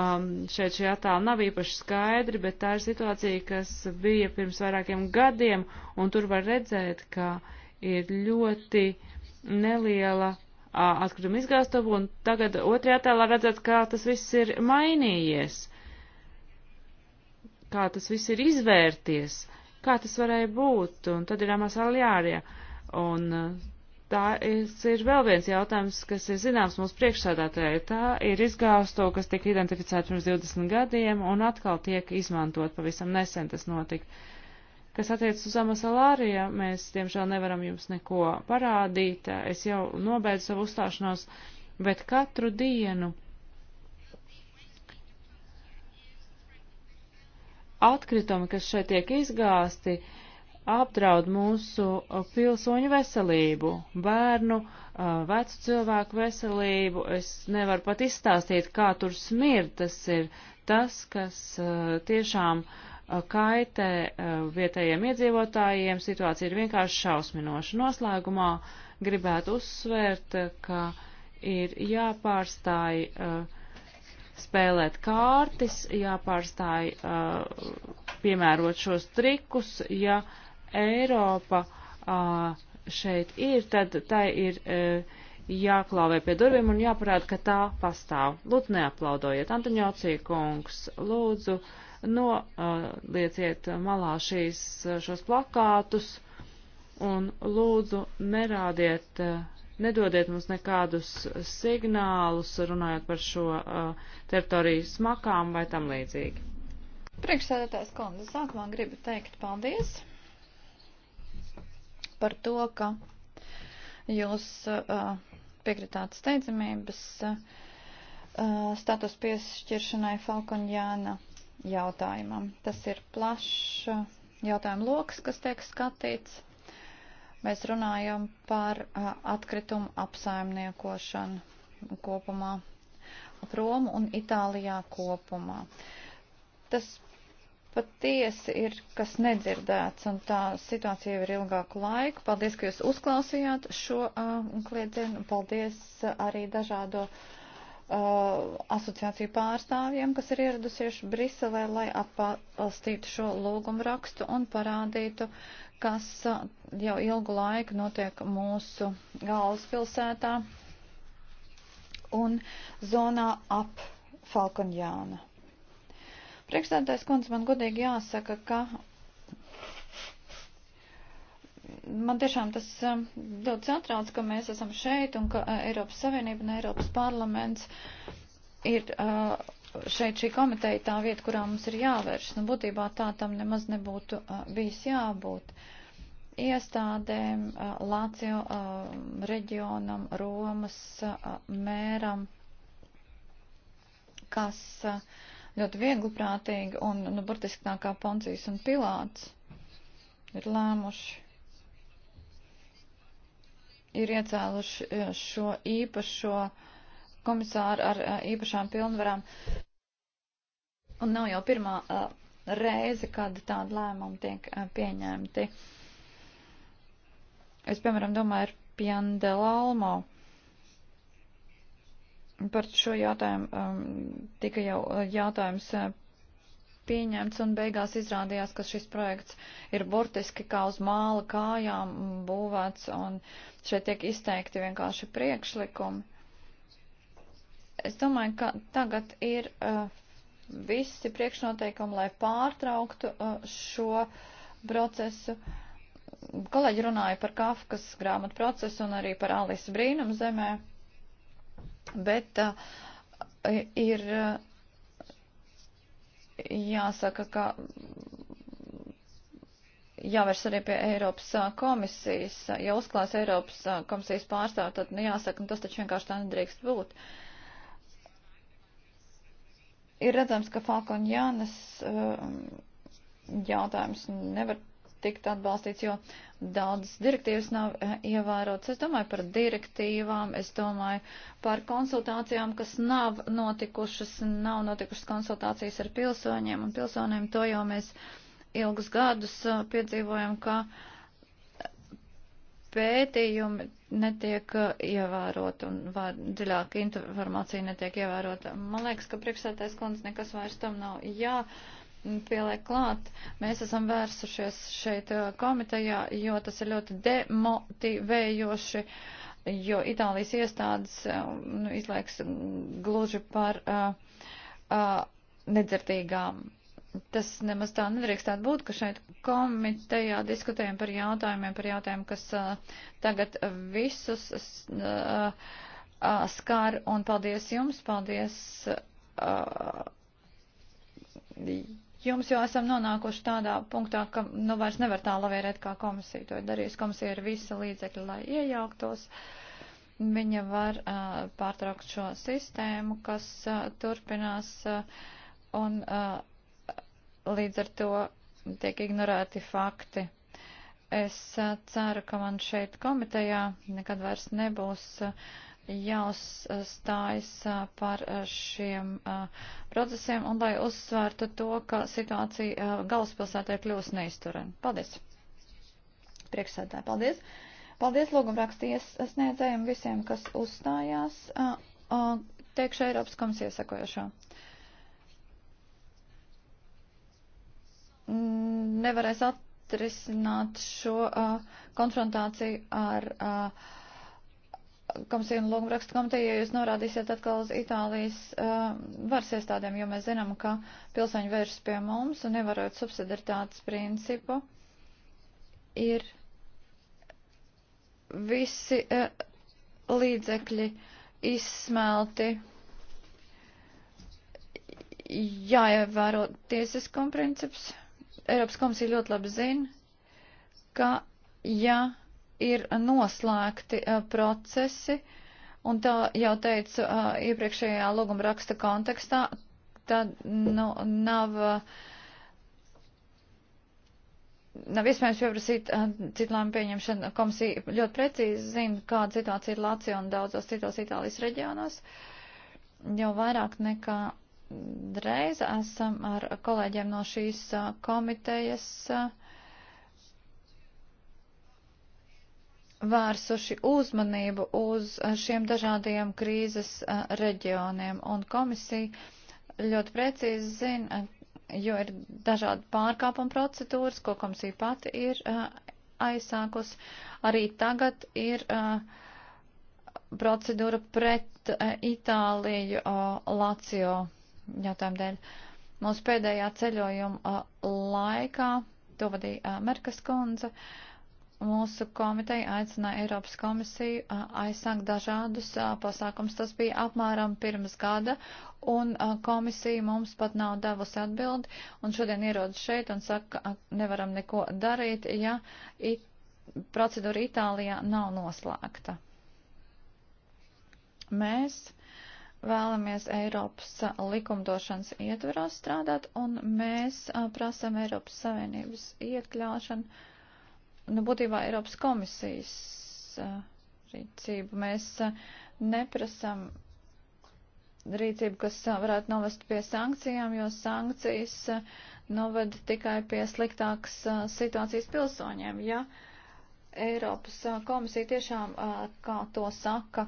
Um, šeit šie attēli nav īpaši skaidri, bet tā ir situācija, kas bija pirms vairākiem gadiem, un tur var redzēt, ka ir ļoti neliela atkrituma izgāstuva, un tagad otrajā attēlā redzēt, kā tas viss ir mainījies kā tas viss ir izvērties, kā tas varēja būt, un tad ir amasaljārija. Un uh, tā ir vēl viens jautājums, kas ir zināms mūsu priekšsādātāji. Tā ir izgāsto, kas tika identificēts pirms 20 gadiem un atkal tiek izmantot, pavisam nesen tas notika. Kas attiecas uz amasalāriju, mēs, diemžēl, nevaram jums neko parādīt. Es jau nobeidu savu uzstāšanos, bet katru dienu atkritumi, kas šeit tiek izgāsti, apdraud mūsu uh, pilsoņu veselību, bērnu, uh, vecu cilvēku veselību. Es nevaru pat izstāstīt, kā tur smird. Tas ir tas, kas uh, tiešām kaitē vietējiem iedzīvotājiem. Situācija ir vienkārši šausminoša. Noslēgumā gribētu uzsvērt, ka ir jāpārstāj uh, spēlēt kārtis, jāpārstāj uh, piemērot šos trikus, ja Eiropa uh, šeit ir, tad tai ir uh, jāklāvē pie durvīm un jāparāda, ka tā pastāv. Lūdzu, neaplaudojiet. Antoņaucī kungs, lūdzu, nolieciet malā šīs, šos plakātus un lūdzu nerādiet uh, nedodiet mums nekādus signālus, runājot par šo uh, teritoriju smakām vai tam līdzīgi. Priekšsēdētājs kundze, sākumā gribu teikt paldies par to, ka jūs uh, piekritāt steidzamības uh, status piešķiršanai Falkonjāna jautājumam. Tas ir plašs uh, jautājumu lokus, kas tiek skatīts Mēs runājam par atkritumu apsaimniekošanu kopumā, Romu un Itālijā kopumā. Tas patiesi ir kas nedzirdēts, un tā situācija jau ir ilgāku laiku. Paldies, ka jūs uzklausījāt šo uh, kliedzienu. Paldies arī dažādo uh, asociāciju pārstāvjiem, kas ir ieradusies Briselē, lai atbalstītu šo lūgumu rakstu un parādītu, kas jau ilgu laiku notiek mūsu galvaspilsētā un zonā ap Falkonjāna. Priekšstādātais kundze man godīgi jāsaka, ka man tiešām tas ļoti satrauc, ka mēs esam šeit un ka Eiropas Savienība un Eiropas parlaments ir uh, šeit šī komiteja tā vieta, kurā mums ir jāvērš. Nu, būtībā tā tam nemaz nebūtu uh, bijis jābūt. Iestādēm, uh, Lācijo uh, reģionam, Romas uh, mēram, kas uh, ļoti viegliprātīgi un, nu, burtiski tā kā Poncijas un Pilāts ir lēmuši ir iecēluši šo īpašo uh, komisāru ar eh, īpašām pilnvarām. Un nav jau pirmā eh, reize, kad tāda lēmuma tiek eh, pieņemti. Es, piemēram, domāju, ar Piandelalmo. Par šo jautājumu um, tika jau jautājums pieņemts un beigās izrādījās, ka šis projekts ir burtiski kā uz māla kājām būvēts un šeit tiek izteikti vienkārši priekšlikumi. Es domāju, ka tagad ir uh, visi priekšnoteikumi, lai pārtrauktu uh, šo procesu. Kolēģi runāja par Kafkas grāmatu procesu un arī par Alisu brīnumzemē, bet uh, ir uh, jāsaka, ka jāvērs arī pie Eiropas uh, komisijas. Ja uzklās Eiropas uh, komisijas pārstāv, tad nu, jāsaka, nu, tas taču vienkārši tā nedrīkst būt. Uh, Ir redzams, ka Falkon Jānes um, jautājums nevar tikt atbalstīts, jo daudzas direktīvas nav eh, ievērotas. Es domāju par direktīvām, es domāju par konsultācijām, kas nav notikušas, nav notikušas konsultācijas ar pilsoņiem un pilsoniem. To jau mēs ilgus gadus eh, piedzīvojam, ka uh, pētījumi netiek uh, ievērot un var, dziļāka informācija netiek ievērota. Man liekas, ka priekšsētais kundze nekas vairs tam nav jā. Pieliek klāt, mēs esam vērsušies šeit uh, komitejā, jo tas ir ļoti demotivējoši, jo Itālijas iestādes uh, nu, izlaiks gluži par uh, uh, nedzirdīgām tas nemaz tā nedrīkstētu būt, ka šeit komitejā diskutējam par jautājumiem, par jautājumiem, kas uh, tagad visus uh, uh, skar, un paldies jums, paldies uh, jums, jo esam nonākuši tādā punktā, ka nu vairs nevar tā lavierēt, kā komisija to ir darījusi. Komisija ir visa līdzekļa, lai iejauktos. Viņa var uh, pārtraukt šo sistēmu, kas uh, turpinās. Uh, un uh, Līdz ar to tiek ignorēti fakti. Es eh, ceru, ka man šeit komitejā nekad vairs nebūs eh, jāuzstājas eh, par šiem procesiem un lai uzsvērtu to, ka situācija galvaspilsētē kļūst neizturama. Paldies! Priekšsēdē, paldies! Paldies lūgumrakstīs sniedzējiem visiem, kas uzstājās. Teikšu Eiropas komisijas sakojošo. Mm, nevarēs atrisināt šo uh, konfrontāciju ar uh, komisiju un lūgumrakstu komiteju, ja jūs norādīsiet atkal uz Itālijas uh, varas iestādēm, jo mēs zinām, ka pilsēņi vēršas pie mums un nevarot subsidaritātes principu, ir visi uh, līdzekļi izsmelti jāievēro tiesiskuma princips. Eiropas komisija ļoti labi zina, ka ja ir noslēgti uh, procesi, un tā jau teicu uh, iepriekšējā lūguma raksta kontekstā, tad nu, nav. Uh, nav iespējams pieprasīt citu lēmumu pieņemšanu. Komisija ļoti precīzi zina, kāda situācija ir Lācijā un daudzos citos Itālijas reģionos. Jau vairāk nekā reize esam ar kolēģiem no šīs komitejas vērsuši uzmanību uz šiem dažādajiem krīzes reģioniem, un komisija ļoti precīzi zina, jo ir dažādi pārkāpuma procedūras, ko komisija pati ir aizsākus. Arī tagad ir procedūra pret Itāliju Lācijo jautājumu dēļ. Mūsu pēdējā ceļojuma uh, laikā, to vadīja uh, Merkas kundze, mūsu komiteja aicināja Eiropas komisiju uh, aizsākt dažādus pasākums. Tas bija apmēram pirms gada, un komisija mums pat nav devusi atbildi, un šodien ierodas šeit un saka, nevaram neko darīt, ja it, procedūra Itālijā nav noslēgta. Mēs vēlamies Eiropas likumdošanas ietveros strādāt, un mēs prasam Eiropas Savienības iekļaušanu, nu, būtībā Eiropas komisijas rīcību. Mēs neprasam rīcību, kas varētu novest pie sankcijām, jo sankcijas noved tikai pie sliktākas situācijas pilsoņiem. Ja Eiropas komisija tiešām, kā to saka,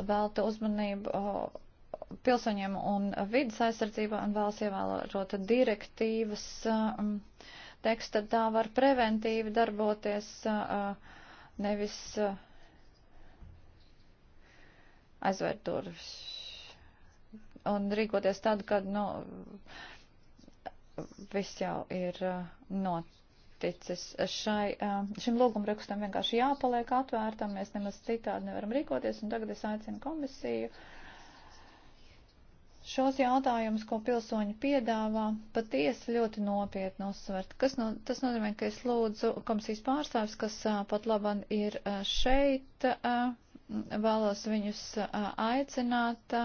velta uzmanību pilsoņiem un vidas aizsardzībā un vēlas ievēlot direktīvas um, tekstu, tad tā var preventīvi darboties, uh, nevis uh, aizvērt durvis un rīkoties tad, kad, nu, viss jau ir uh, noticis. Šai, šim lūgumrakstam vienkārši jāpaliek atvērtam, mēs nemaz citādi nevaram rīkoties, un tagad es aicinu komisiju uh, šos jautājumus, ko pilsoņi piedāvā, patiesi ļoti nopietni uzsvert. Kas no, tas nozīmē, ka es lūdzu komisijas pārstāvis, kas pat laban ir šeit, vēlos viņus aicināt.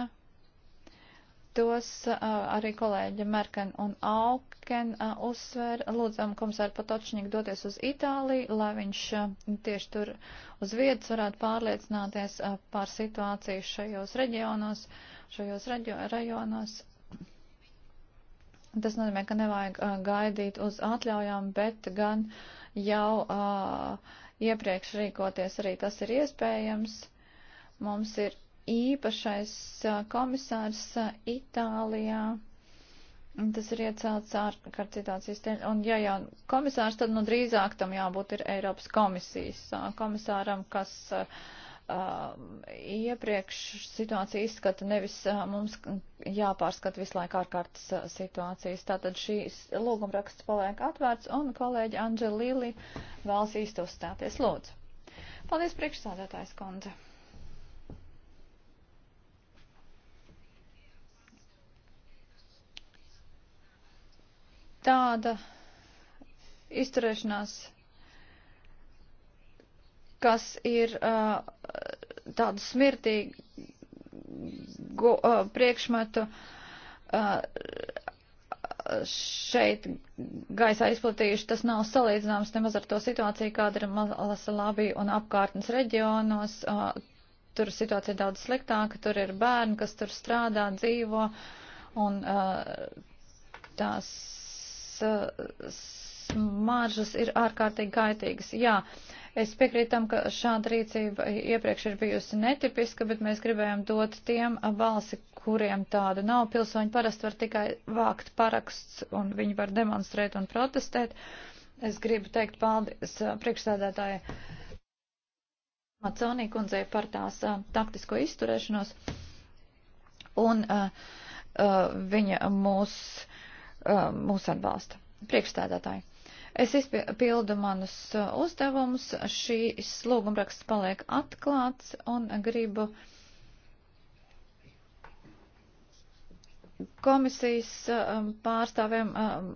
Tos arī kolēģi Merken un Auken uzsver. Lūdzam komisāru Patočņiku doties uz Itāliju, lai viņš tieši tur uz vietas varētu pārliecināties par situāciju šajos reģionos. Uh, šajos rajonos. Tas nozīmē, ka nevajag gaidīt uz atļaujām, bet gan jau uh, iepriekš rīkoties arī tas ir iespējams. Mums ir īpašais komisārs Itālijā. Tas ir iecelts ārkārtītācijas teļ. Un, ja jau komisārs, tad nu drīzāk tam jābūt ir Eiropas komisijas komisāram, kas uh, uh, iepriekš situācija izskata, nevis uh, mums jāpārskata visu laiku ārkārtas uh, situācijas. Tātad šīs lūgumraksts paliek atvērts un kolēģi Anģela Līli vēlas īsti uzstāties. Lūdzu. Paldies priekšsādātājs kundze. Tāda izturēšanās kas ir uh, tādu smirtīgu uh, priekšmetu uh, šeit gaisā izplatījuši, tas nav salīdzināms nemaz ar to situāciju, kāda ir Malasalabija un apkārtnes reģionos. Uh, tur situācija ir daudz sliktāka, tur ir bērni, kas tur strādā, dzīvo, un uh, tās uh, smaržas ir ārkārtīgi kaitīgas. Jā, Es piekrītu tam, ka šāda rīcība iepriekš ir bijusi netipiska, bet mēs gribējām dot tiem balsi, kuriem tāda nav. Pilsoņi parasti var tikai vākt paraksts un viņi var demonstrēt un protestēt. Es gribu teikt paldies priekšstādātājai Maconī kundzei par tās a, taktisko izturēšanos. Un a, a, viņa mūs, a, mūs atbalsta. Priekšstādātāji. Es izpildu manus uh, uzdevumus, šīs lūgumraksts paliek atklāts un gribu komisijas um, pārstāvjiem um,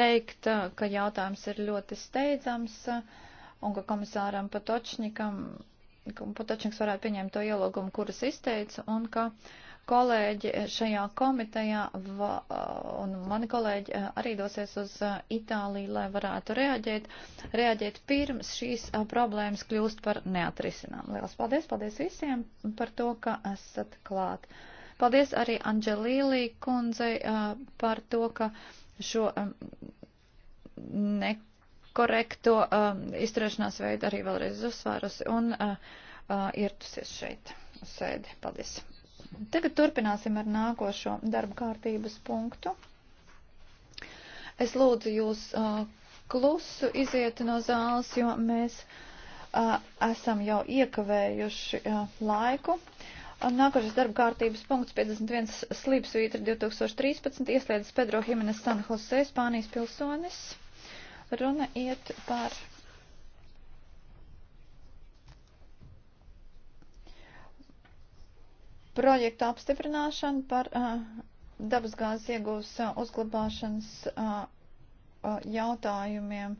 teikt, uh, ka jautājums ir ļoti steidzams uh, un ka komisāram Patočnikam, Patočniks varētu pieņemt to ielūgumu, kuras izteica un ka uh, kolēģi šajā komitejā va, uh, un mani kolēģi uh, arī dosies uz uh, Itāliju, lai varētu reaģēt, reaģēt pirms šīs problēmas kļūst par neatrisinām. Lielas paldies, paldies visiem par to, ka esat klāt. Paldies arī Anģelīlī kundzei par to, ka šo um, nekorekto um, izturēšanās veidu arī vēlreiz uzsvērusi un iertusies šeit uz sēdi. Paldies! Tagad turpināsim ar nākošo darba kārtības punktu. Es lūdzu jūs uh, klusu iziet no zāles, jo mēs uh, esam jau iekavējuši uh, laiku. Um, nākošais darba kārtības punkts 51 slīpsvītra 2013 ieslēdzas Pedro Jimenez San Jose, Spānijas pilsonis. Runa iet par projektu apstiprināšanu par dabasgāzes iegūs uzglabāšanas jautājumiem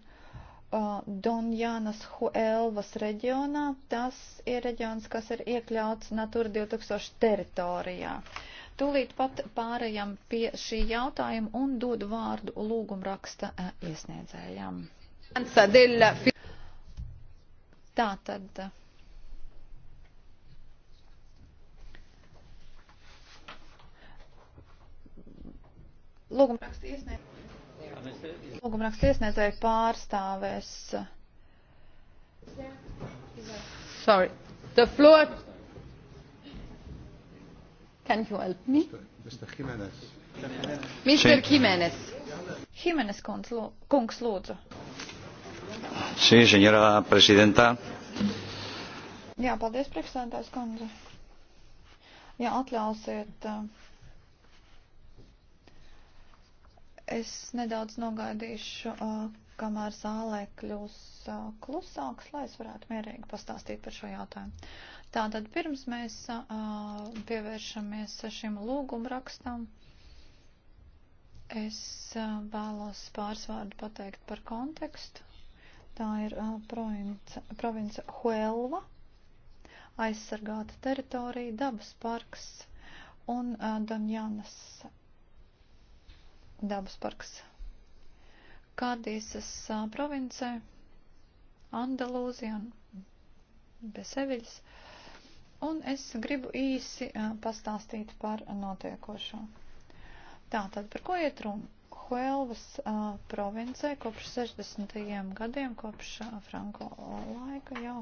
Donjānas Huelvas reģionā. Tas ir reģions, kas ir iekļauts Natura 2000 teritorijā. Tūlīt pat pārējām pie šī jautājuma un dodu vārdu lūgumraksta iesniedzējām. Tātad. Lūgumraksta iesniedzēja Lūgum iesniedzē pārstāvēs. Sorry. The floor. Can you help me? Mr. Jimenez. Mr. Jimenez. Jimenez kungs, lūdzu. Sí, señora presidenta. Jā, paldies, priekšsēdētājs kundze. Jā, atļausiet. Uh, Es nedaudz nogaidīšu, kamēr zālē kļūs klusāks, lai es varētu mierīgi pastāstīt par šo jautājumu. Tātad pirms mēs pievēršamies šim lūgumu rakstam, es vēlos pāris vārdu pateikt par kontekstu. Tā ir province, province Huelva, aizsargāta teritorija, dabas parks un Donjanas dabas parks Kādīsas provincē, Andalūzija un Beseviļas. Un es gribu īsi pastāstīt par notiekošo. Tātad, par ko iet runa? Huelvas uh, provincē kopš 60. gadiem, kopš uh, Franko laika jau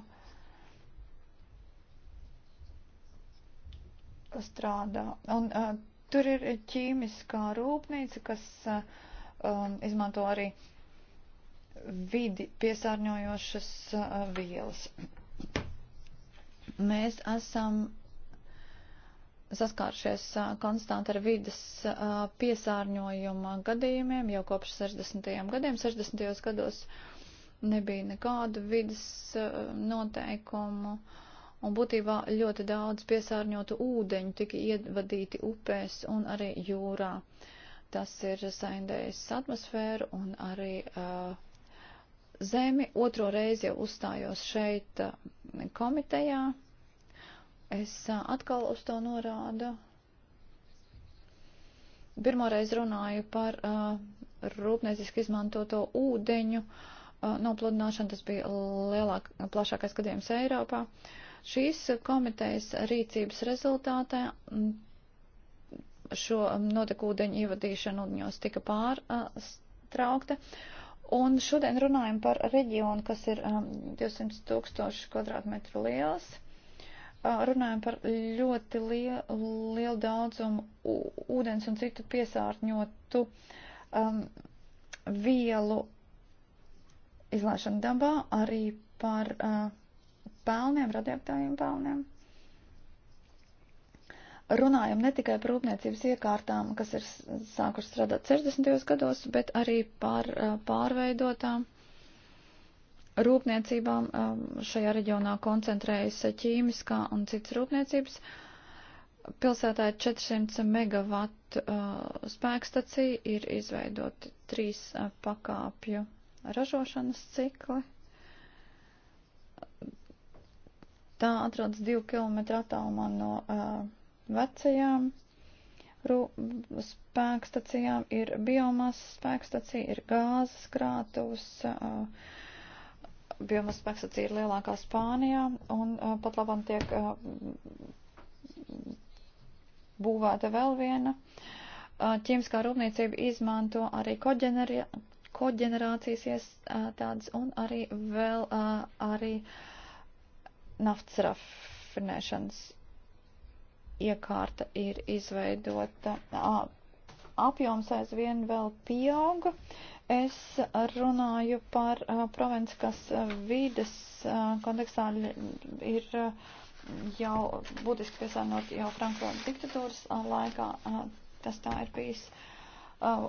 strādā. Un, uh, Tur ir ķīmiskā rūpnīca, kas eh, um, izmanto arī vidi piesārņojošas uh, vielas. Mēs esam saskāršies uh, eh, konstanti ar vidas uh, piesārņojuma gadījumiem jau kopš 60. gadiem. 60. gados nebija nekādu vidas uh, noteikumu. Uh, un būtībā ļoti daudz piesārņotu ūdeņu tika ievadīti upēs un arī jūrā. Tas ir saindējis atmosfēru un arī uh, zemi. Otro reizi jau uzstājos šeit uh, komitejā. Es uh, atkal uz to norādu. Pirmoreiz runāju par uh, rūpnieciski izmantoto ūdeņu uh, nopludināšanu. Tas bija lielāk, plašākais gadījums Eiropā. Uh, Šīs komitejas rīcības rezultātā šo notekūdeņu ievadīšanu ūdeņos tika pārstraukta. Un šodien runājam par reģionu, kas ir 200 tūkstoši kvadrātmetru liels. Runājam par ļoti lielu, lielu daudzumu ūdens un citu piesārņotu um, vielu izlēšanu dabā, arī par uh, pelniem, radioaktīviem pelniem. Runājam ne tikai par rūpniecības iekārtām, kas ir sākušas strādāt 60. gados, bet arī par pārveidotām rūpniecībām. Šajā reģionā koncentrējas ķīmiskā un citas rūpniecības. Pilsētā ir 400 megavatu spēkstacija, ir izveidoti trīs pakāpju ražošanas cikli Tā atrodas divu kilometru attālumā no uh, vecajām spēkstacijām, ir biomasas spēkstacija, ir gāzes krātuvs. Uh, biomasas spēkstacija ir lielākā Spānijā un uh, pat labam tiek uh, būvēta vēl viena. Uh, ķīmiskā rūpniecība izmanto arī koģenerācijas iestādes un arī vēl uh, arī uh, naftas rafinēšanas iekārta ir izveidota. À, apjoms aizvien vēl pieauga. Es runāju par uh, provinci, kas uh, vides uh, kontekstā ir uh, jau būtiski piesārnot jau Franko diktatūras uh, laikā. Uh, tas tā ir bijis. Uh,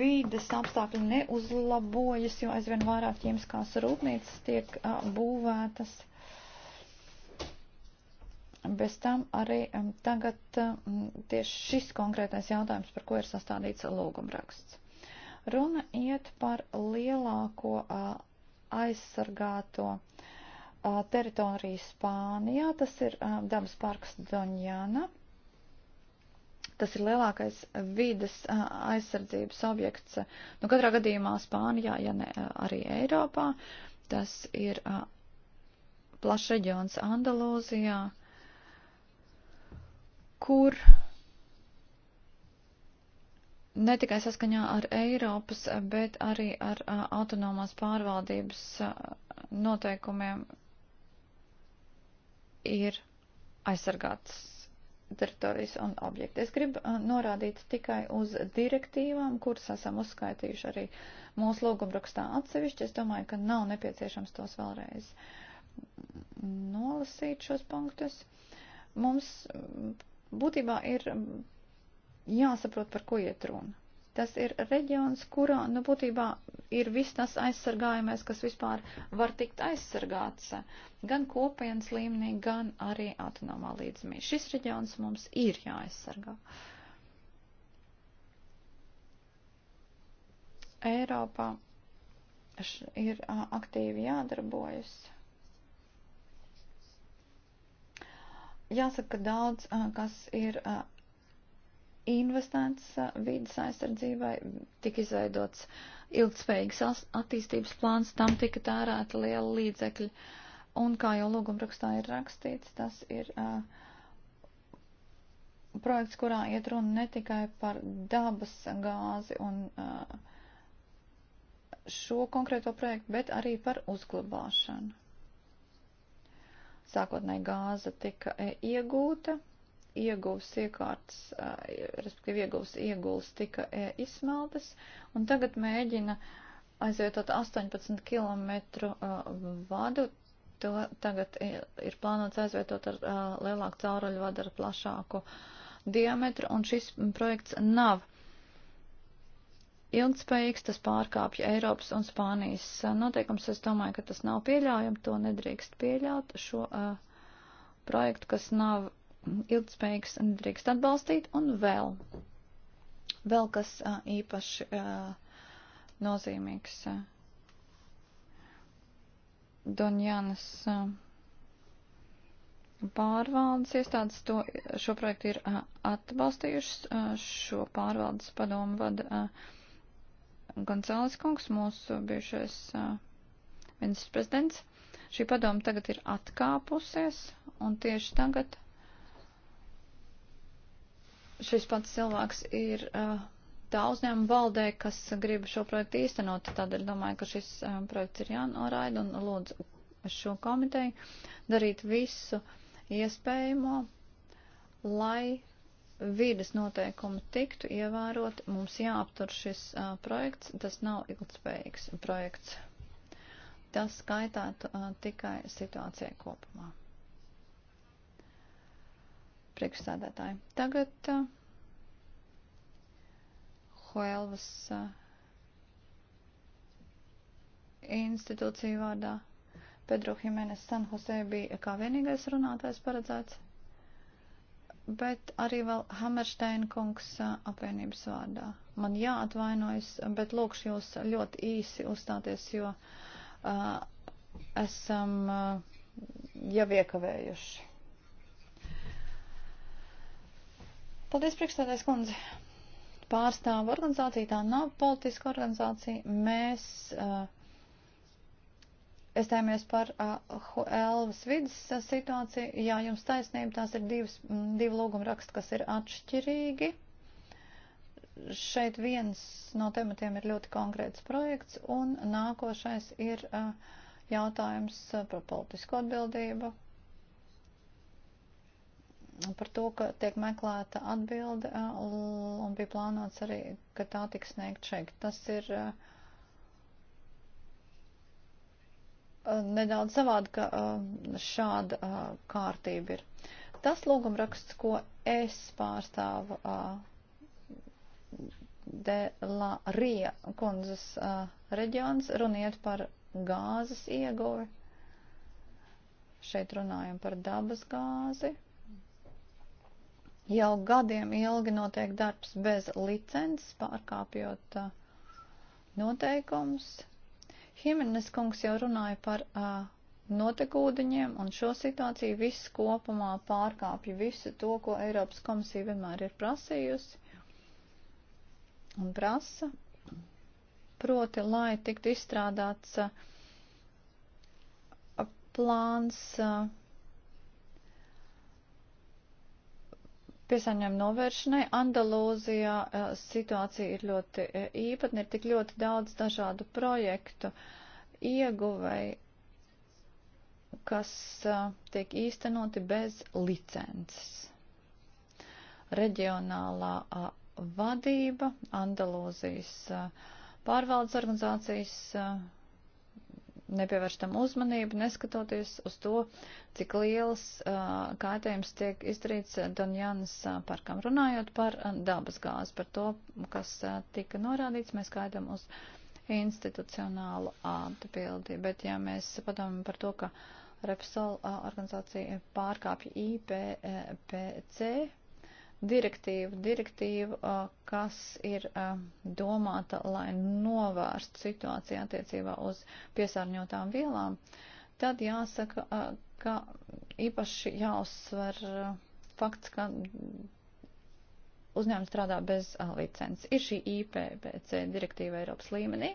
vides apstākļi neuzlabojas, jo aizvien vairāk ķīmiskās rūpnīcas tiek uh, būvētas. Uh, Bez tam arī tagad tieši šis konkrētais jautājums, par ko ir sastādīts lūgumraksts. Runa iet par lielāko aizsargāto teritoriju Spānijā. Tas ir dabas parks Doņjana. Tas ir lielākais vides aizsardzības objekts, nu katrā gadījumā Spānijā, ja ne arī Eiropā. Tas ir plašs reģions Andalūzijā kur ne tikai saskaņā ar Eiropas, bet arī ar autonomās pārvaldības noteikumiem ir aizsargāts teritorijas un objekti. Es gribu norādīt tikai uz direktīvām, kuras esam uzskaitījuši arī mūsu lūgumrakstā atsevišķi. Es domāju, ka nav nepieciešams tos vēlreiz nolasīt šos punktus. Mums būtībā ir mm, jāsaprot, par ko iet runa. Tas ir reģions, kurā, nu, būtībā ir viss tas aizsargājumais, kas vispār var tikt aizsargāts gan kopienas līmenī, gan arī autonomā līdzmī. Šis reģions mums ir jāaizsargā. Eiropā ir aktīvi jādarbojas. Jāsaka, ka daudz, kas ir investēts vīdas aizsardzībai, tika izveidots ilgspējīgs attīstības plāns, tam tika tērēta liela līdzekļa. Un kā jau lūgumrakstā ir rakstīts, tas ir uh, projekts, kurā iet runa ne tikai par dabas gāzi un uh, šo konkrēto projektu, bet arī par uzglabāšanu. Sākotnēji gāze tika e, iegūta, ieguvs iekārtas, e, respektīvi ieguvs ieguls tika e, izsmeltas, un tagad mēģina aizvietot 18 km vadu. To tagad ir plānots aizvietot ar lielāku cauruļu vadu ar plašāku diametru, un šis projekts nav ilgspējīgs, tas pārkāpja Eiropas un Spānijas uh, noteikums. Es domāju, ka tas nav pieļaujami, to nedrīkst pieļaut. Šo uh, projektu, kas nav ilgspējīgs, nedrīkst atbalstīt. Un vēl, vēl kas uh, īpaši uh, nozīmīgs. Uh, Donjānas uh, pārvaldes iestādes to, šo projektu ir atbalstījušas. Šo pārvaldes padomu vada. Uh, Gonzāles kungs, mūsu bijušais ministrs prezidents. Šī padoma tagad ir atkāpusies, un tieši tagad šis pats cilvēks ir tā uzņēmuma valdē, kas grib šo projektu īstenot. Tādēļ domāju, ka šis projekts ir jānoraida un lūdzu šo komiteju darīt visu iespējamo, lai vīdes noteikumi tiktu ievēroti, mums jāaptur šis uh, projekts, tas nav ilgspējīgs projekts. Tas skaitātu uh, tikai situācijai kopumā. Priekšsādātāji. Tagad uh, Hoelvas uh, institūcija vārdā Pedro Jimenez San Jose bija kā vienīgais runātājs paredzēts bet arī vēl Hamersteina kungs apvienības vārdā. Man jāatvainojas, bet lūkšu jūs ļoti īsi uzstāties, jo uh, esam uh, jau iekavējuši. Paldies, priekšstādājs kundze. Pārstāvu organizācija tā nav politiska organizācija. Mēs uh, iestājāmies par uh, Elvas vidas situāciju. Jā, jums taisnība, tās ir divas, divi lūguma raksti, kas ir atšķirīgi. Šeit viens no tematiem ir ļoti konkrēts projekts, un nākošais ir uh, jautājums par politisko atbildību, par to, ka tiek meklēta atbilde, un bija plānots arī, ka tā tiks sniegt šeit. Tas ir uh, Eh, nedaudz savādi, ka eh, šāda eh, kārtība ir. Tas lūgumraksts, ko es pārstāvu de la Rija kundzes reģions, runiet par gāzes ieguvi. Šeit runājam par dabas gāzi. Jau gadiem ilgi notiek darbs bez licences, pārkāpjot noteikums Himenes kungs jau runāja par uh, notekūdeņiem un šo situāciju viss kopumā pārkāpja visu to, ko Eiropas komisija vienmēr ir prasījusi un prasa. Proti, lai tiktu izstrādāts uh, plāns. Uh, piesaņojumu novēršanai. Andalūzijā eh, situācija ir ļoti eh, īpatna, ir tik ļoti daudz dažādu projektu ieguvēji, kas eh, tiek īstenoti bez licences. Reģionālā vadība, Andalūzijas pārvaldes organizācijas nepievērš tam uzmanību, neskatoties uz to, cik liels uh, kaitējums tiek izdarīts Donjānas uh, parkam. Runājot par uh, dabas gāzi, par to, kas uh, tika norādīts, mēs kaitam uz institucionālu atbildi. Bet ja mēs padomājam par to, ka Repsol uh, organizācija pārkāpja IPPC e direktīvu, direktīvu, kas ir domāta, lai novērstu situāciju attiecībā uz piesārņotām vielām, tad jāsaka, ka īpaši jāuzsver fakts, ka uzņēmums strādā bez licences. Ir šī IPBC direktīva Eiropas līmenī.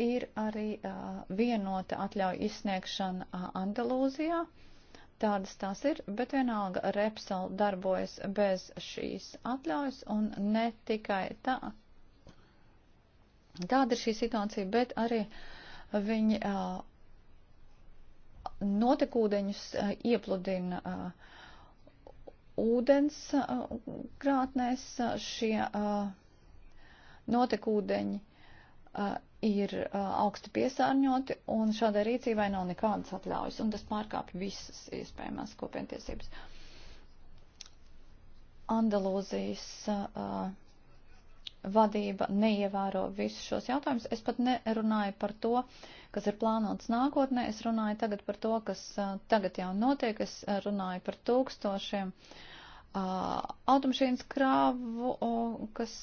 Ir arī uh, vienota atļauja izsniegšana uh, Andalūzijā. Uh, Tādas tās ir, bet vienalga Repsol darbojas bez šīs atļaujas un ne tikai tā. Tāda ir šī situācija, bet arī viņi uh, notekūdeņus uh, iepludina uh, ūdens uh, krātnēs šie uh, notekūdeņi ir augsti piesārņoti, un šādai rīcībai nav nekādas atļaujas, un tas pārkāpj visas iespējamās kopientiesības. Andalūzijas uh, vadība neievēro visus šos jautājumus. Es pat nerunāju par to, kas ir plānots nākotnē, es runāju tagad par to, kas tagad jau notiek, es runāju par tūkstošiem uh, automašīnas krāvu, uh, kas.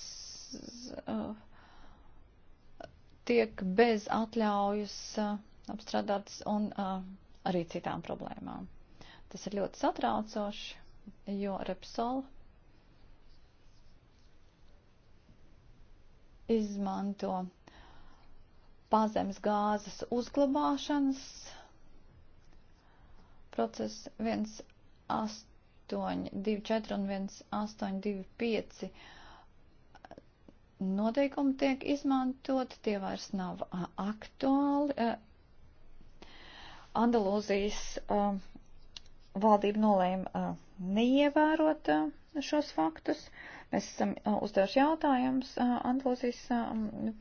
Uh, tiek bez atļaujas uh, apstrādātas un uh, arī citām problēmām. Tas ir ļoti satraucoši, jo Repsol izmanto pazemes gāzes uzglabāšanas procesu 1.8.2.4 un 1.8.2.5 noteikumi tiek izmantot, tie vairs nav aktuāli. Andalūzijas valdība nolēma neievērot šos faktus. Mēs esam uzdevuši jautājumus Andalūzijas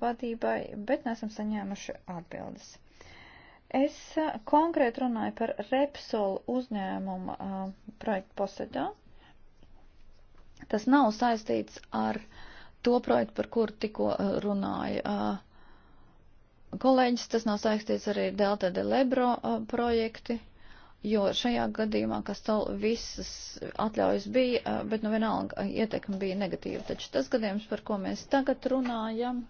vadībai, bet nesam saņēmuši atbildes. Es konkrēti runāju par Repsol uzņēmumu projektu Posedo. Tas nav saistīts ar uh, to projektu, par kuru tikko uh, runāja uh, kolēģis, tas nav saistīts arī ar Delta de Lebro uh, projekti, jo šajā gadījumā, kas tal visas atļaujas bija, bet nu vienalga ietekme bija negatīva. Taču tas gadījums, par ko mēs tagad runājam,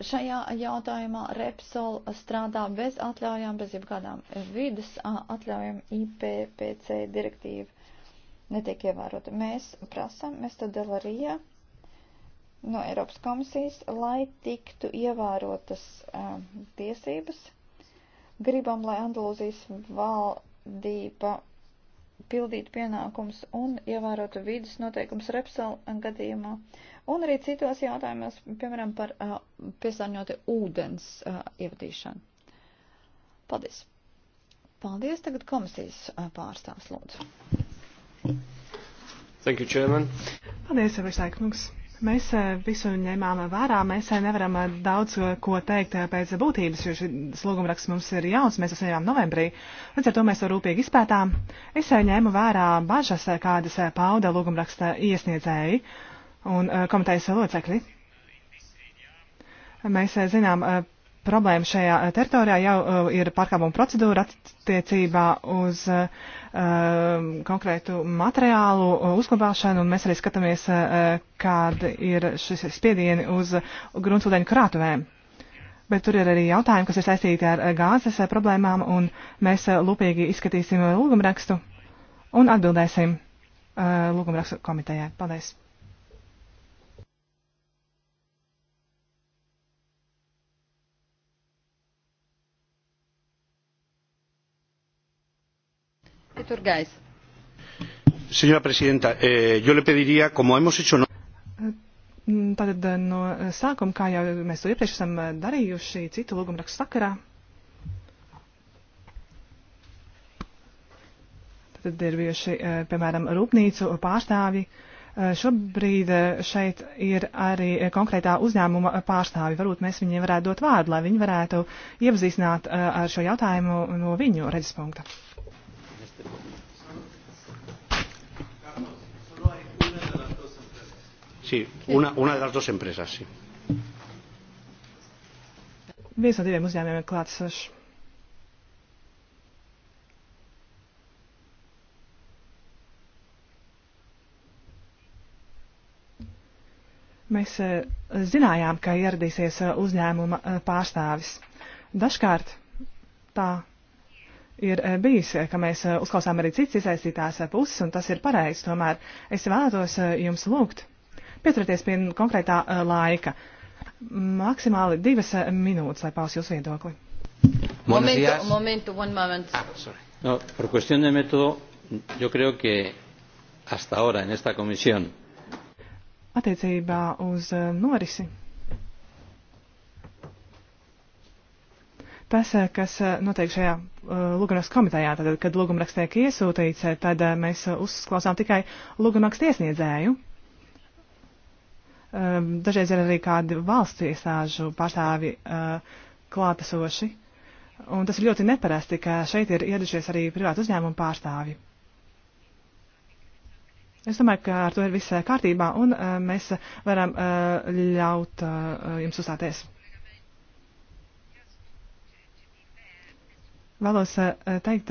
Šajā jautājumā Repsol strādā bez atļaujām, bez jebkādām vidas atļaujām IPPC direktīva netiek ievērota. Mēs prasam, mēs tad Delarija no Eiropas komisijas, lai tiktu ievērotas uh, tiesības. Gribam, lai Andalūzijas valdība pildītu pienākums un ievērotu vīdas noteikums Repsol gadījumā. Uh, un arī citos jautājumos, piemēram, par uh, piesārņotie ūdens uh, ievadīšanu. Paldies. Paldies. Tagad komisijas uh, pārstāvs lūdzu. Thank you, Chairman. Paldies, Eversai Kungs. Mēs visu ņēmām vērā, mēs nevaram daudz ko teikt pēc būtības, jo šis lūgumraksts mums ir jauns, mēs to saņēmām novembrī, līdz ar to mēs to rūpīgi izpētām. Es ņēmu vērā bažas, kādas pauda lūgumraksta iesniedzēji. Uh, un eh, komitejas locekļi. Mēs eh, zinām eh, problēmu šajā teritorijā, jau ir pārkāpuma procedūra attiecībā uz konkrētu materiālu uzglabāšanu, un mēs arī skatāmies, kāda ir šis spiedieni uz gruntsūdeņu krātuvēm bet tur ir arī jautājumi, kas ir saistīti ar gāzes problēmām, un mēs lūpīgi izskatīsim lūgumrakstu un atbildēsim lūgumrakstu komitejai. Paldies! Iturgais. Señora presidenta, eh, yo le pediría, como hemos hecho. No... Mm, tātad eh, no eh, sākuma, kā jau mēs to iepriekš esam eh, darījuši citu lūgumrakstu sakarā, tad ir bijuši, piemēram, rūpnīcu pārstāvji. Šobrīd šeit ir arī konkrētā uzņēmuma pārstāvi. Varbūt mēs viņiem varētu dot vārdu, lai viņi varētu iepazīstināt ar šo jautājumu no viņu redzespunkta. Sí, una, una de las dos empresas, sí. Viens no diviem uzņēmumiem ir klātsošs. Mēs eh, zinājām, ka ieradīsies eh, uzņēmuma eh, pārstāvis. Dažkārt tā ir bijis, ka mēs uzklausām arī citas iesaistītās puses, un tas ir pareizi. Tomēr es vēlētos jums lūgt pieturieties pie konkrētā laika. Maksimāli divas minūtes, lai paus jūsu viedokli. Momentu, momentu, one moment. Ah, sorry. No, por cuestión de método, yo creo que hasta ahora en esta comisión. Attiecībā uz norisi. tas, kas notiek šajā lūgumrakstu komitejā, tad, kad lūgumraksts tiek iesūtīts, tad mēs uzklausām tikai lūgumrakstu iesniedzēju. Ehm, dažreiz ir arī kādi valsts iestāžu pārstāvi ehm, klātesoši. Un tas ir ļoti neparasti, ka šeit ir ieradušies arī privātu uzņēmumu pārstāvi. Es domāju, ka ar to ir viss eh, kārtībā, un eh, mēs varam eh, ļaut jums uzstāties. Vēlos teikt,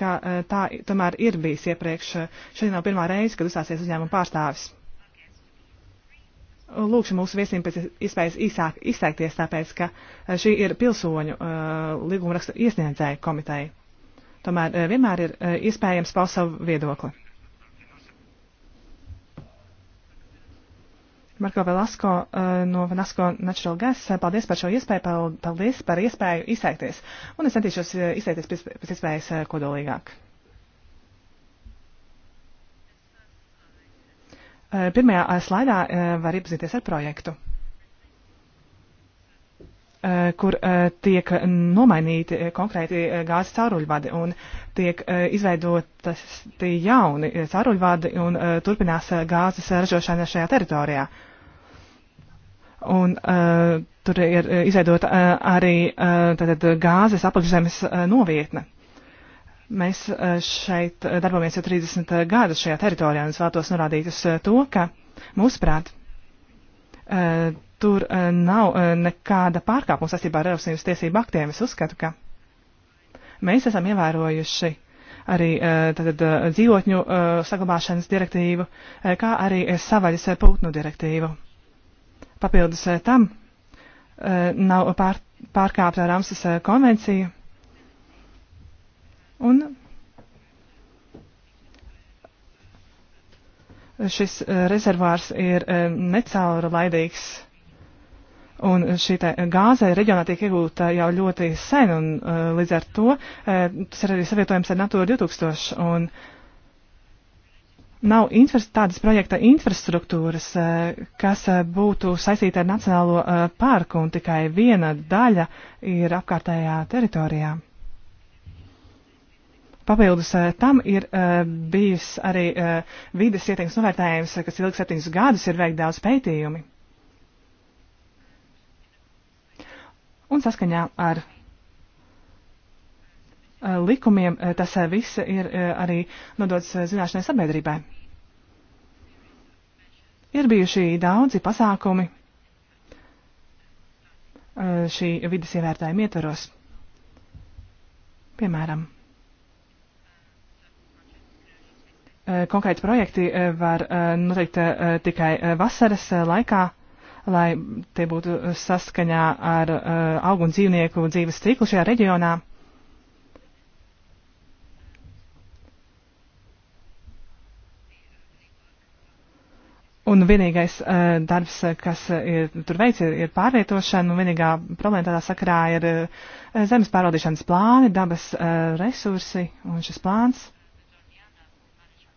ka tā tomēr ir bijis iepriekš. Šodien nav pirmā reize, kad uzstāsies uzņēmuma pārstāvis lūkšu mūsu viesiem pēc iespējas īsāk izteikties, tāpēc, ka eh, šī ir pilsoņu uh, līguma rakstu iesniedzēja komiteja. Tomēr uh, vienmēr ir uh, iespējams paust savu viedokli. Marko Velasko no Vanasko Natural Gas, paldies par šo iespēju, paldies par iespēju izteikties. Un es centīšos izteikties pēc iespējas kodolīgāk. Eh, pirmajā eh, slaidā eh, var iepazīties ar projektu, kur tiek nomainīti konkrēti gāzes cauruļvadi un tiek izveidotas jauni cauruļvadi un turpinās gāzes ražošana šajā teritorijā. Un uh, tur ir izveidota uh, arī uh, tātad gāzes apakšzemes uh, novietne. Uh, Mēs eh, šeit eh, darbojamies jau 30 eh, gadus šajā teritorijā, un es vēlos norādīt uz to, ka, mūsuprāt, tur nav nekāda pārkāpuma saistībā ar Eiropas Savienības tiesību aktiem. Es uzskatu, ka mēs esam ievērojuši arī tātad, dzīvotņu saglabāšanas direktīvu, kā arī savaļas putnu direktīvu. Papildus tam nav pār, pārkāpta Ramsas konvencija Un šis e, rezervārs ir e, necaura laidīgs. Un šī gāze reģionā tiek iegūta jau ļoti sen, un e, līdz ar to tas ir arī savietojams ar Natūru 2000. Un nav tādas projekta infrastruktūras, kas būtu saistīta ar Nacionālo parku, un tikai viena daļa ir apkārtējā teritorijā. Papildus eh, tam ir eh, bijis arī eh, vides ietekmes novērtējums, kas ilgs septiņus gadus ir veikt daudz pētījumi. Un saskaņā ar likumiem tas viss ir arī nodots zināšanai sabiedrībai. Ir bijuši daudzi pasākumi šī vidas ievērtējuma ietvaros. Piemēram, Eh, konkrēti projekti eh, var eh, noteikt tikai vasaras laikā, lai tie būtu saskaņā ar augu un dzīvnieku dzīves ciklu šajā reģionā. Un vienīgais uh, darbs, kas ir tur veids, ir, ir pārvietošana, un vienīgā problēma tādā sakarā ir uh, zemes pārvaldīšanas plāni, dabas uh, resursi un šis plāns. Uh,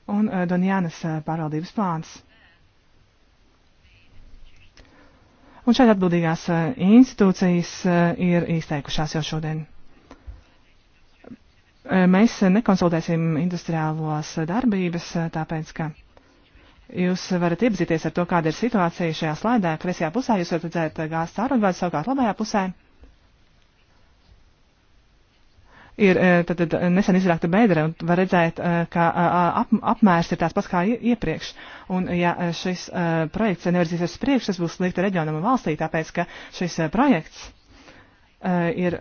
un eh, Donjānas eh, pārvaldības plāns. Un šeit atbildīgās eh, institūcijas ir izteikušās jau šodien. Mēs nekonsultēsim industriālos darbības, tāpēc, ka Jūs varat iepazīties ar to, kāda ir situācija šajā slaidē. Kreisajā pusē jūs varat redzēt gāzes cauruļvadu, savukārt labajā pusē ir eh, tad, tad, eh, nesen izrākta bedra, un var redzēt, eh, ka ap, apmērs ir tāds pats kā iepriekš. Un ja šis projekts nevirzīsies uz priekšu, tas būs slikti reģionam un valstī, tāpēc ka šis projekts ir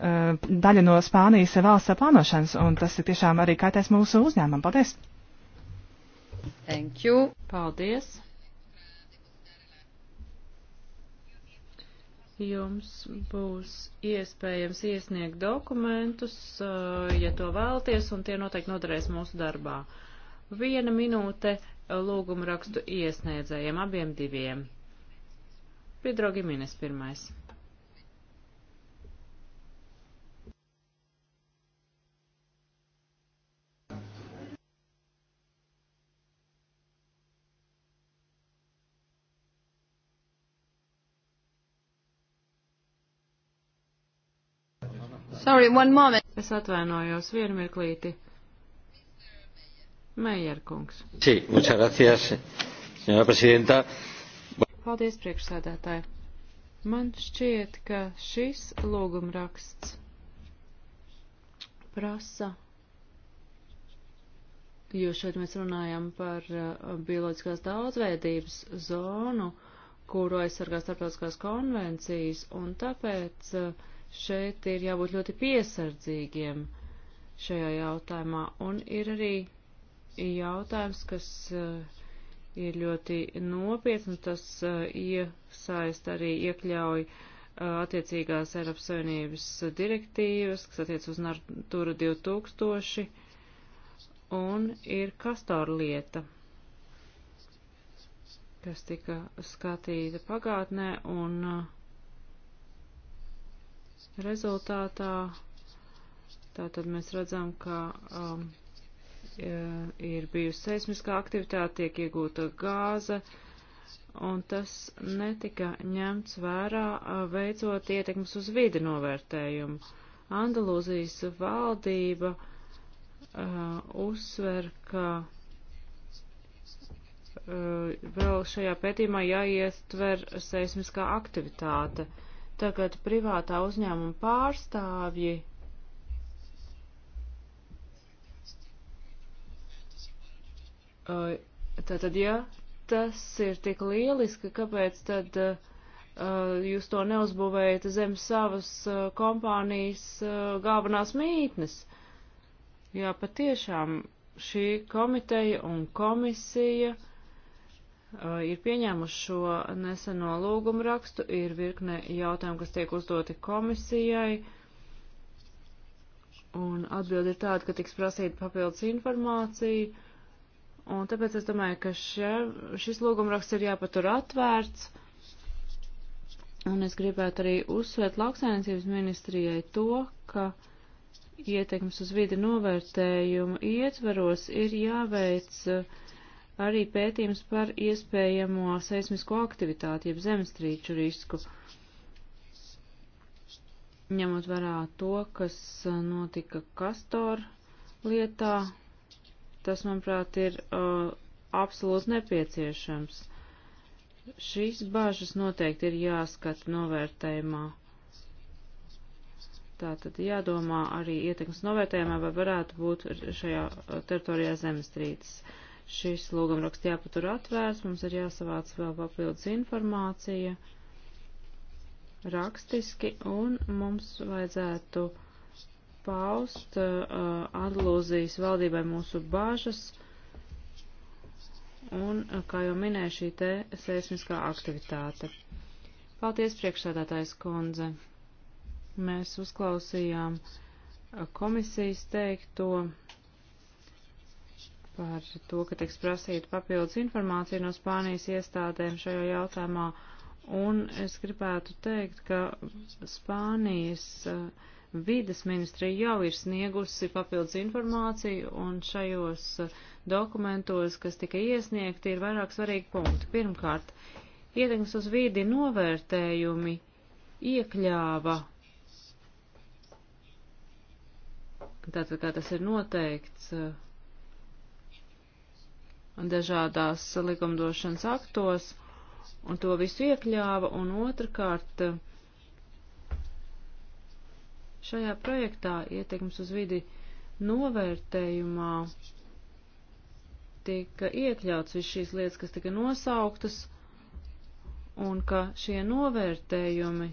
daļa no Spānijas valsts plānošanas, un tas ir tiešām arī kaitēs mūsu uzņēmumam. Paldies! Thank you! Paldies! jums būs iespējams iesniegt dokumentus, uh, ja to vēlaties, un tie noteikti noderēs mūsu darbā. Viena minūte lūguma rakstu iesniedzējiem, abiem diviem. Piedrogi minis pirmais. Sorry, one moment. Es atvainojos vienu mirklīti. Meijerkungs. Sí, muchas gracias, señora presidenta. Paldies, priekšsēdētāji. Man šķiet, ka šis lūgumraksts prasa, jo šeit mēs runājam par uh, bioloģiskās daudzveidības zonu, kuru aizsargā starptautiskās konvencijas, un tāpēc uh, šeit ir jābūt ļoti piesardzīgiem šajā jautājumā. Un ir arī jautājums, kas eh, ir ļoti nopietns, un tas eh, iesaist arī iekļauj eh, attiecīgās Eiropas Savienības direktīvas, kas attiec uz Natura 2000, un ir kastāra lieta, kas tika skatīta pagātnē, un uh, rezultātā tātad mēs redzam, ka um, e, ir bijusi seismiskā aktivitāte, tiek iegūta gāze, un tas netika ņemts vērā veicot ietekmes uz vidi novērtējumu. Andalūzijas valdība uh, uzsver, ka uh, vēl šajā pētījumā jāiestver seismiskā aktivitāte. Uh, tagad privātā uzņēmuma pārstāvji Tātad, ja tas ir tik lieliski, kāpēc tad uh, jūs to neuzbūvējat zem savas uh, kompānijas uh, galvenās mītnes? Jā, patiešām šī komiteja un komisija uh, Uh, ir pieņēmuši šo neseno lūgumu rakstu, ir virkne jautājumu, kas tiek uzdoti komisijai, un atbildi ir tāda, ka tiks prasīta papildus informācija, un tāpēc es domāju, ka še, šis lūgumu raksts ir jāpatur atvērts, un es gribētu arī uzsvērt lauksainicības ministrijai to, ka ietekmes uz vidi novērtējumu ietveros ir jāveic uh, arī pētījums par iespējamo seismisko aktivitāti, jeb zemestrīču risku, ņemot vērā to, kas uh, notika Kastor lietā. Tas, manuprāt, ir uh, absolūti nepieciešams. Šīs bāžas noteikti ir jāskata novērtējumā. Tātad jādomā arī ietekmes novērtējumā, vai varētu būt šajā uh, teritorijā zemestrīces. Uh, Šis lūgumraksts jāpatur atvērts, mums ir jāsavāc vēl papildus informācija rakstiski, un mums vajadzētu paust uh, Andalūzijas valdībai mūsu bāžas, un, uh, kā jau minēja, šī te seismiskā aktivitāte. Paldies, priekšsādātājs kundze. Mēs uzklausījām uh, komisijas teikto par to, ka tiks prasīta papildus informācija no Spānijas iestādēm šajā jautājumā. Un es gribētu teikt, ka Spānijas uh, vides ministrija jau ir sniegusi papildus informāciju, un šajos uh, dokumentos, kas tika iesniegti, ir vairāk svarīgi punkti. Pirmkārt, ietekmes uz vidi novērtējumi iekļāva. Tātad, kā tas ir noteikts, uh, dažādās likumdošanas aktos, un to visu iekļāva, un otrkārt šajā projektā ietekmes uz vidi novērtējumā tika iekļauts viss šīs lietas, kas tika nosauktas, un ka šie novērtējumi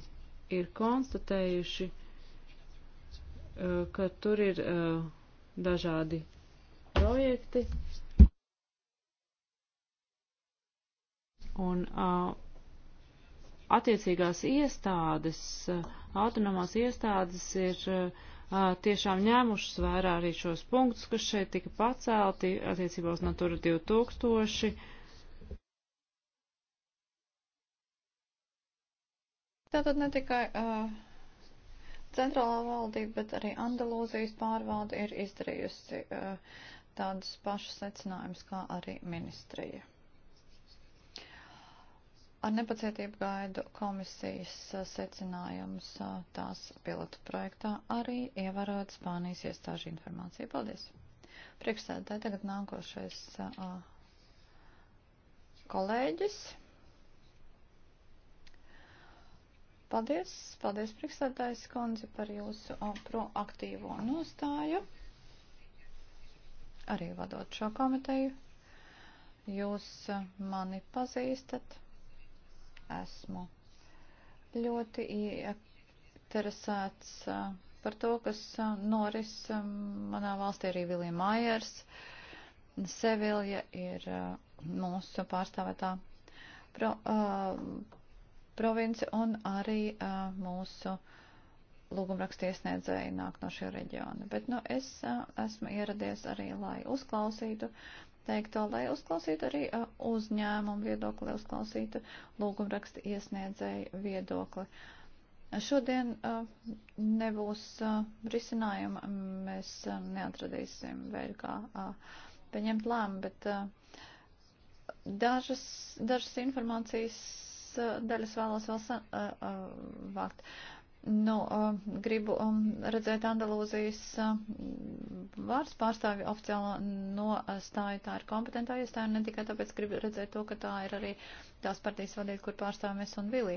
ir konstatējuši, eh, ka tur ir eh, dažādi projekti, Un uh, attiecīgās iestādes, uh, autonomās iestādes ir uh, tiešām ņēmušas vērā arī šos punktus, kas šeit tika pacelti attiecībā uz Natura 2000. Tātad ne tikai uh, centrālā valdība, bet arī Andalūzijas pārvalde ir izdarījusi uh, tādus pašus secinājumus kā arī ministrija. Ar nepacietību gaidu komisijas secinājumus tās pilotu projektā arī ievērot Spānijas iestāžu informāciju. Paldies! Priekšsēdētāji tagad nākošais kolēģis. Paldies, paldies priekšsēdājas kundze par jūsu proaktīvo nostāju, arī vadot šo komiteju. Jūs mani pazīstat esmu ļoti interesēts uh, par to, kas uh, noris um, manā valstī arī Vilija Maiers. Sevilja ir uh, mūsu pārstāvētā pro, uh, provinci un arī uh, mūsu lūgumraksta iesniedzēji nāk no šī reģiona. Bet nu, es uh, esmu ieradies arī, lai uzklausītu teikto, lai uzklausītu arī uzņēmumu viedokli, lai uzklausītu lūgumraksta iesniedzēju viedokli. Šodien nebūs risinājuma, mēs neatradīsim veidu, kā pieņemt lēmu, bet dažas, dažas informācijas daļas vēlos vēl vākt. Uh, uh, Nu, um, gribu um, redzēt Andalūzijas um, vārds pārstāvi oficiālo nostāju. Tā ir kompetentā iestāja, ne tikai tāpēc gribu redzēt to, ka tā ir arī tās partijas vadīt, kur pārstāvamies un vilī.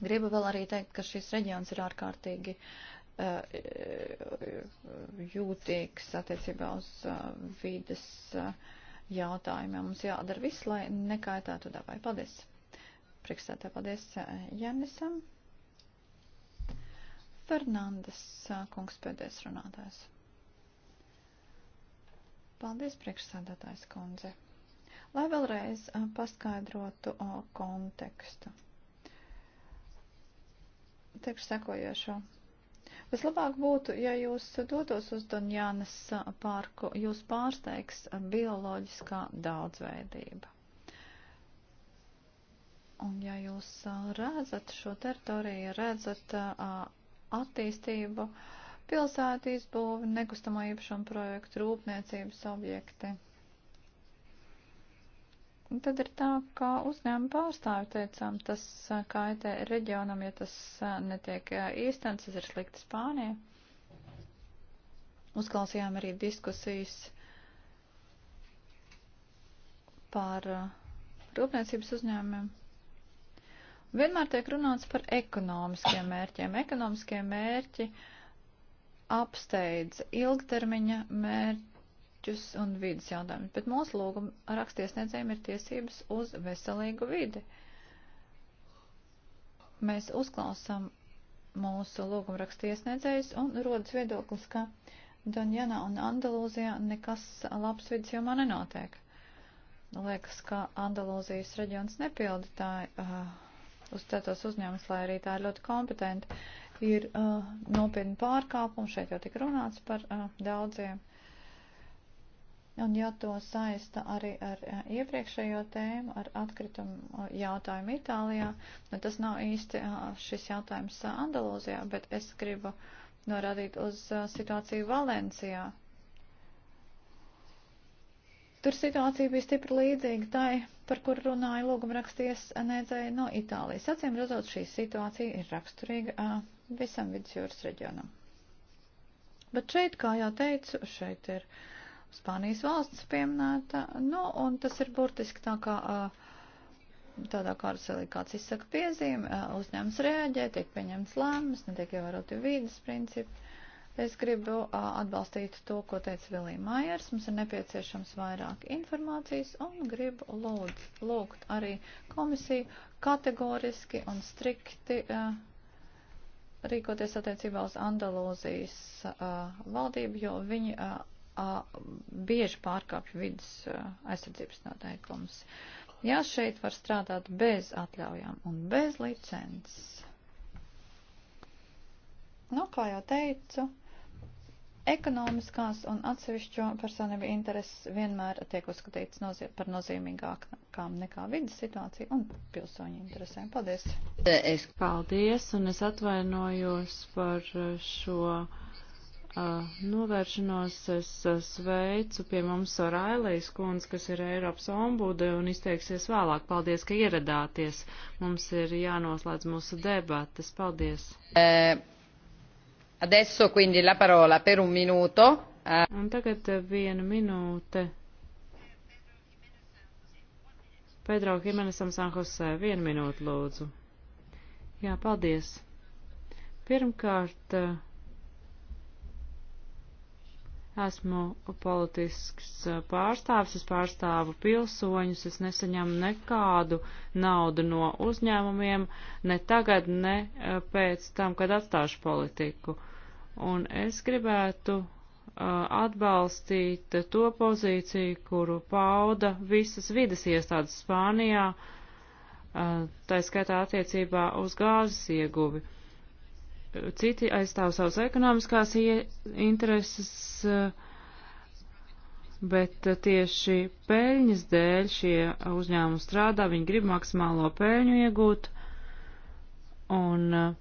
Gribu vēl arī teikt, ka šis reģions ir ārkārtīgi uh, jūtīgs attiecībā uz uh, vides uh, jautājumiem. Mums jādara viss, lai nekaitētu dabai. Paldies! Priekšstādā paldies Janisam! Fernandes kungs pēdējais runātājs. Paldies, priekšsādātājs kundze. Lai vēlreiz paskaidrotu kontekstu. Teikšu sekojošo. Vislabāk būtu, ja jūs dotos uz Donjānas parku, jūs pārsteigs bioloģiskā daudzveidība. Un ja jūs redzat šo teritoriju, redzat attīstību, pilsētu izbūvi, nekustamā īpašuma projektu, rūpniecības objekti. Un tad ir tā, kā uzņēmuma pārstāvi teicām, tas kaitē reģionam, ja tas netiek īstens, tas ir slikti Spānija. Uzklausījām arī diskusijas par rūpniecības uzņēmumiem. Vienmēr tiek runāts par ekonomiskiem mērķiem. Ekonomiskie mērķi apsteidz ilgtermiņa mērķus un vidas jautājumus, bet mūsu lūguma rakstiesniedzējiem ir tiesības uz veselīgu vidi. Mēs uzklausām mūsu lūguma rakstiesniedzējus un rodas viedoklis, ka Donjana un Andalūzijā nekas labs vidas jomā nenotiek. Liekas, ka Andalūzijas reģions nepilda tā. Uh, uzticētos uzņēmums, lai arī tā ir ļoti kompetenta, ir uh, nopietni pārkāpumi. Šeit jau tika runāts par uh, daudziem. Un ja to saista arī ar uh, iepriekšējo tēmu, ar atkritumu jautājumu Itālijā, nu tas nav īsti uh, šis jautājums uh, Andalūzijā, bet es gribu norādīt uz uh, situāciju Valencijā. Uh, Tur situācija bija stipri līdzīga tai, par kur runāja lūguma rakstīs nedzēja no Itālijas. Acīm redzot, šī situācija ir raksturīga visam vidusjūras reģionam. Bet šeit, kā jau teicu, šeit ir Spānijas valsts pieminēta, nu, un tas ir burtiski tā kā tādā karuselī kāds izsaka piezīme, uzņēmums rēģē, tiek pieņemts lēmums, netiek ievēroti vīdes principi Es gribu atbalstīt to, ko teica Vilija Mājers. Mums ir nepieciešams vairāk informācijas un gribu lūdz, lūgt arī komisiju kategoriski un strikti uh, rīkoties attiecībā uz Andalūzijas uh, valdību, jo viņi uh, uh, bieži pārkāpj vidas uh, aizsardzības noteikumus. Jā, šeit var strādāt bez atļaujām un bez licences. Nu, kā jau teicu, uh, Ekonomiskās un atsevišķo personību intereses vienmēr tiek uzskatītas nozie par nozīmīgākām nekā vidas situācija un pilsoņu interesēm. Paldies! Es paldies un es atvainojos par uh, šo. Uh, novēršanos es uh, sveicu pie mums Sorailijas kundz, kas ir Eiropas ombude un izteiksies vēlāk. Paldies, ka ieradāties. Mums ir jānoslēdz mūsu debatas. Paldies. E Adesso quindi la parola per un minuto. A... Un tagad viena minūte. Pedro Himenesam Sanhosē, vienu minūtu lūdzu. Jā, paldies. Pirmkārt, uh, Esmu politisks pārstāvis, es pārstāvu pilsoņus, es nesaņemu nekādu naudu no uzņēmumiem, ne tagad, ne pēc tam, kad atstāšu politiku. Un es gribētu atbalstīt to pozīciju, kuru pauda visas vidas iestādes Spānijā, tā skaitā attiecībā uz gāzes ieguvi citi aizstāv savas ekonomiskās intereses, eh, bet eh, tieši peļņas dēļ šie uzņēmumi strādā, viņi grib maksimālo peļņu iegūt, un eh,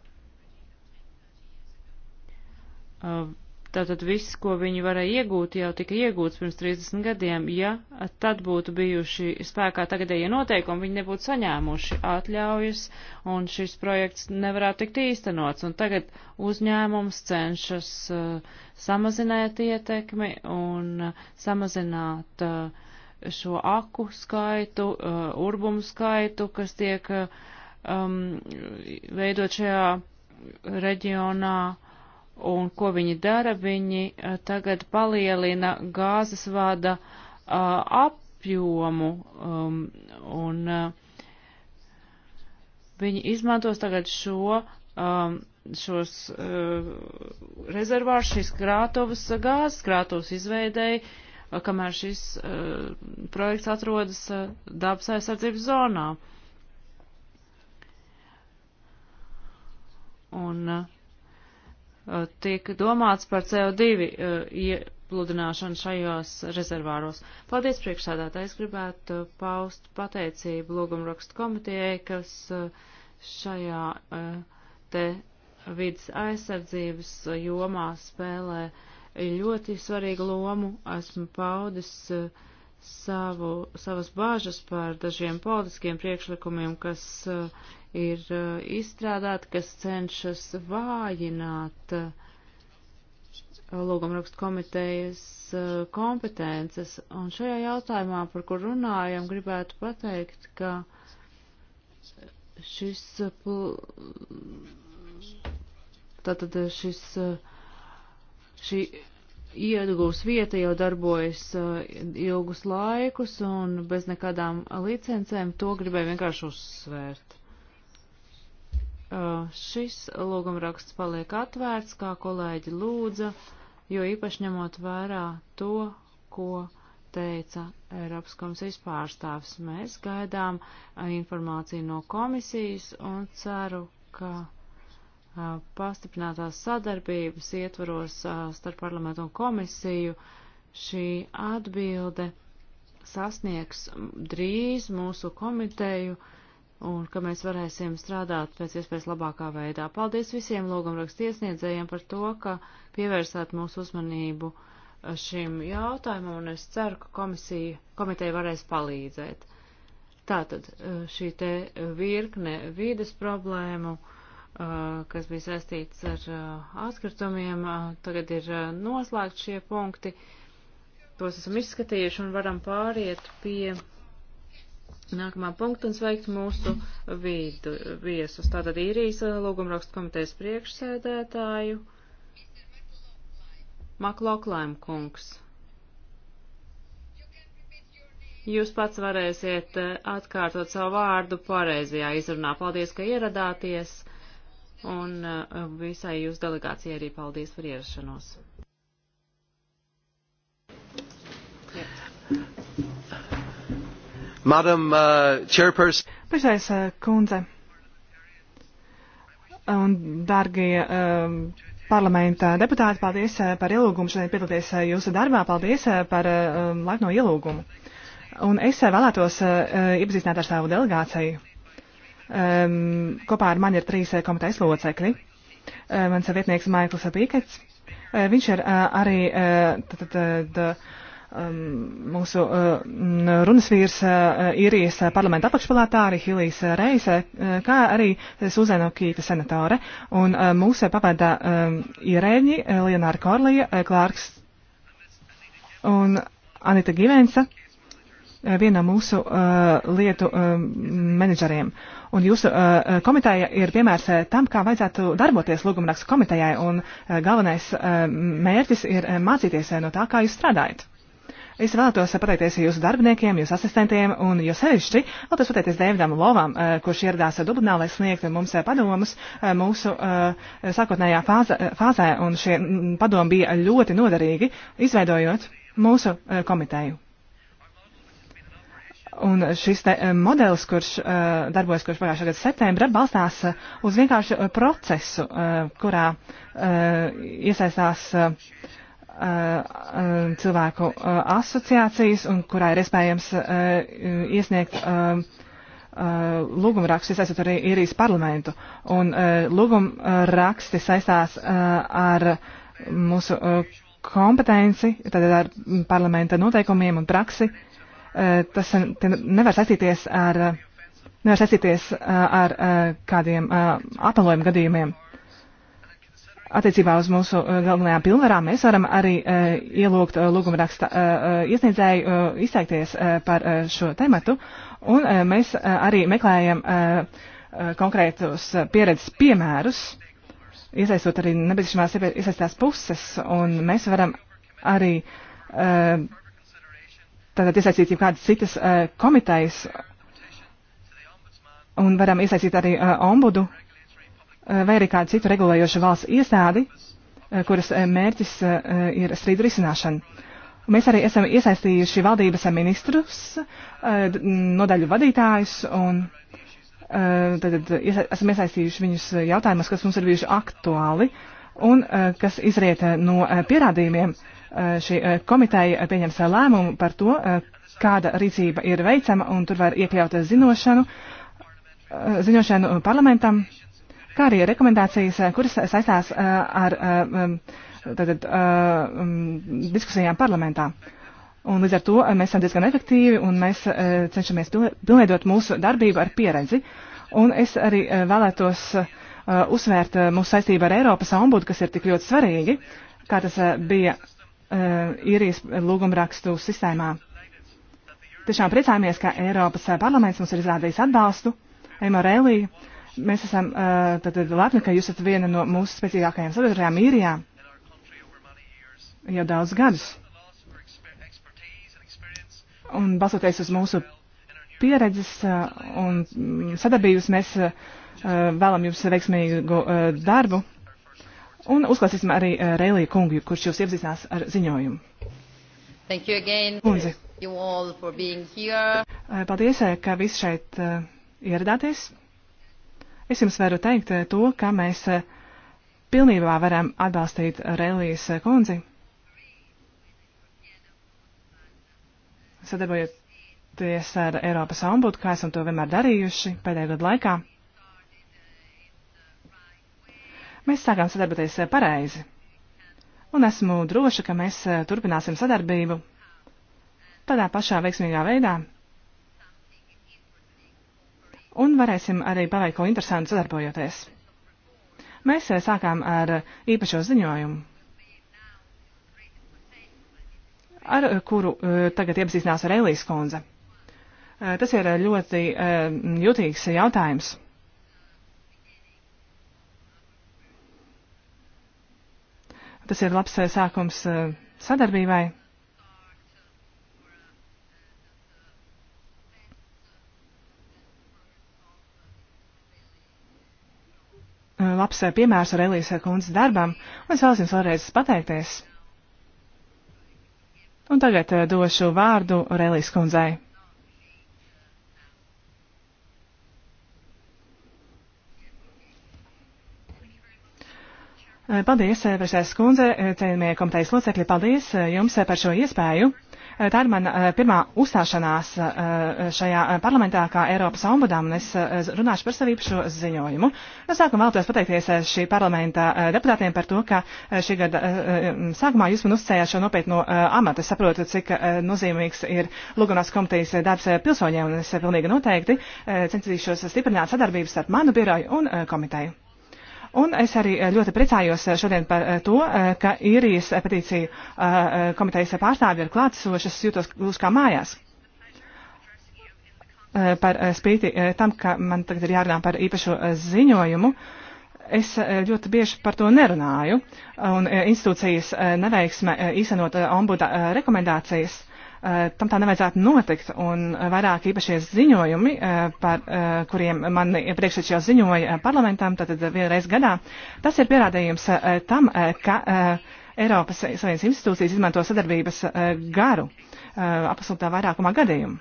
Tātad viss, ko viņi varēja iegūt, jau tika iegūts pirms 30 gadiem. Ja tad būtu bijuši spēkā tagadējie noteikumi, viņi nebūtu saņēmuši atļaujas, un šis projekts nevarētu tikt īstenots. Un tagad uzņēmums cenšas uh, samazināt ietekmi un uh, samazināt uh, šo aku skaitu, uh, urbumu skaitu, kas tiek uh, um, veidot šajā reģionā. Uh, Un ko viņi dara? Viņi eh, tagad palielina gāzes vada eh, apjomu um, un eh, viņi izmantos tagad šo, um, šos uh, rezervārus, šīs krātuvas, gāzes krātuvas izveidēji, kamēr šis uh, projekts atrodas uh, dabas aizsardzības zonā. Un uh, Uh, tiek domāts par CO2 iepludināšanu šajos rezervāros. Paldies priekšsādātājs, gribētu paust pateicību lūgumrakstu komitejai, kas uh, šajā uh, te vidas aizsardzības jomā spēlē ļoti svarīgu lomu. Esmu paudis uh, savu, savas bāžas par dažiem politiskiem priekšlikumiem, kas uh, ir uh, izstrādāti, kas cenšas vājināt uh, lūgumrakstu komitejas uh, kompetences. Un šajā jautājumā, par kur runājam, gribētu pateikt, ka šis, uh, tātad uh, šis, uh, šī iegūs vieta jau darbojas eh, ilgus laikus un bez nekādām licencēm. To gribēju vienkārši uzsvērt. Eh, šis lūgumraksts paliek atvērts, kā kolēģi lūdza, jo īpaši ņemot vērā to, ko teica Eiropas komisijas pārstāvs. Mēs gaidām eh, informāciju no komisijas un ceru, ka pastiprinātās sadarbības ietvaros starp parlamentu un komisiju šī atbilde sasniegs drīz mūsu komiteju un ka mēs varēsim strādāt pēc iespējas labākā veidā. Paldies visiem logumrakstu iesniedzējiem par to, ka pievērsāt mūsu uzmanību šim jautājumam, un es ceru, ka komisija, komiteja varēs palīdzēt. Tātad šī te virkne vīdes problēmu kas bija saistīts ar atkritumiem. Tagad ir noslēgt šie punkti. Tos esam izskatījuši un varam pāriet pie nākamā punkta un sveikt mūsu vīdu, viesus. Tātad īrijas lūgumrakstu komitejas priekšsēdētāju Makloklaim kungs. Jūs pats varēsiet atkārtot savu vārdu pareizajā izrunā. Paldies, ka ieradāties un eh, visai jūsu delegācijai arī paldies par ierašanos. Madam uh, Chairperson. Pašais uh, eh, kundze un dārgie um, parlamenta deputāti, paldies par ielūgumu šodien piedalīties jūsu darbā, paldies par um, laipno ielūgumu. Un es vēlētos uh, iepazīstināt ar savu delegāciju. Um, kopā ar mani ir trīs eh, komitejas locekļi. Uh, mans vietnieks Maikls Pīkets. Uh, viņš ir uh, arī tad, tad, tad, um, mūsu runas vīrs eh, īrijas parlamenta apakšpalātā, arī Hilijas Reise, kā arī Suzēna Kīta senatore. Un mūsu pavada um, ierēģi Leonāra Korlija, Klārks un Anita Givensa. Eh, vienam mūsu uh, lietu uh, menedžeriem. Un jūsu uh, komiteja ir piemērs uh, tam, kā vajadzētu darboties lūgumrakstu komitejai, un uh, galvenais uh, mērķis ir uh, mācīties uh, no tā, kā jūs strādājat. Es vēlētos pateikties jūsu darbiniekiem, jūsu asistentiem un jo sevišķi vēlētos pateikties Dēvidam Lovam, kurš ieradās Dublinā, lai sniegtu mums padomus mūsu sākotnējā fāze, fāzē, un šie mm, padomi bija ļoti noderīgi, izveidojot mūsu komiteju. Un šis te, eh, modelis, kurš eh, darbojas kurš pagājušā gada septembra, balstās eh, uz vienkāršu procesu, kurā iesaistās cilvēku asociācijas un kurā ir iespējams iesniegt lūgumraksti saistot arī īrijas parlamentu. Un lūgumraksti saistās ar mūsu kompetenci, tad ar parlamenta noteikumiem un praksi. Uh, tas nevar saistīties ar, nevar saistīties ar kādiem apelojuma gadījumiem. Attiecībā uz mūsu galvenajām pilnvarām mēs varam arī ielūgt lūgumraksta iesniedzēju izteikties par šo tematu, un mēs arī meklējam konkrētus pieredzes piemērus, iesaistot arī nepieciešamās iesaistās puses, un mēs varam arī uh, tātad iesaistīt jau kādas citas uh, komitejas un varam iesaistīt arī uh, ombudu uh, vai arī kādu citu regulējošu valsts iestādi, uh, kuras uh, mērķis uh, ir strīdu risināšana. Mēs arī esam iesaistījuši valdības ministrus, uh, nodaļu vadītājus un uh, tad, iesa esam iesaistījuši viņus jautājumus, kas mums ir bijuši aktuāli un uh, kas izriet no uh, pierādījumiem. Uh, Eh, šī eh, komiteja pieņems lēmumu par to, eh, kāda rīcība ir veicama, un tur var iekļaut zinošanu, ziņošanu parlamentam, kā arī rekomendācijas, kuras saistās ar tātad, diskusijām parlamentā. Un līdz ar to mēs esam diezgan efektīvi, un mēs cenšamies pilnveidot mūsu darbību ar pieredzi. Un es arī vēlētos uzsvērt mūsu saistību ar Eiropas ombudu, kas ir tik ļoti svarīgi, kā tas bija Eh, īrijas lūgumrakstu sistēmā. Tiešām priecājamies, ka Eiropas eh, parlaments mums ir izrādījis atbalstu. Emorelī, mēs esam eh, tad lepni, ka jūs esat viena no mūsu spēcīgākajām sabiedrējām īrijā jau daudz gadus. Un balsoties uz mūsu pieredzes un sadarbības, mēs vēlam jums veiksmīgu darbu Un uzklāsīsim arī eh, Reiliju kungu, kurš jūs iepazīstinās ar ziņojumu. Thank you again. Kundze. You all for being here. Eh, paldies, eh, ka visi šeit ieradāties. Es jums varu teikt to, ka mēs pilnībā varam atbalstīt Reilijas kundzi. Sadarbojoties ar Eiropas ombudu, kā esam to vienmēr darījuši pēdējo gadu laikā. Mēs sākām sadarboties eh, pareizi. Un esmu droša, ka mēs eh, turpināsim sadarbību tādā pašā veiksmīgā veidā. Un varēsim arī paveikt ko interesantu sadarbojoties. Mēs eh, sākām ar īpašo ziņojumu, ar kuru tagad iepazīstinās Reilijas kundze. Tas ir ļoti jūtīgs jautājums. Tas ir labs eh, sākums eh, sadarbībai. Eh, labs piemērs ar Elīsa kundzes darbam, un es vēlos jums vēlreiz pateikties. Un tagad došu vārdu Relijas kundzei. Eh, paldies, eh, Versēs kundze, eh, cienījamie komitejas locekļi, paldies jums par šo iespēju. Tā ir mana pirmā uzstāšanās šajā parlamentā kā Eiropas ombudām, un es runāšu par savību šo ziņojumu. No sākuma vēlētos pateikties šī parlamenta deputātiem par to, ka šī gada sākumā jūs man uzcējāt šo nopietno amatu. Es saprotu, cik nozīmīgs ir Lugunās komitejas darbs pilsoņiem, un es pilnīgi noteikti centīšos stiprināt sadarbības starp manu biroju un komiteju. Un es arī eh, ļoti priecājos eh, šodien par eh, to, ka īrijas petīciju komitejas pārstāvji ir klātsošas, jūtos gluži kā mājās. Par spīti tam, ka man tagad ir jārunā par īpašo ziņojumu, es ļoti bieži par to nerunāju, un institūcijas neveiksme īstenot ombuda rekomendācijas Eh, tam tā nevajadzētu notikt, un eh, vairāk īpašie ziņojumi, eh, par kuriem man iepriekšēji jau ziņoja parlamentam, tātad vienreiz gadā, tas ir pierādījums tam, ka Eiropas Savienības institūcijas izmanto sadarbības garu absolūtā vairākumā gadījumu.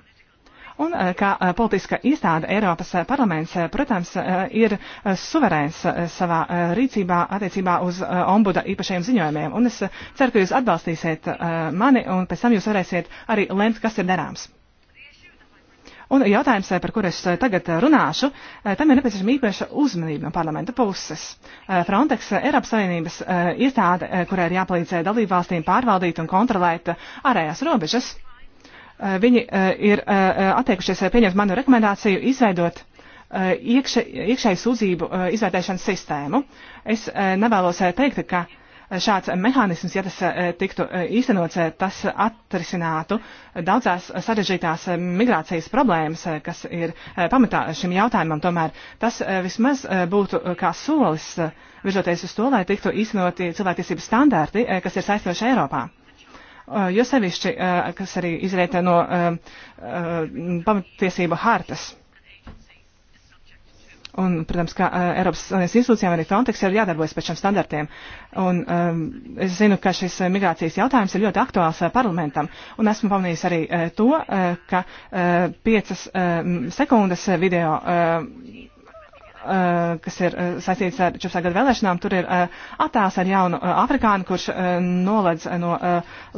Un eh, kā eh, politiska iestāde Eiropas eh, parlaments, protams, ir suverēns savā rīcībā attiecībā uz ombuda īpašajiem ziņojumiem. Un es ceru, ka jūs atbalstīsiet mani un pēc tam jūs varēsiet arī lemt, kas ir darāms. Un jautājums, par kuru es tagad runāšu, tam ir nepieciešama īpaša uzmanība no parlamenta puses. Frontex Eiropas Savienības iestāde, kurai ir jāpalīdz dalībvalstīm pārvaldīt un kontrolēt ārējās robežas. Eh, viņi eh, ir eh, atteikušies pieņemt manu rekomendāciju izveidot iekšē, iekšēju sūdzību izvērtēšanas sistēmu. Es nevēlos teikt, ka šāds mehānisms, ja tas tiktu īstenots, tas atrisinātu daudzās sarežģītās migrācijas problēmas, kas ir pamatā šim jautājumam. Tomēr tas vismaz būtu kā solis virzoties uz to, lai tiktu īstenoti cilvēktiesību standarti, kas ir saistoši Eiropā jo sevišķi, kas arī izrietē no pamatiesība hartas. Un, protams, kā uh, Eiropas Savienības institūcijām arī Frontex ir jādarbojas pēc šiem standartiem. Un um, es zinu, ka šis migrācijas jautājums ir ļoti aktuāls uh, parlamentam. Un esmu pamanījis arī uh, to, uh, ka uh, piecas uh, sekundes video uh, Eh, kas ir eh, saistīts ar 14. gadu vēlēšanām, tur ir eh, attēls ar jaunu afrikānu, kurš noledz no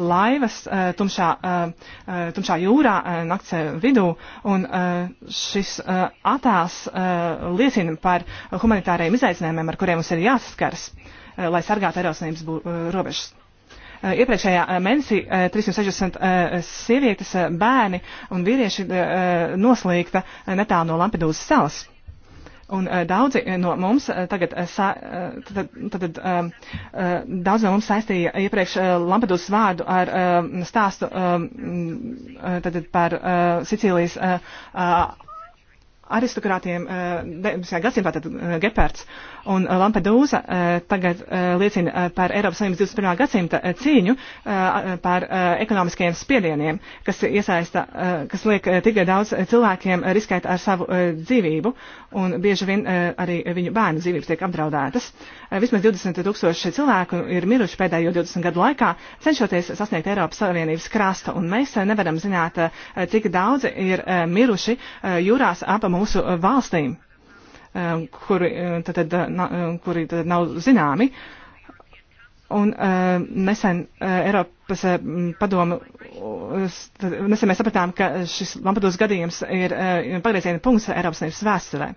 laivas tumšā, tumšā jūrā nakts vidū, un šis attēls liecina par humanitāriem izaicinājumiem, ar kuriem mums ir jāsaskars, lai sargātu Eiropas Savienības robežas. Iepriekšējā mēnesī 360 sievietes, bērni un vīrieši noslīgta netālu no Lampedūzas salas Un eh, daudzi eh, no mums eh, tagad, tad, tad, daudz no mums saistīja iepriekš Lampedūzas vārdu ar stāstu tad, par Sicīlijas aristokrātiem 19. gadsimtā, tad Geperts. Un uh, Lampedūza uh, tagad uh, liecina par Eiropas Savienības 21. gadsimta cīņu par ekonomiskajiem spiedieniem, kas iesaista, kas liek tikai daudz cilvēkiem riskēt ar savu dzīvību, un bieži vien arī viņu bērnu dzīvības tiek apdraudētas. Vismaz 20 tūkstoši cilvēku ir miruši pēdējo 20 gadu laikā, cenšoties sasniegt Eiropas Savienības krastu, un mēs nevaram zināt, cik daudzi ir miruši jūrās ap mūsu valstīm. Um, kuri, tātad, uh, uh, na, um, kuri tātad nav zināmi. Un uh, nesen uh, Eiropas uh, padomu, uh, nesen mēs sapratām, ka šis Lampados gadījums ir uh, pagrieziena punkts Eiropas Savienības vēsturē.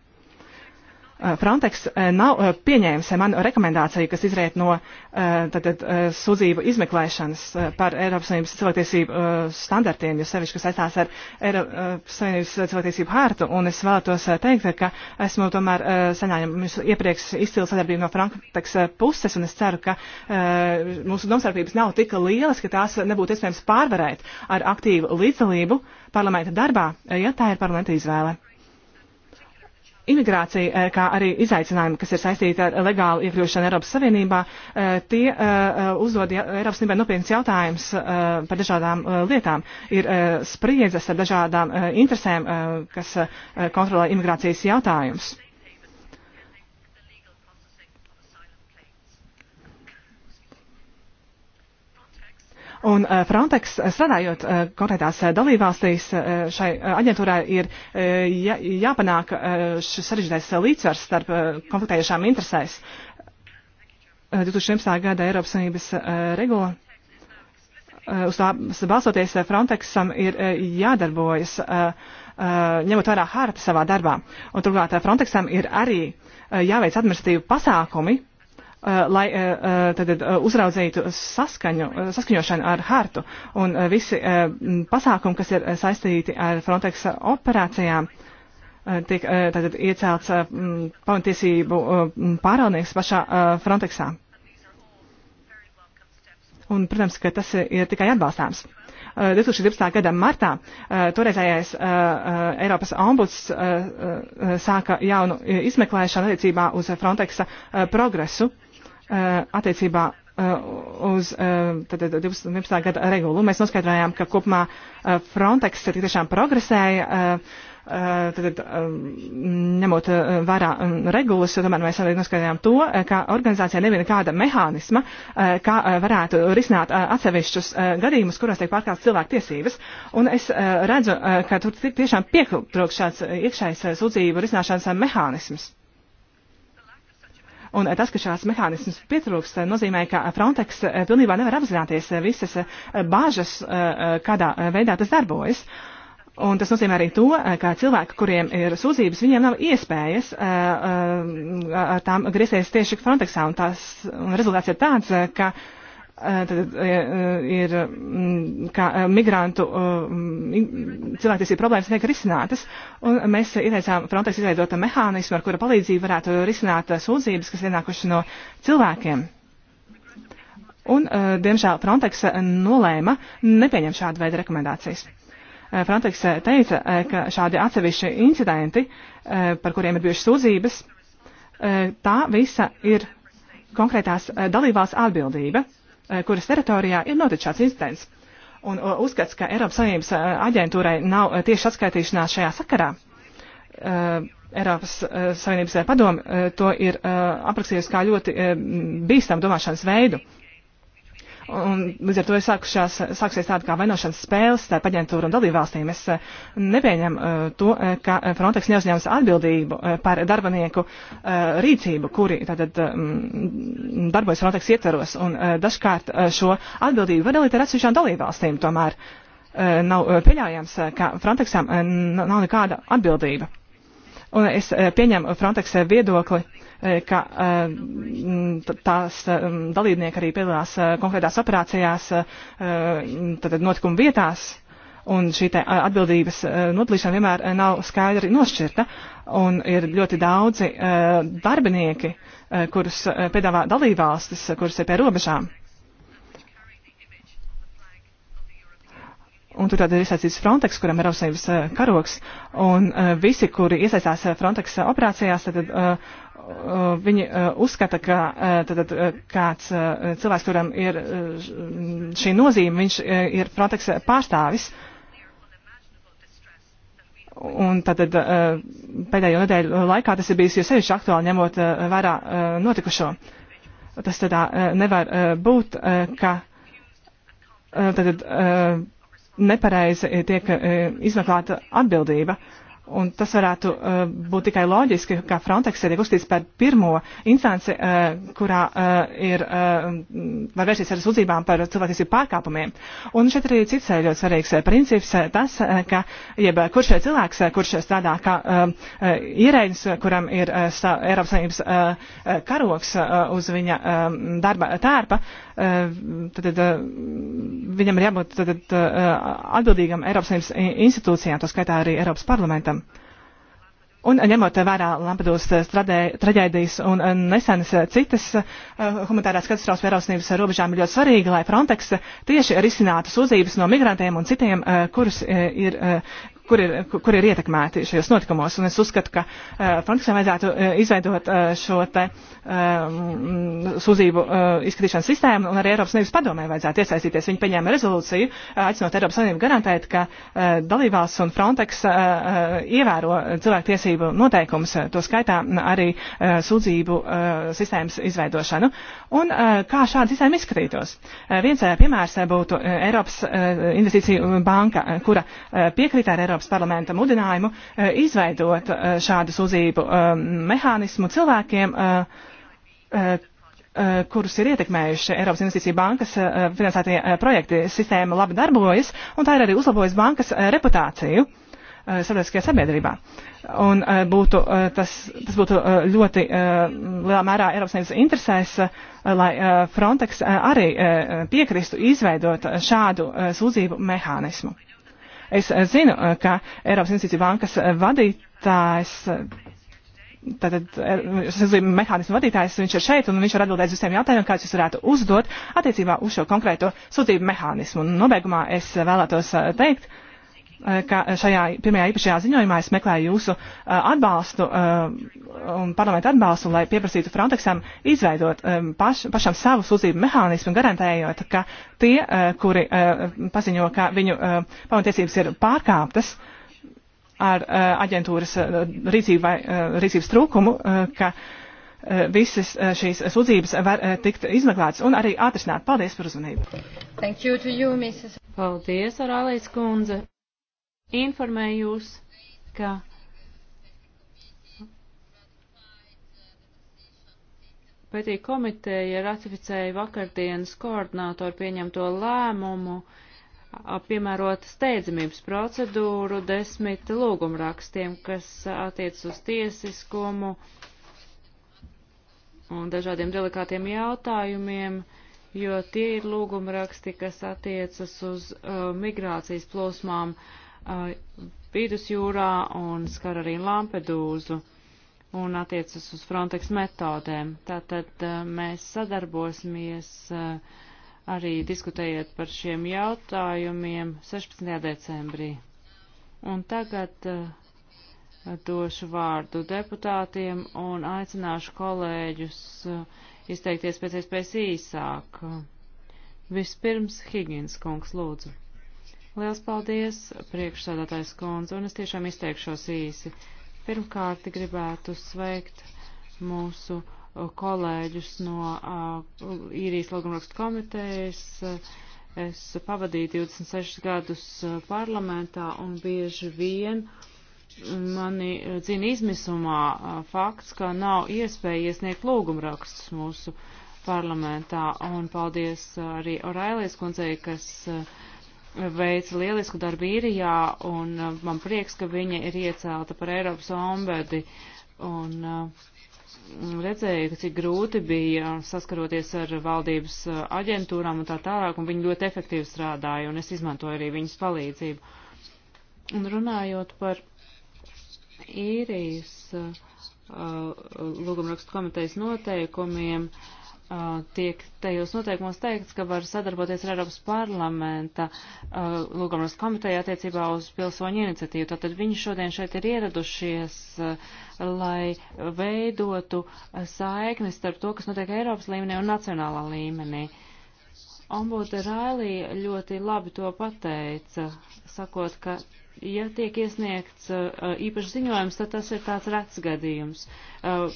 Eh, Frontex eh, nav eh, pieņēmis manu rekomendāciju, kas izriet no tātad, sūdzību izmeklēšanas par Eiropas Savienības cilvēktiesību standartiem, jo sevišķi, kas saistās ar Eiropas Savienības cilvēktiesību hārtu, un es vēlētos teikt, ka esmu tomēr saņēmis iepriekš izcilu sadarbību no Frontex puses, un es ceru, ka mūsu domstarpības nav tik lielas, ka tās nebūtu iespējams pārvarēt ar aktīvu līdzdalību parlamenta darbā, ja tā ir parlamenta izvēle imigrācija, eh, kā arī izaicinājumi, kas ir saistīti ar legālu iekļūšanu Eiropas Savienībā, eh, tie eh, uzdod Eiropas Savienībai nopietnas jautājums par dažādām lietām. Ir spriedzes ar dažādām interesēm, kas kontrolē imigrācijas jautājumus. Un eh, Frontex, eh, strādājot eh, konkrētās dalībvalstīs, šai aģentūrai ir jā, jāpanāk šis sarežģītais līdzsvars starp konfliktējušām interesēs. 2011. gada Eiropas Savienības regula. Uz tā balsoties Frontexam ir jādarbojas, ņemot vērā harta savā darbā. Un turklāt Frontexam ir arī jāveic administratīvi pasākumi, Uh, lai uh, uh, tad, uzraudzītu saskaņu, saskaņošanu ar hartu un visi pasākumi, kas ir saistīti ar Frontex operācijām tiek tātad iecelts pamatiesību pārvaldnieks pašā Frontexā. Un, protams, ka tas ir tikai atbalstāms. 2012. gada martā toreizējais Eiropas ombuds sāka jaunu izmeklēšanu attiecībā uz Frontexa progresu Eh, attiecībā eh, uz 2011. Eh, gada regulu. Mēs noskaidrojām, ka kopumā Frontex tiešām progresēja, tad, ņemot vērā mm, regulas, tomēr mēs arī noskaidrojām to, ka organizācijā nebija nekāda mehānisma, kā varētu risināt atsevišķus gadījumus, kuros tiek pārkāptas cilvēku tiesības. Un es redzu, ka tur tiešām pietrūkst šāds iekšējais sūdzību risināšanas mehānisms. Un eh, tas, ka šāds mehānisms pietrūks, eh, nozīmē, ka eh, Frontex pilnībā nevar apzināties visas bāžas, kādā veidā tas darbojas. Un tas nozīmē arī to, ka cilvēki, kuriem ir sūdzības, viņiem nav iespējas ar tām griezties tieši Frontexā. Un tās un rezultāts ir tāds, ka uh, Eh, tad, eh, eh, ir mm, kā, migrantu mm, cilvēktiesību problēmas tiek risinātas, un mēs ieteicām Frontex izveidot mehānismu, ar kura palīdzību varētu risināt sūdzības, kas ienākuši no cilvēkiem. Un, diemžēl, Frontex nolēma nepieņemt šādu veidu rekomendācijas. Frontex teica, ka šādi atsevišķi incidenti, par kuriem ir bijušas sūdzības, tā visa ir konkrētās dalībās atbildība Eh, kuras teritorijā ir noticis šāds incidents. Un eh, uzskats, ka Eiropas Savienības eh, aģentūrai nav tieši atskaitīšanās šajā sakarā. Eiropas Savienības padomu to ir aprakstījusi kā ļoti bīstam domāšanas veidu. Un līdz ar to ir sākušās, sāksies tāda kā vainošanas spēles starp aģentūru un dalībvalstīm. Es eh, nepieņemu eh, to, eh, ka Frontex neuzņemas atbildību par darbinieku rīcību, kuri tātad mm, darbojas Frontex ietveros. Un dažkārt šo atbildību var dalīt ar atsevišķām dalībvalstīm. Tomēr nav pieļaujams, ka Frontexam nav nekāda atbildība. Un es pieņemu Frontex viedokli Eh, ka eh, tās eh, dalībnieki arī piedalās konkrētās operācijās, tad notikuma vietās, un šī atbildības nodalīšana vienmēr nav skaidri nošķirta, un ir ļoti daudzi darbinieki, kurus piedāvā dalībvalstis, kuras ir pie robežām. Un tur tad ir iesaistīts Frontex, kuram ir ausības karoks, un visi, kuri iesaistās Frontex operācijās, tad uh, Uh, viņi uh, uzskata, ka tātad, uh, kāds cilvēks, kuram ir šī nozīme, viņš ir Frontex pārstāvis. Un tātad pēdējo nedēļu laikā tas ir bijis jau sevišķi aktuāli ņemot vērā notikušo. Tas tādā nevar būt, ka tātad nepareizi tiek izmeklēta atbildība. Uh, Un tas varētu uh, būt tikai loģiski, ka Frontex tiek uzskatīts par pirmo instanci, uh, kurā uh, ir, uh, var vērsties ar sūdzībām par cilvēktiesību pārkāpumiem. Un šeit arī cits ļoti svarīgs princips - tas, ka jeb kurš cilvēks, kurš strādā kā uh, ierēģis, kuram ir uh, Eiropas Savienības uh, karoks uh, uz viņa uh, darba tērpa, uh, Eh, tad, eh, viņam ir jābūt tad, eh, atbildīgam Eiropas Savienības institūcijām, to skaitā arī Eiropas parlamentam. Un ņemot vērā Lampedūsas traģēdijas un nesenas citas humanitārās katastrofas pie Eiropas Savienības robežām ir ļoti svarīgi, lai Frontex tieši risinātu sūdzības no migrantiem un citiem, kurus ir kur ir, kur ir ietekmēti šajos notikumos. Un es uzskatu, ka uh, Frontexam vajadzētu uh, izveidot uh, šo te um, sūdzību uh, izskatīšanas sistēmu, un arī Eiropas Savienības padomē vajadzētu iesaistīties. Viņi pieņēma rezolūciju, uh, aicinot Eiropas Savienību garantēt, ka uh, dalībās un Frontex uh, uh, ievēro cilvēktiesību noteikumus, uh, to skaitā arī uh, sūdzību uh, sistēmas izveidošanu. Un uh, kā šāda sistēma izskatītos? Uh, viens uh, piemērs uh, būtu uh, Eiropas uh, investīciju banka, uh, kura uh, piekrita ar Eiropas Eiropas parlamenta mudinājumu eh, izveidot eh, šādu sūdzību eh, mehānismu cilvēkiem, kurus ir ietekmējuši Eiropas Investīcija bankas finansētie projekti. Sistēma labi darbojas, un tā ir arī uzlabojusi bankas reputāciju sabiedriskajā sabiedrībā. Un būtu, tas, tas būtu ļoti lielā mērā Eiropas Savienības interesēs, lai Frontex arī piekristu izveidot šādu sūdzību mehānismu. Es eh, zinu, eh, ka Eiropas Investīcija bankas eh, vadītājs. Tātad mehānismu vadītājs, viņš ir šeit un viņš var atbildēt uz visiem jautājumiem, kādus jūs varētu uzdot attiecībā uz šo konkrēto sūtību mehānismu. Un nobeigumā es vēlētos teikt, Eh, ka šajā pirmajā īpašajā ziņojumā es meklēju jūsu eh, atbalstu eh, un parlamentu atbalstu, lai pieprasītu Frontexam izveidot paš, pašam savu sūdzību mehānismu, garantējot, ka tie, kuri paziņo, ka viņu pamatiesības ir pārkāptas, ar aģentūras rīcību vai rīcības trūkumu, ka visas šīs sūdzības var tikt izmeklētas un arī atrisināt. Paldies par uzmanību. You you, Paldies, Arālijas kundze informēju jūs, ka pētī komiteja ratificēja vakardienas koordinātoru pieņemto lēmumu piemērot steidzamības procedūru desmit lūgumrakstiem, kas attiec uz tiesiskumu un dažādiem delikātiem jautājumiem, jo tie ir lūgumraksti, kas attiecas uz uh, migrācijas plūsmām uh, vidusjūrā un skar arī Lampedūzu un attiecas uz Frontex metodēm. Tātad eh, mēs sadarbosimies eh, arī diskutējot par šiem jautājumiem 16. decembrī. Un tagad eh, došu vārdu deputātiem un aicināšu kolēģus izteikties pēc iespējas īsāk. Vispirms Higgins kungs lūdzu. Liels paldies, priekšsādātais kundze, un es tiešām izteikšos īsi. Pirmkārt, gribētu sveikt mūsu uh, kolēģus no uh, īrijas logumrakstu komitejas. Es pavadīju 26 gadus uh, parlamentā un bieži vien mani uh, dzina izmisumā uh, fakts, ka nav iespēja iesniegt lūgumrakstus mūsu parlamentā. Un paldies arī Orailijas kundzei, kas uh, veica lielisku darbu īrijā, un uh, man prieks, ka viņa ir iecelta par Eiropas ombedi. Un uh, redzēju, ka cik grūti bija saskaroties ar valdības uh, aģentūrām un tā tālāk, un viņi ļoti efektīvi strādāja, un es izmantoju arī viņas palīdzību. Un runājot par īrijas lūgumrakstu komitejas noteikumiem, uh, Uh, tiek tajos noteikumos teikts, ka var sadarboties ar Eiropas parlamenta uh, lūgumras komiteja attiecībā uz pilsoņu iniciatīvu. Tātad viņi šodien šeit ir ieradušies, uh, lai veidotu uh, saiknis starp to, kas notiek Eiropas līmenī un nacionālā līmenī. Ombuda Railī ļoti labi to pateica, sakot, ka ja tiek iesniegts uh, īpašs ziņojums, tad tas ir tāds rets gadījums. Uh,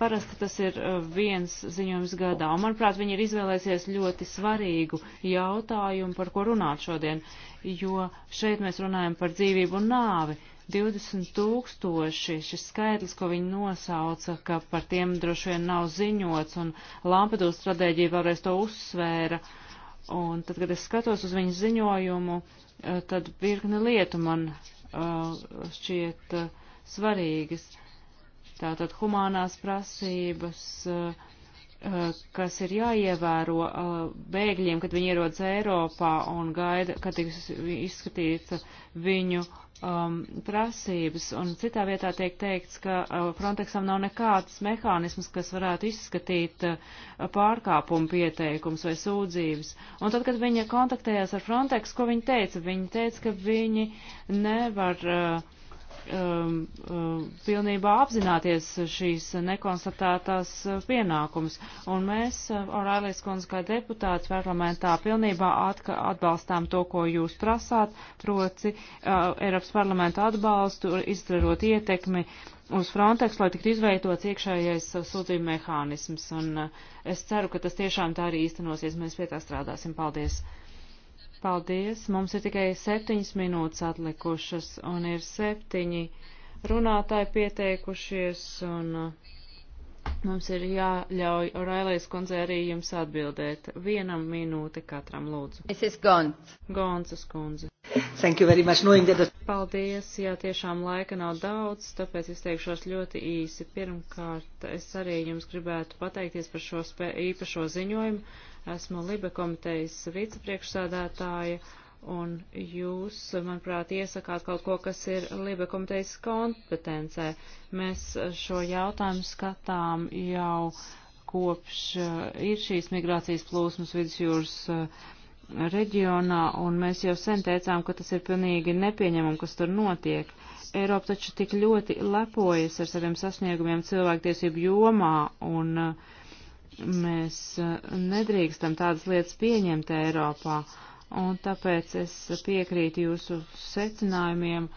Parasti tas ir uh, viens ziņojums gadā, un manuprāt, viņi ir izvēlēsies ļoti svarīgu jautājumu, par ko runāt šodien, jo šeit mēs runājam par dzīvību un nāvi. 20 tūkstoši šis skaitlis, ko viņi nosauca, ka par tiem droši vien nav ziņots, un Lampedūs stratēģija vēlreiz to uzsvēra. Un tad, kad es skatos uz viņu ziņojumu, uh, tad virkni lietu man uh, šķiet svarīgas. Uh, Tātad humānās prasības, eh, kas ir jāievēro eh, bēgļiem, kad viņi ierodas Eiropā un gaida, kad tiks izskatīta viņu um, prasības, un citā vietā tiek teikts, ka uh, Frontexam nav nekāds mehānisms, kas varētu izskatīt uh, pārkāpumu pieteikums vai sūdzības. Un tad, kad viņa kontaktējās ar Frontex, ko viņa teica? Viņa teica, ka viņi nevar uh, Um, um, pilnībā apzināties šīs nekonstatētās uh, pienākumus. Un mēs, uh, Orālijas kundze, kā deputāts parlamentā, pilnībā atka, atbalstām to, ko jūs prasāt, proci uh, Eiropas parlamenta atbalstu, izdarot ietekmi uz Frontex, lai tiktu izveidots iekšējais uh, sūdzību mehānisms. Un uh, es ceru, ka tas tiešām tā arī īstenosies. Mēs pie tā strādāsim. Paldies! Paldies. Mums ir tikai septiņas minūtes atlikušas un ir septiņi runātāji pieteikušies un uh, mums ir jāļauj Railais kundze arī jums atbildēt. Vienam minūte katram lūdzu. Es esmu Gons. Gonsas kundze. Thank you very much. Knowing that... Paldies. Jā, tiešām laika nav daudz, tāpēc es teikšos ļoti īsi. Pirmkārt, es arī jums gribētu pateikties par šo spē... īpašo ziņojumu Esmu Libe komitejas vicepriekšsādātāja, un jūs, manuprāt, iesakāt kaut ko, kas ir Libe komitejas kompetencē. Mēs šo jautājumu skatām jau kopš eh, ir šīs migrācijas plūsmas vidusjūras eh, reģionā, un mēs jau sen teicām, ka tas ir pilnīgi nepieņemam, kas tur notiek. Eiropa taču tik ļoti lepojas ar saviem sasniegumiem cilvēktiesību jomā, un uh, Mēs eh, nedrīkstam tādas lietas pieņemt Eiropā, un tāpēc es piekrītu jūsu secinājumiem,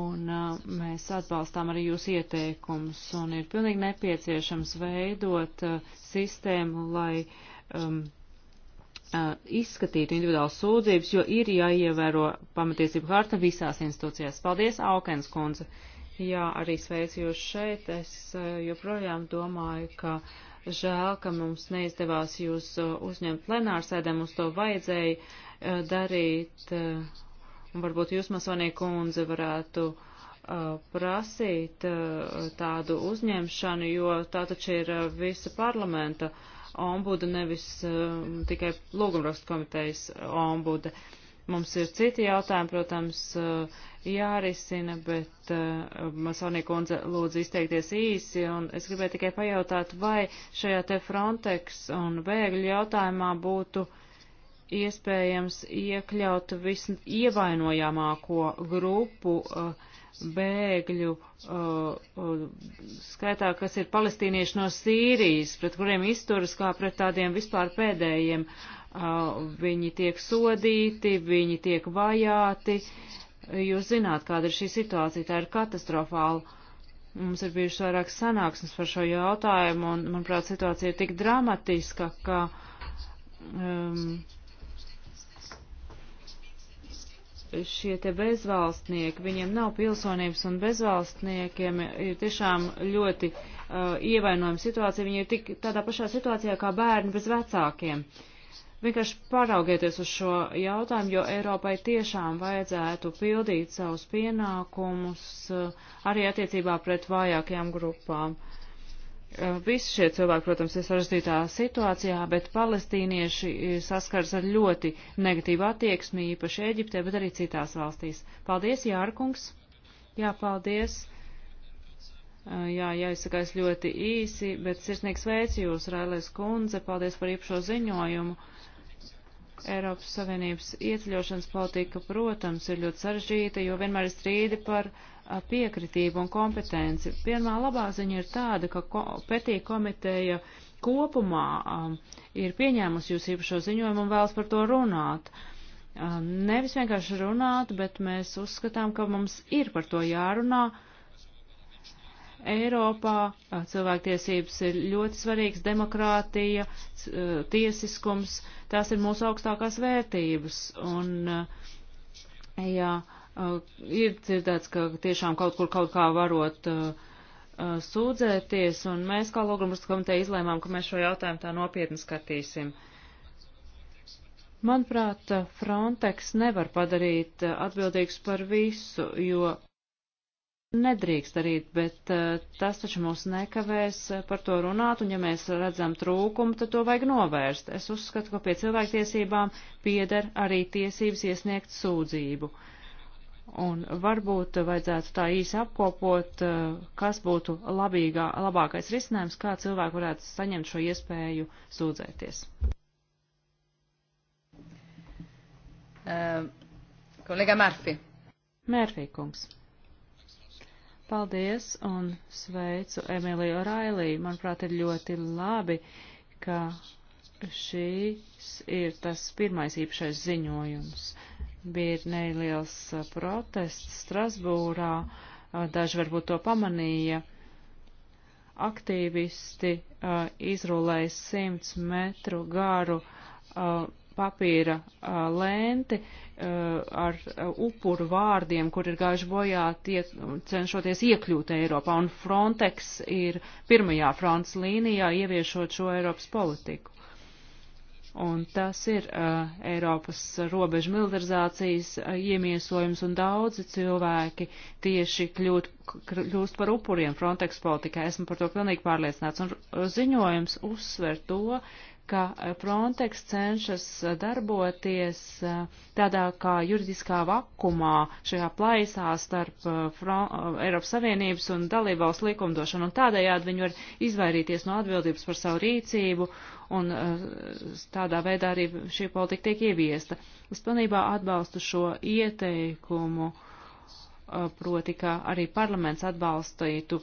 un eh, mēs atbalstām arī jūsu ieteikumus, un ir pilnīgi nepieciešams veidot eh, sistēmu, lai. Um, izskatīt individuālas sūdzības, jo ir jāievēro pamatiesību harta visās institūcijās. Paldies, Aukens kundze! Jā, arī sveicu jūs šeit. Es joprojām domāju, ka Žēl, ka mums neizdevās jūs uh, uzņemt plenārsēdē, mums to vajadzēja uh, darīt. Uh, un varbūt jūs, Masonī kundze, varētu prasīt tādu uzņemšanu, jo tā taču ir visa parlamenta ombuda, nevis tikai lūgumrakstu komitejas ombuda. Uh, Mums ir citi jautājumi, protams, eh, jārisina, bet eh, Masonija kundze lūdzu izteikties īsi, un es gribēju tikai pajautāt, vai šajā te Frontex un bēgļu jautājumā būtu iespējams iekļaut visu ievainojamāko grupu eh, bēgļu skaitā, kas ir palestīnieši no Sīrijas, pret kuriem izturas kā pret tādiem vispār pēdējiem. Uh, viņi tiek sodīti, viņi tiek vajāti. Jūs zināt, kāda ir šī situācija, tā ir katastrofāla. Mums ir bijušas vairākas sanāksmes par šo jautājumu, un, manuprāt, situācija ir tik dramatiska, ka. Um, Šie te bezvalstnieki, viņiem nav pilsonības un bezvalstniekiem ir tiešām ļoti uh, ievainojama situācija. Viņi ir tik tādā pašā situācijā kā bērni bez vecākiem. Uh, Vienkārši paraugieties uz šo jautājumu, jo Eiropai tiešām vajadzētu pildīt savus pienākumus eh, arī attiecībā pret vājākajām grupām. Eh, visi šie cilvēki, protams, ir sarežģītā situācijā, bet palestīnieši eh, saskars ar ļoti negatīvu attieksmi, īpaši Eģiptē, bet arī citās valstīs. Paldies, Jārkungs! Jā, paldies! Jā, jāizsakais ļoti īsi, bet sirsnīgs veids jūs, Railēs kundze, paldies par īpašo ziņojumu. Eiropas Savienības ieceļošanas politika, protams, ir ļoti sarežģīta, jo vienmēr ir strīdi par piekritību un kompetenci. Pirmā labā ziņa ir tāda, ka ko, petī komiteja kopumā um, ir pieņēmusi jūs īpašo ziņojumu un vēlas par to runāt. Um, nevis vienkārši runāt, bet mēs uzskatām, ka mums ir par to jārunā. Uh, Eiropā cilvēktiesības ir ļoti svarīgas, demokrātija, tiesiskums, tās ir mūsu augstākās vērtības. Un, jā, ir dzirdēts, ka tiešām kaut kur kaut kā varot sūdzēties, un mēs kā Logrumas komiteja izlēmām, ka mēs šo jautājumu tā nopietni skatīsim. Manuprāt, Frontex nevar padarīt atbildīgs par visu, jo nedrīkst darīt, bet uh, tas taču mūs nekavēs eh, par to runāt, un ja mēs redzam trūkumu, tad to vajag novērst. Es uzskatu, ka pie cilvēktiesībām pieder arī tiesības iesniegt sūdzību. Un varbūt vajadzētu tā īsi apkopot, uh, kas būtu labīgā, labākais risinājums, kā cilvēki varētu saņemt šo iespēju sūdzēties. Uh, kolēga Mārfi. Mērfī kungs. Paldies un sveicu Emīliju Railī. Manuprāt, ir ļoti labi, ka šīs ir tas pirmais īpašais ziņojums. Bija neliels uh, protests Strasbūrā, uh, daži varbūt to pamanīja. Aktīvisti uh, izrulēja simts metru garu papīra lenti ar upuru vārdiem, kur ir gājuši bojā, tiek, um, cenšoties iekļūt Eiropā, un Frontex ir pirmajā fronts līnijā ieviešot šo Eiropas politiku. Un tas ir uh, Eiropas robežu militarizācijas uh, iemiesojums, un daudzi cilvēki tieši kļūt, kļūst par upuriem Frontex politikā. Esmu par to pilnīgi pārliecināts. Un ziņojums uzsver to, ka eh, Frontex cenšas eh, darboties eh, tādā kā juridiskā vakumā, šajā plaisā starp Front Eiropas Savienības un dalībvalsts likumdošanu, un tādējādi viņi var izvairīties no atbildības par savu rīcību, un tādā veidā arī šī politika tiek ieviesta. Es pilnībā atbalstu šo ieteikumu, proti, ka arī parlaments atbalstītu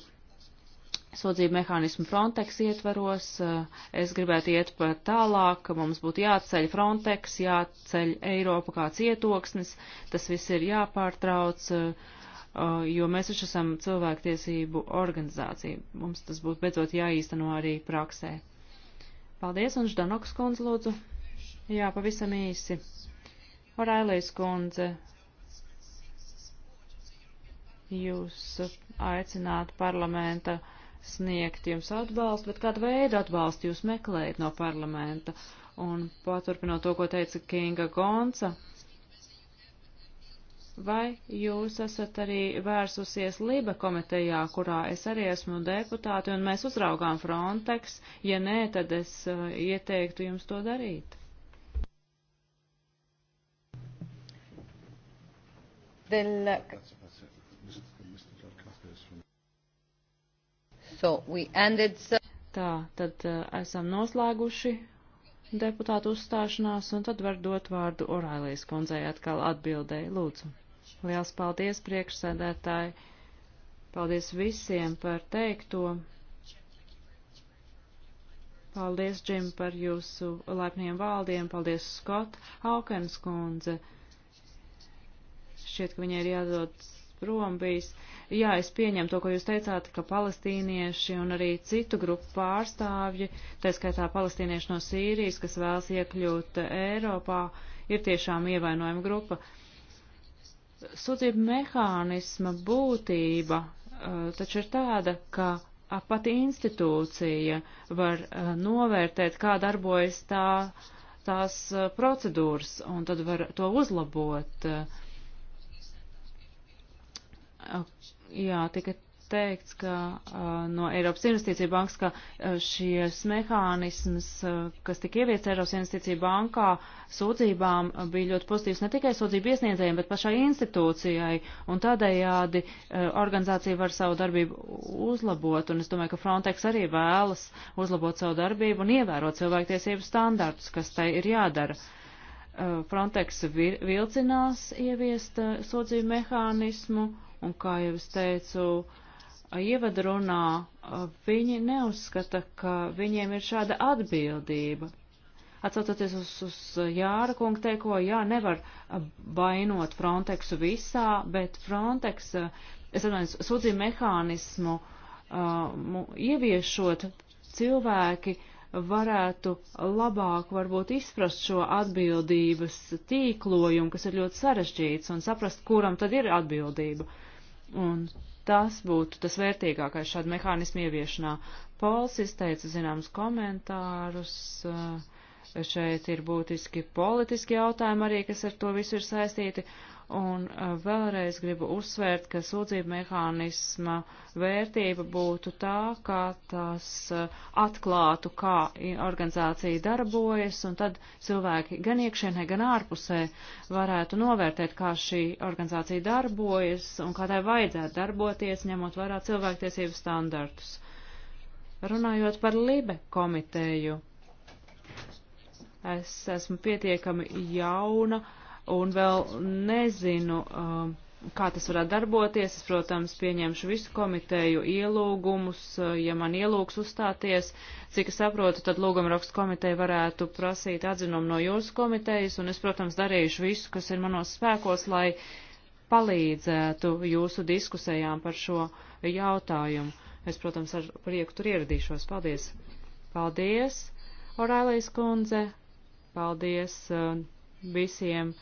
sodzību mehānismu Frontex ietvaros. Eh, es gribētu iet pat tālāk, ka mums būtu jāceļ Frontex, jāceļ Eiropa kā cietoksnis, tas viss ir jāpārtrauc, eh, jo mēs taču esam cilvēktiesību organizācija. Mums tas būtu beidzot jāīsteno arī praksē. Paldies, un Ždanoks kundze, lūdzu. Jā, pavisam īsi. Orailijas kundze, jūs aicināt parlamenta uh, sniegt jums atbalstu, bet kādu veidu atbalstu jūs meklējat no parlamenta? Un paturpinot to, ko teica Kinga Gonca, vai jūs esat arī vērsusies Liba komitejā, kurā es arī esmu deputāti, un mēs uzraugām Frontex? Ja nē, tad es uh, ieteiktu jums to darīt. Del, So ended... Tā, tad uh, esam noslēguši deputātu uzstāšanās, un tad var dot vārdu Orālijas kundzei atkal atbildēji. Lūdzu. Liels paldies, priekšsēdētāji. Paldies visiem par teikto. Paldies, Džim, par jūsu laipniem vāldiem. Paldies, Skot, Haukens kundze. Šķiet, ka viņai ir jādod prom bijis. Uh, jā, es pieņemu to, ko jūs teicāt, ka palestīnieši un arī citu grupu pārstāvji, tā skaitā palestīnieši no Sīrijas, kas vēlas iekļūt Eiropā, ir tiešām ievainojama grupa. Sūdzību mehānisma būtība eh, taču ir tāda, ka pati institūcija var eh, novērtēt, kā darbojas tā, tās eh, procedūras, un tad var to uzlabot jā, tika teikts, ka uh, no Eiropas investīcija bankas, ka uh, šies mehānisms, uh, kas tika ieviests Eiropas investīcija bankā, sūdzībām uh, bija ļoti pozitīvs ne tikai sūdzību iesniedzējiem, bet pašai institūcijai, un tādējādi uh, organizācija var savu darbību uzlabot, un es domāju, ka Frontex arī vēlas uzlabot savu darbību un ievērot cilvēktiesību standartus, kas tai ir jādara. Uh, Frontex vilcinās ieviest uh, sūdzību mehānismu. Uh, Un kā jau es teicu, ievadrunā viņi neuzskata, ka viņiem ir šāda atbildība. Atcaucoties uz, uz Jāra kungu teiko, jā, nevar vainot Frontexu visā, bet Frontex, es atvainojos, sūdzību mehānismu uh, ieviešot cilvēki uh, varētu labāk varbūt izprast šo atbildības tīklojumu, kas ir ļoti sarežģīts, un saprast, kuram tad ir atbildība. Un tas būtu tas vērtīgākais šāda mehānisma ieviešanā. Pols izteica zināms komentārus. Eh, šeit ir būtiski politiski jautājumi arī, kas ar to visu ir saistīti. Uh, Un uh, vēlreiz gribu uzsvērt, ka sūdzību mehānisma vērtība būtu tā, ka tas uh, atklātu, kā organizācija darbojas, un tad cilvēki gan iekšienē, gan ārpusē varētu novērtēt, kā šī organizācija darbojas un kā tai vajadzētu darboties, ņemot vērā cilvēktiesību standartus. Runājot par Libe komiteju, es esmu pietiekami jauna un vēl nezinu, um, kā tas varētu darboties. Es, protams, pieņemšu visu komiteju ielūgumus, uh, ja man ielūgs uzstāties. Cik es saprotu, tad lūgumrakstu komiteja varētu prasīt atzinumu no jūsu komitejas, un es, protams, darīšu visu, kas ir manos spēkos, lai palīdzētu jūsu diskusējām par šo jautājumu. Es, protams, ar prieku tur ieradīšos. Paldies! Paldies, Orēlijas kundze! Paldies uh, visiem!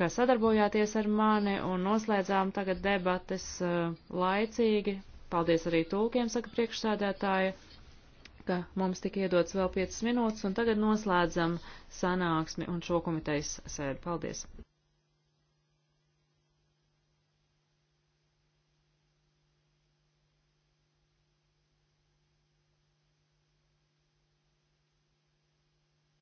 ka sadarbojāties ar mani un noslēdzām tagad debates uh, laicīgi. Paldies arī tulkiem, saka priekšsādātāja, ka mums tika iedots vēl 5 minūtes, un tagad noslēdzam sanāksmi un šo komitejas sēdi. Paldies!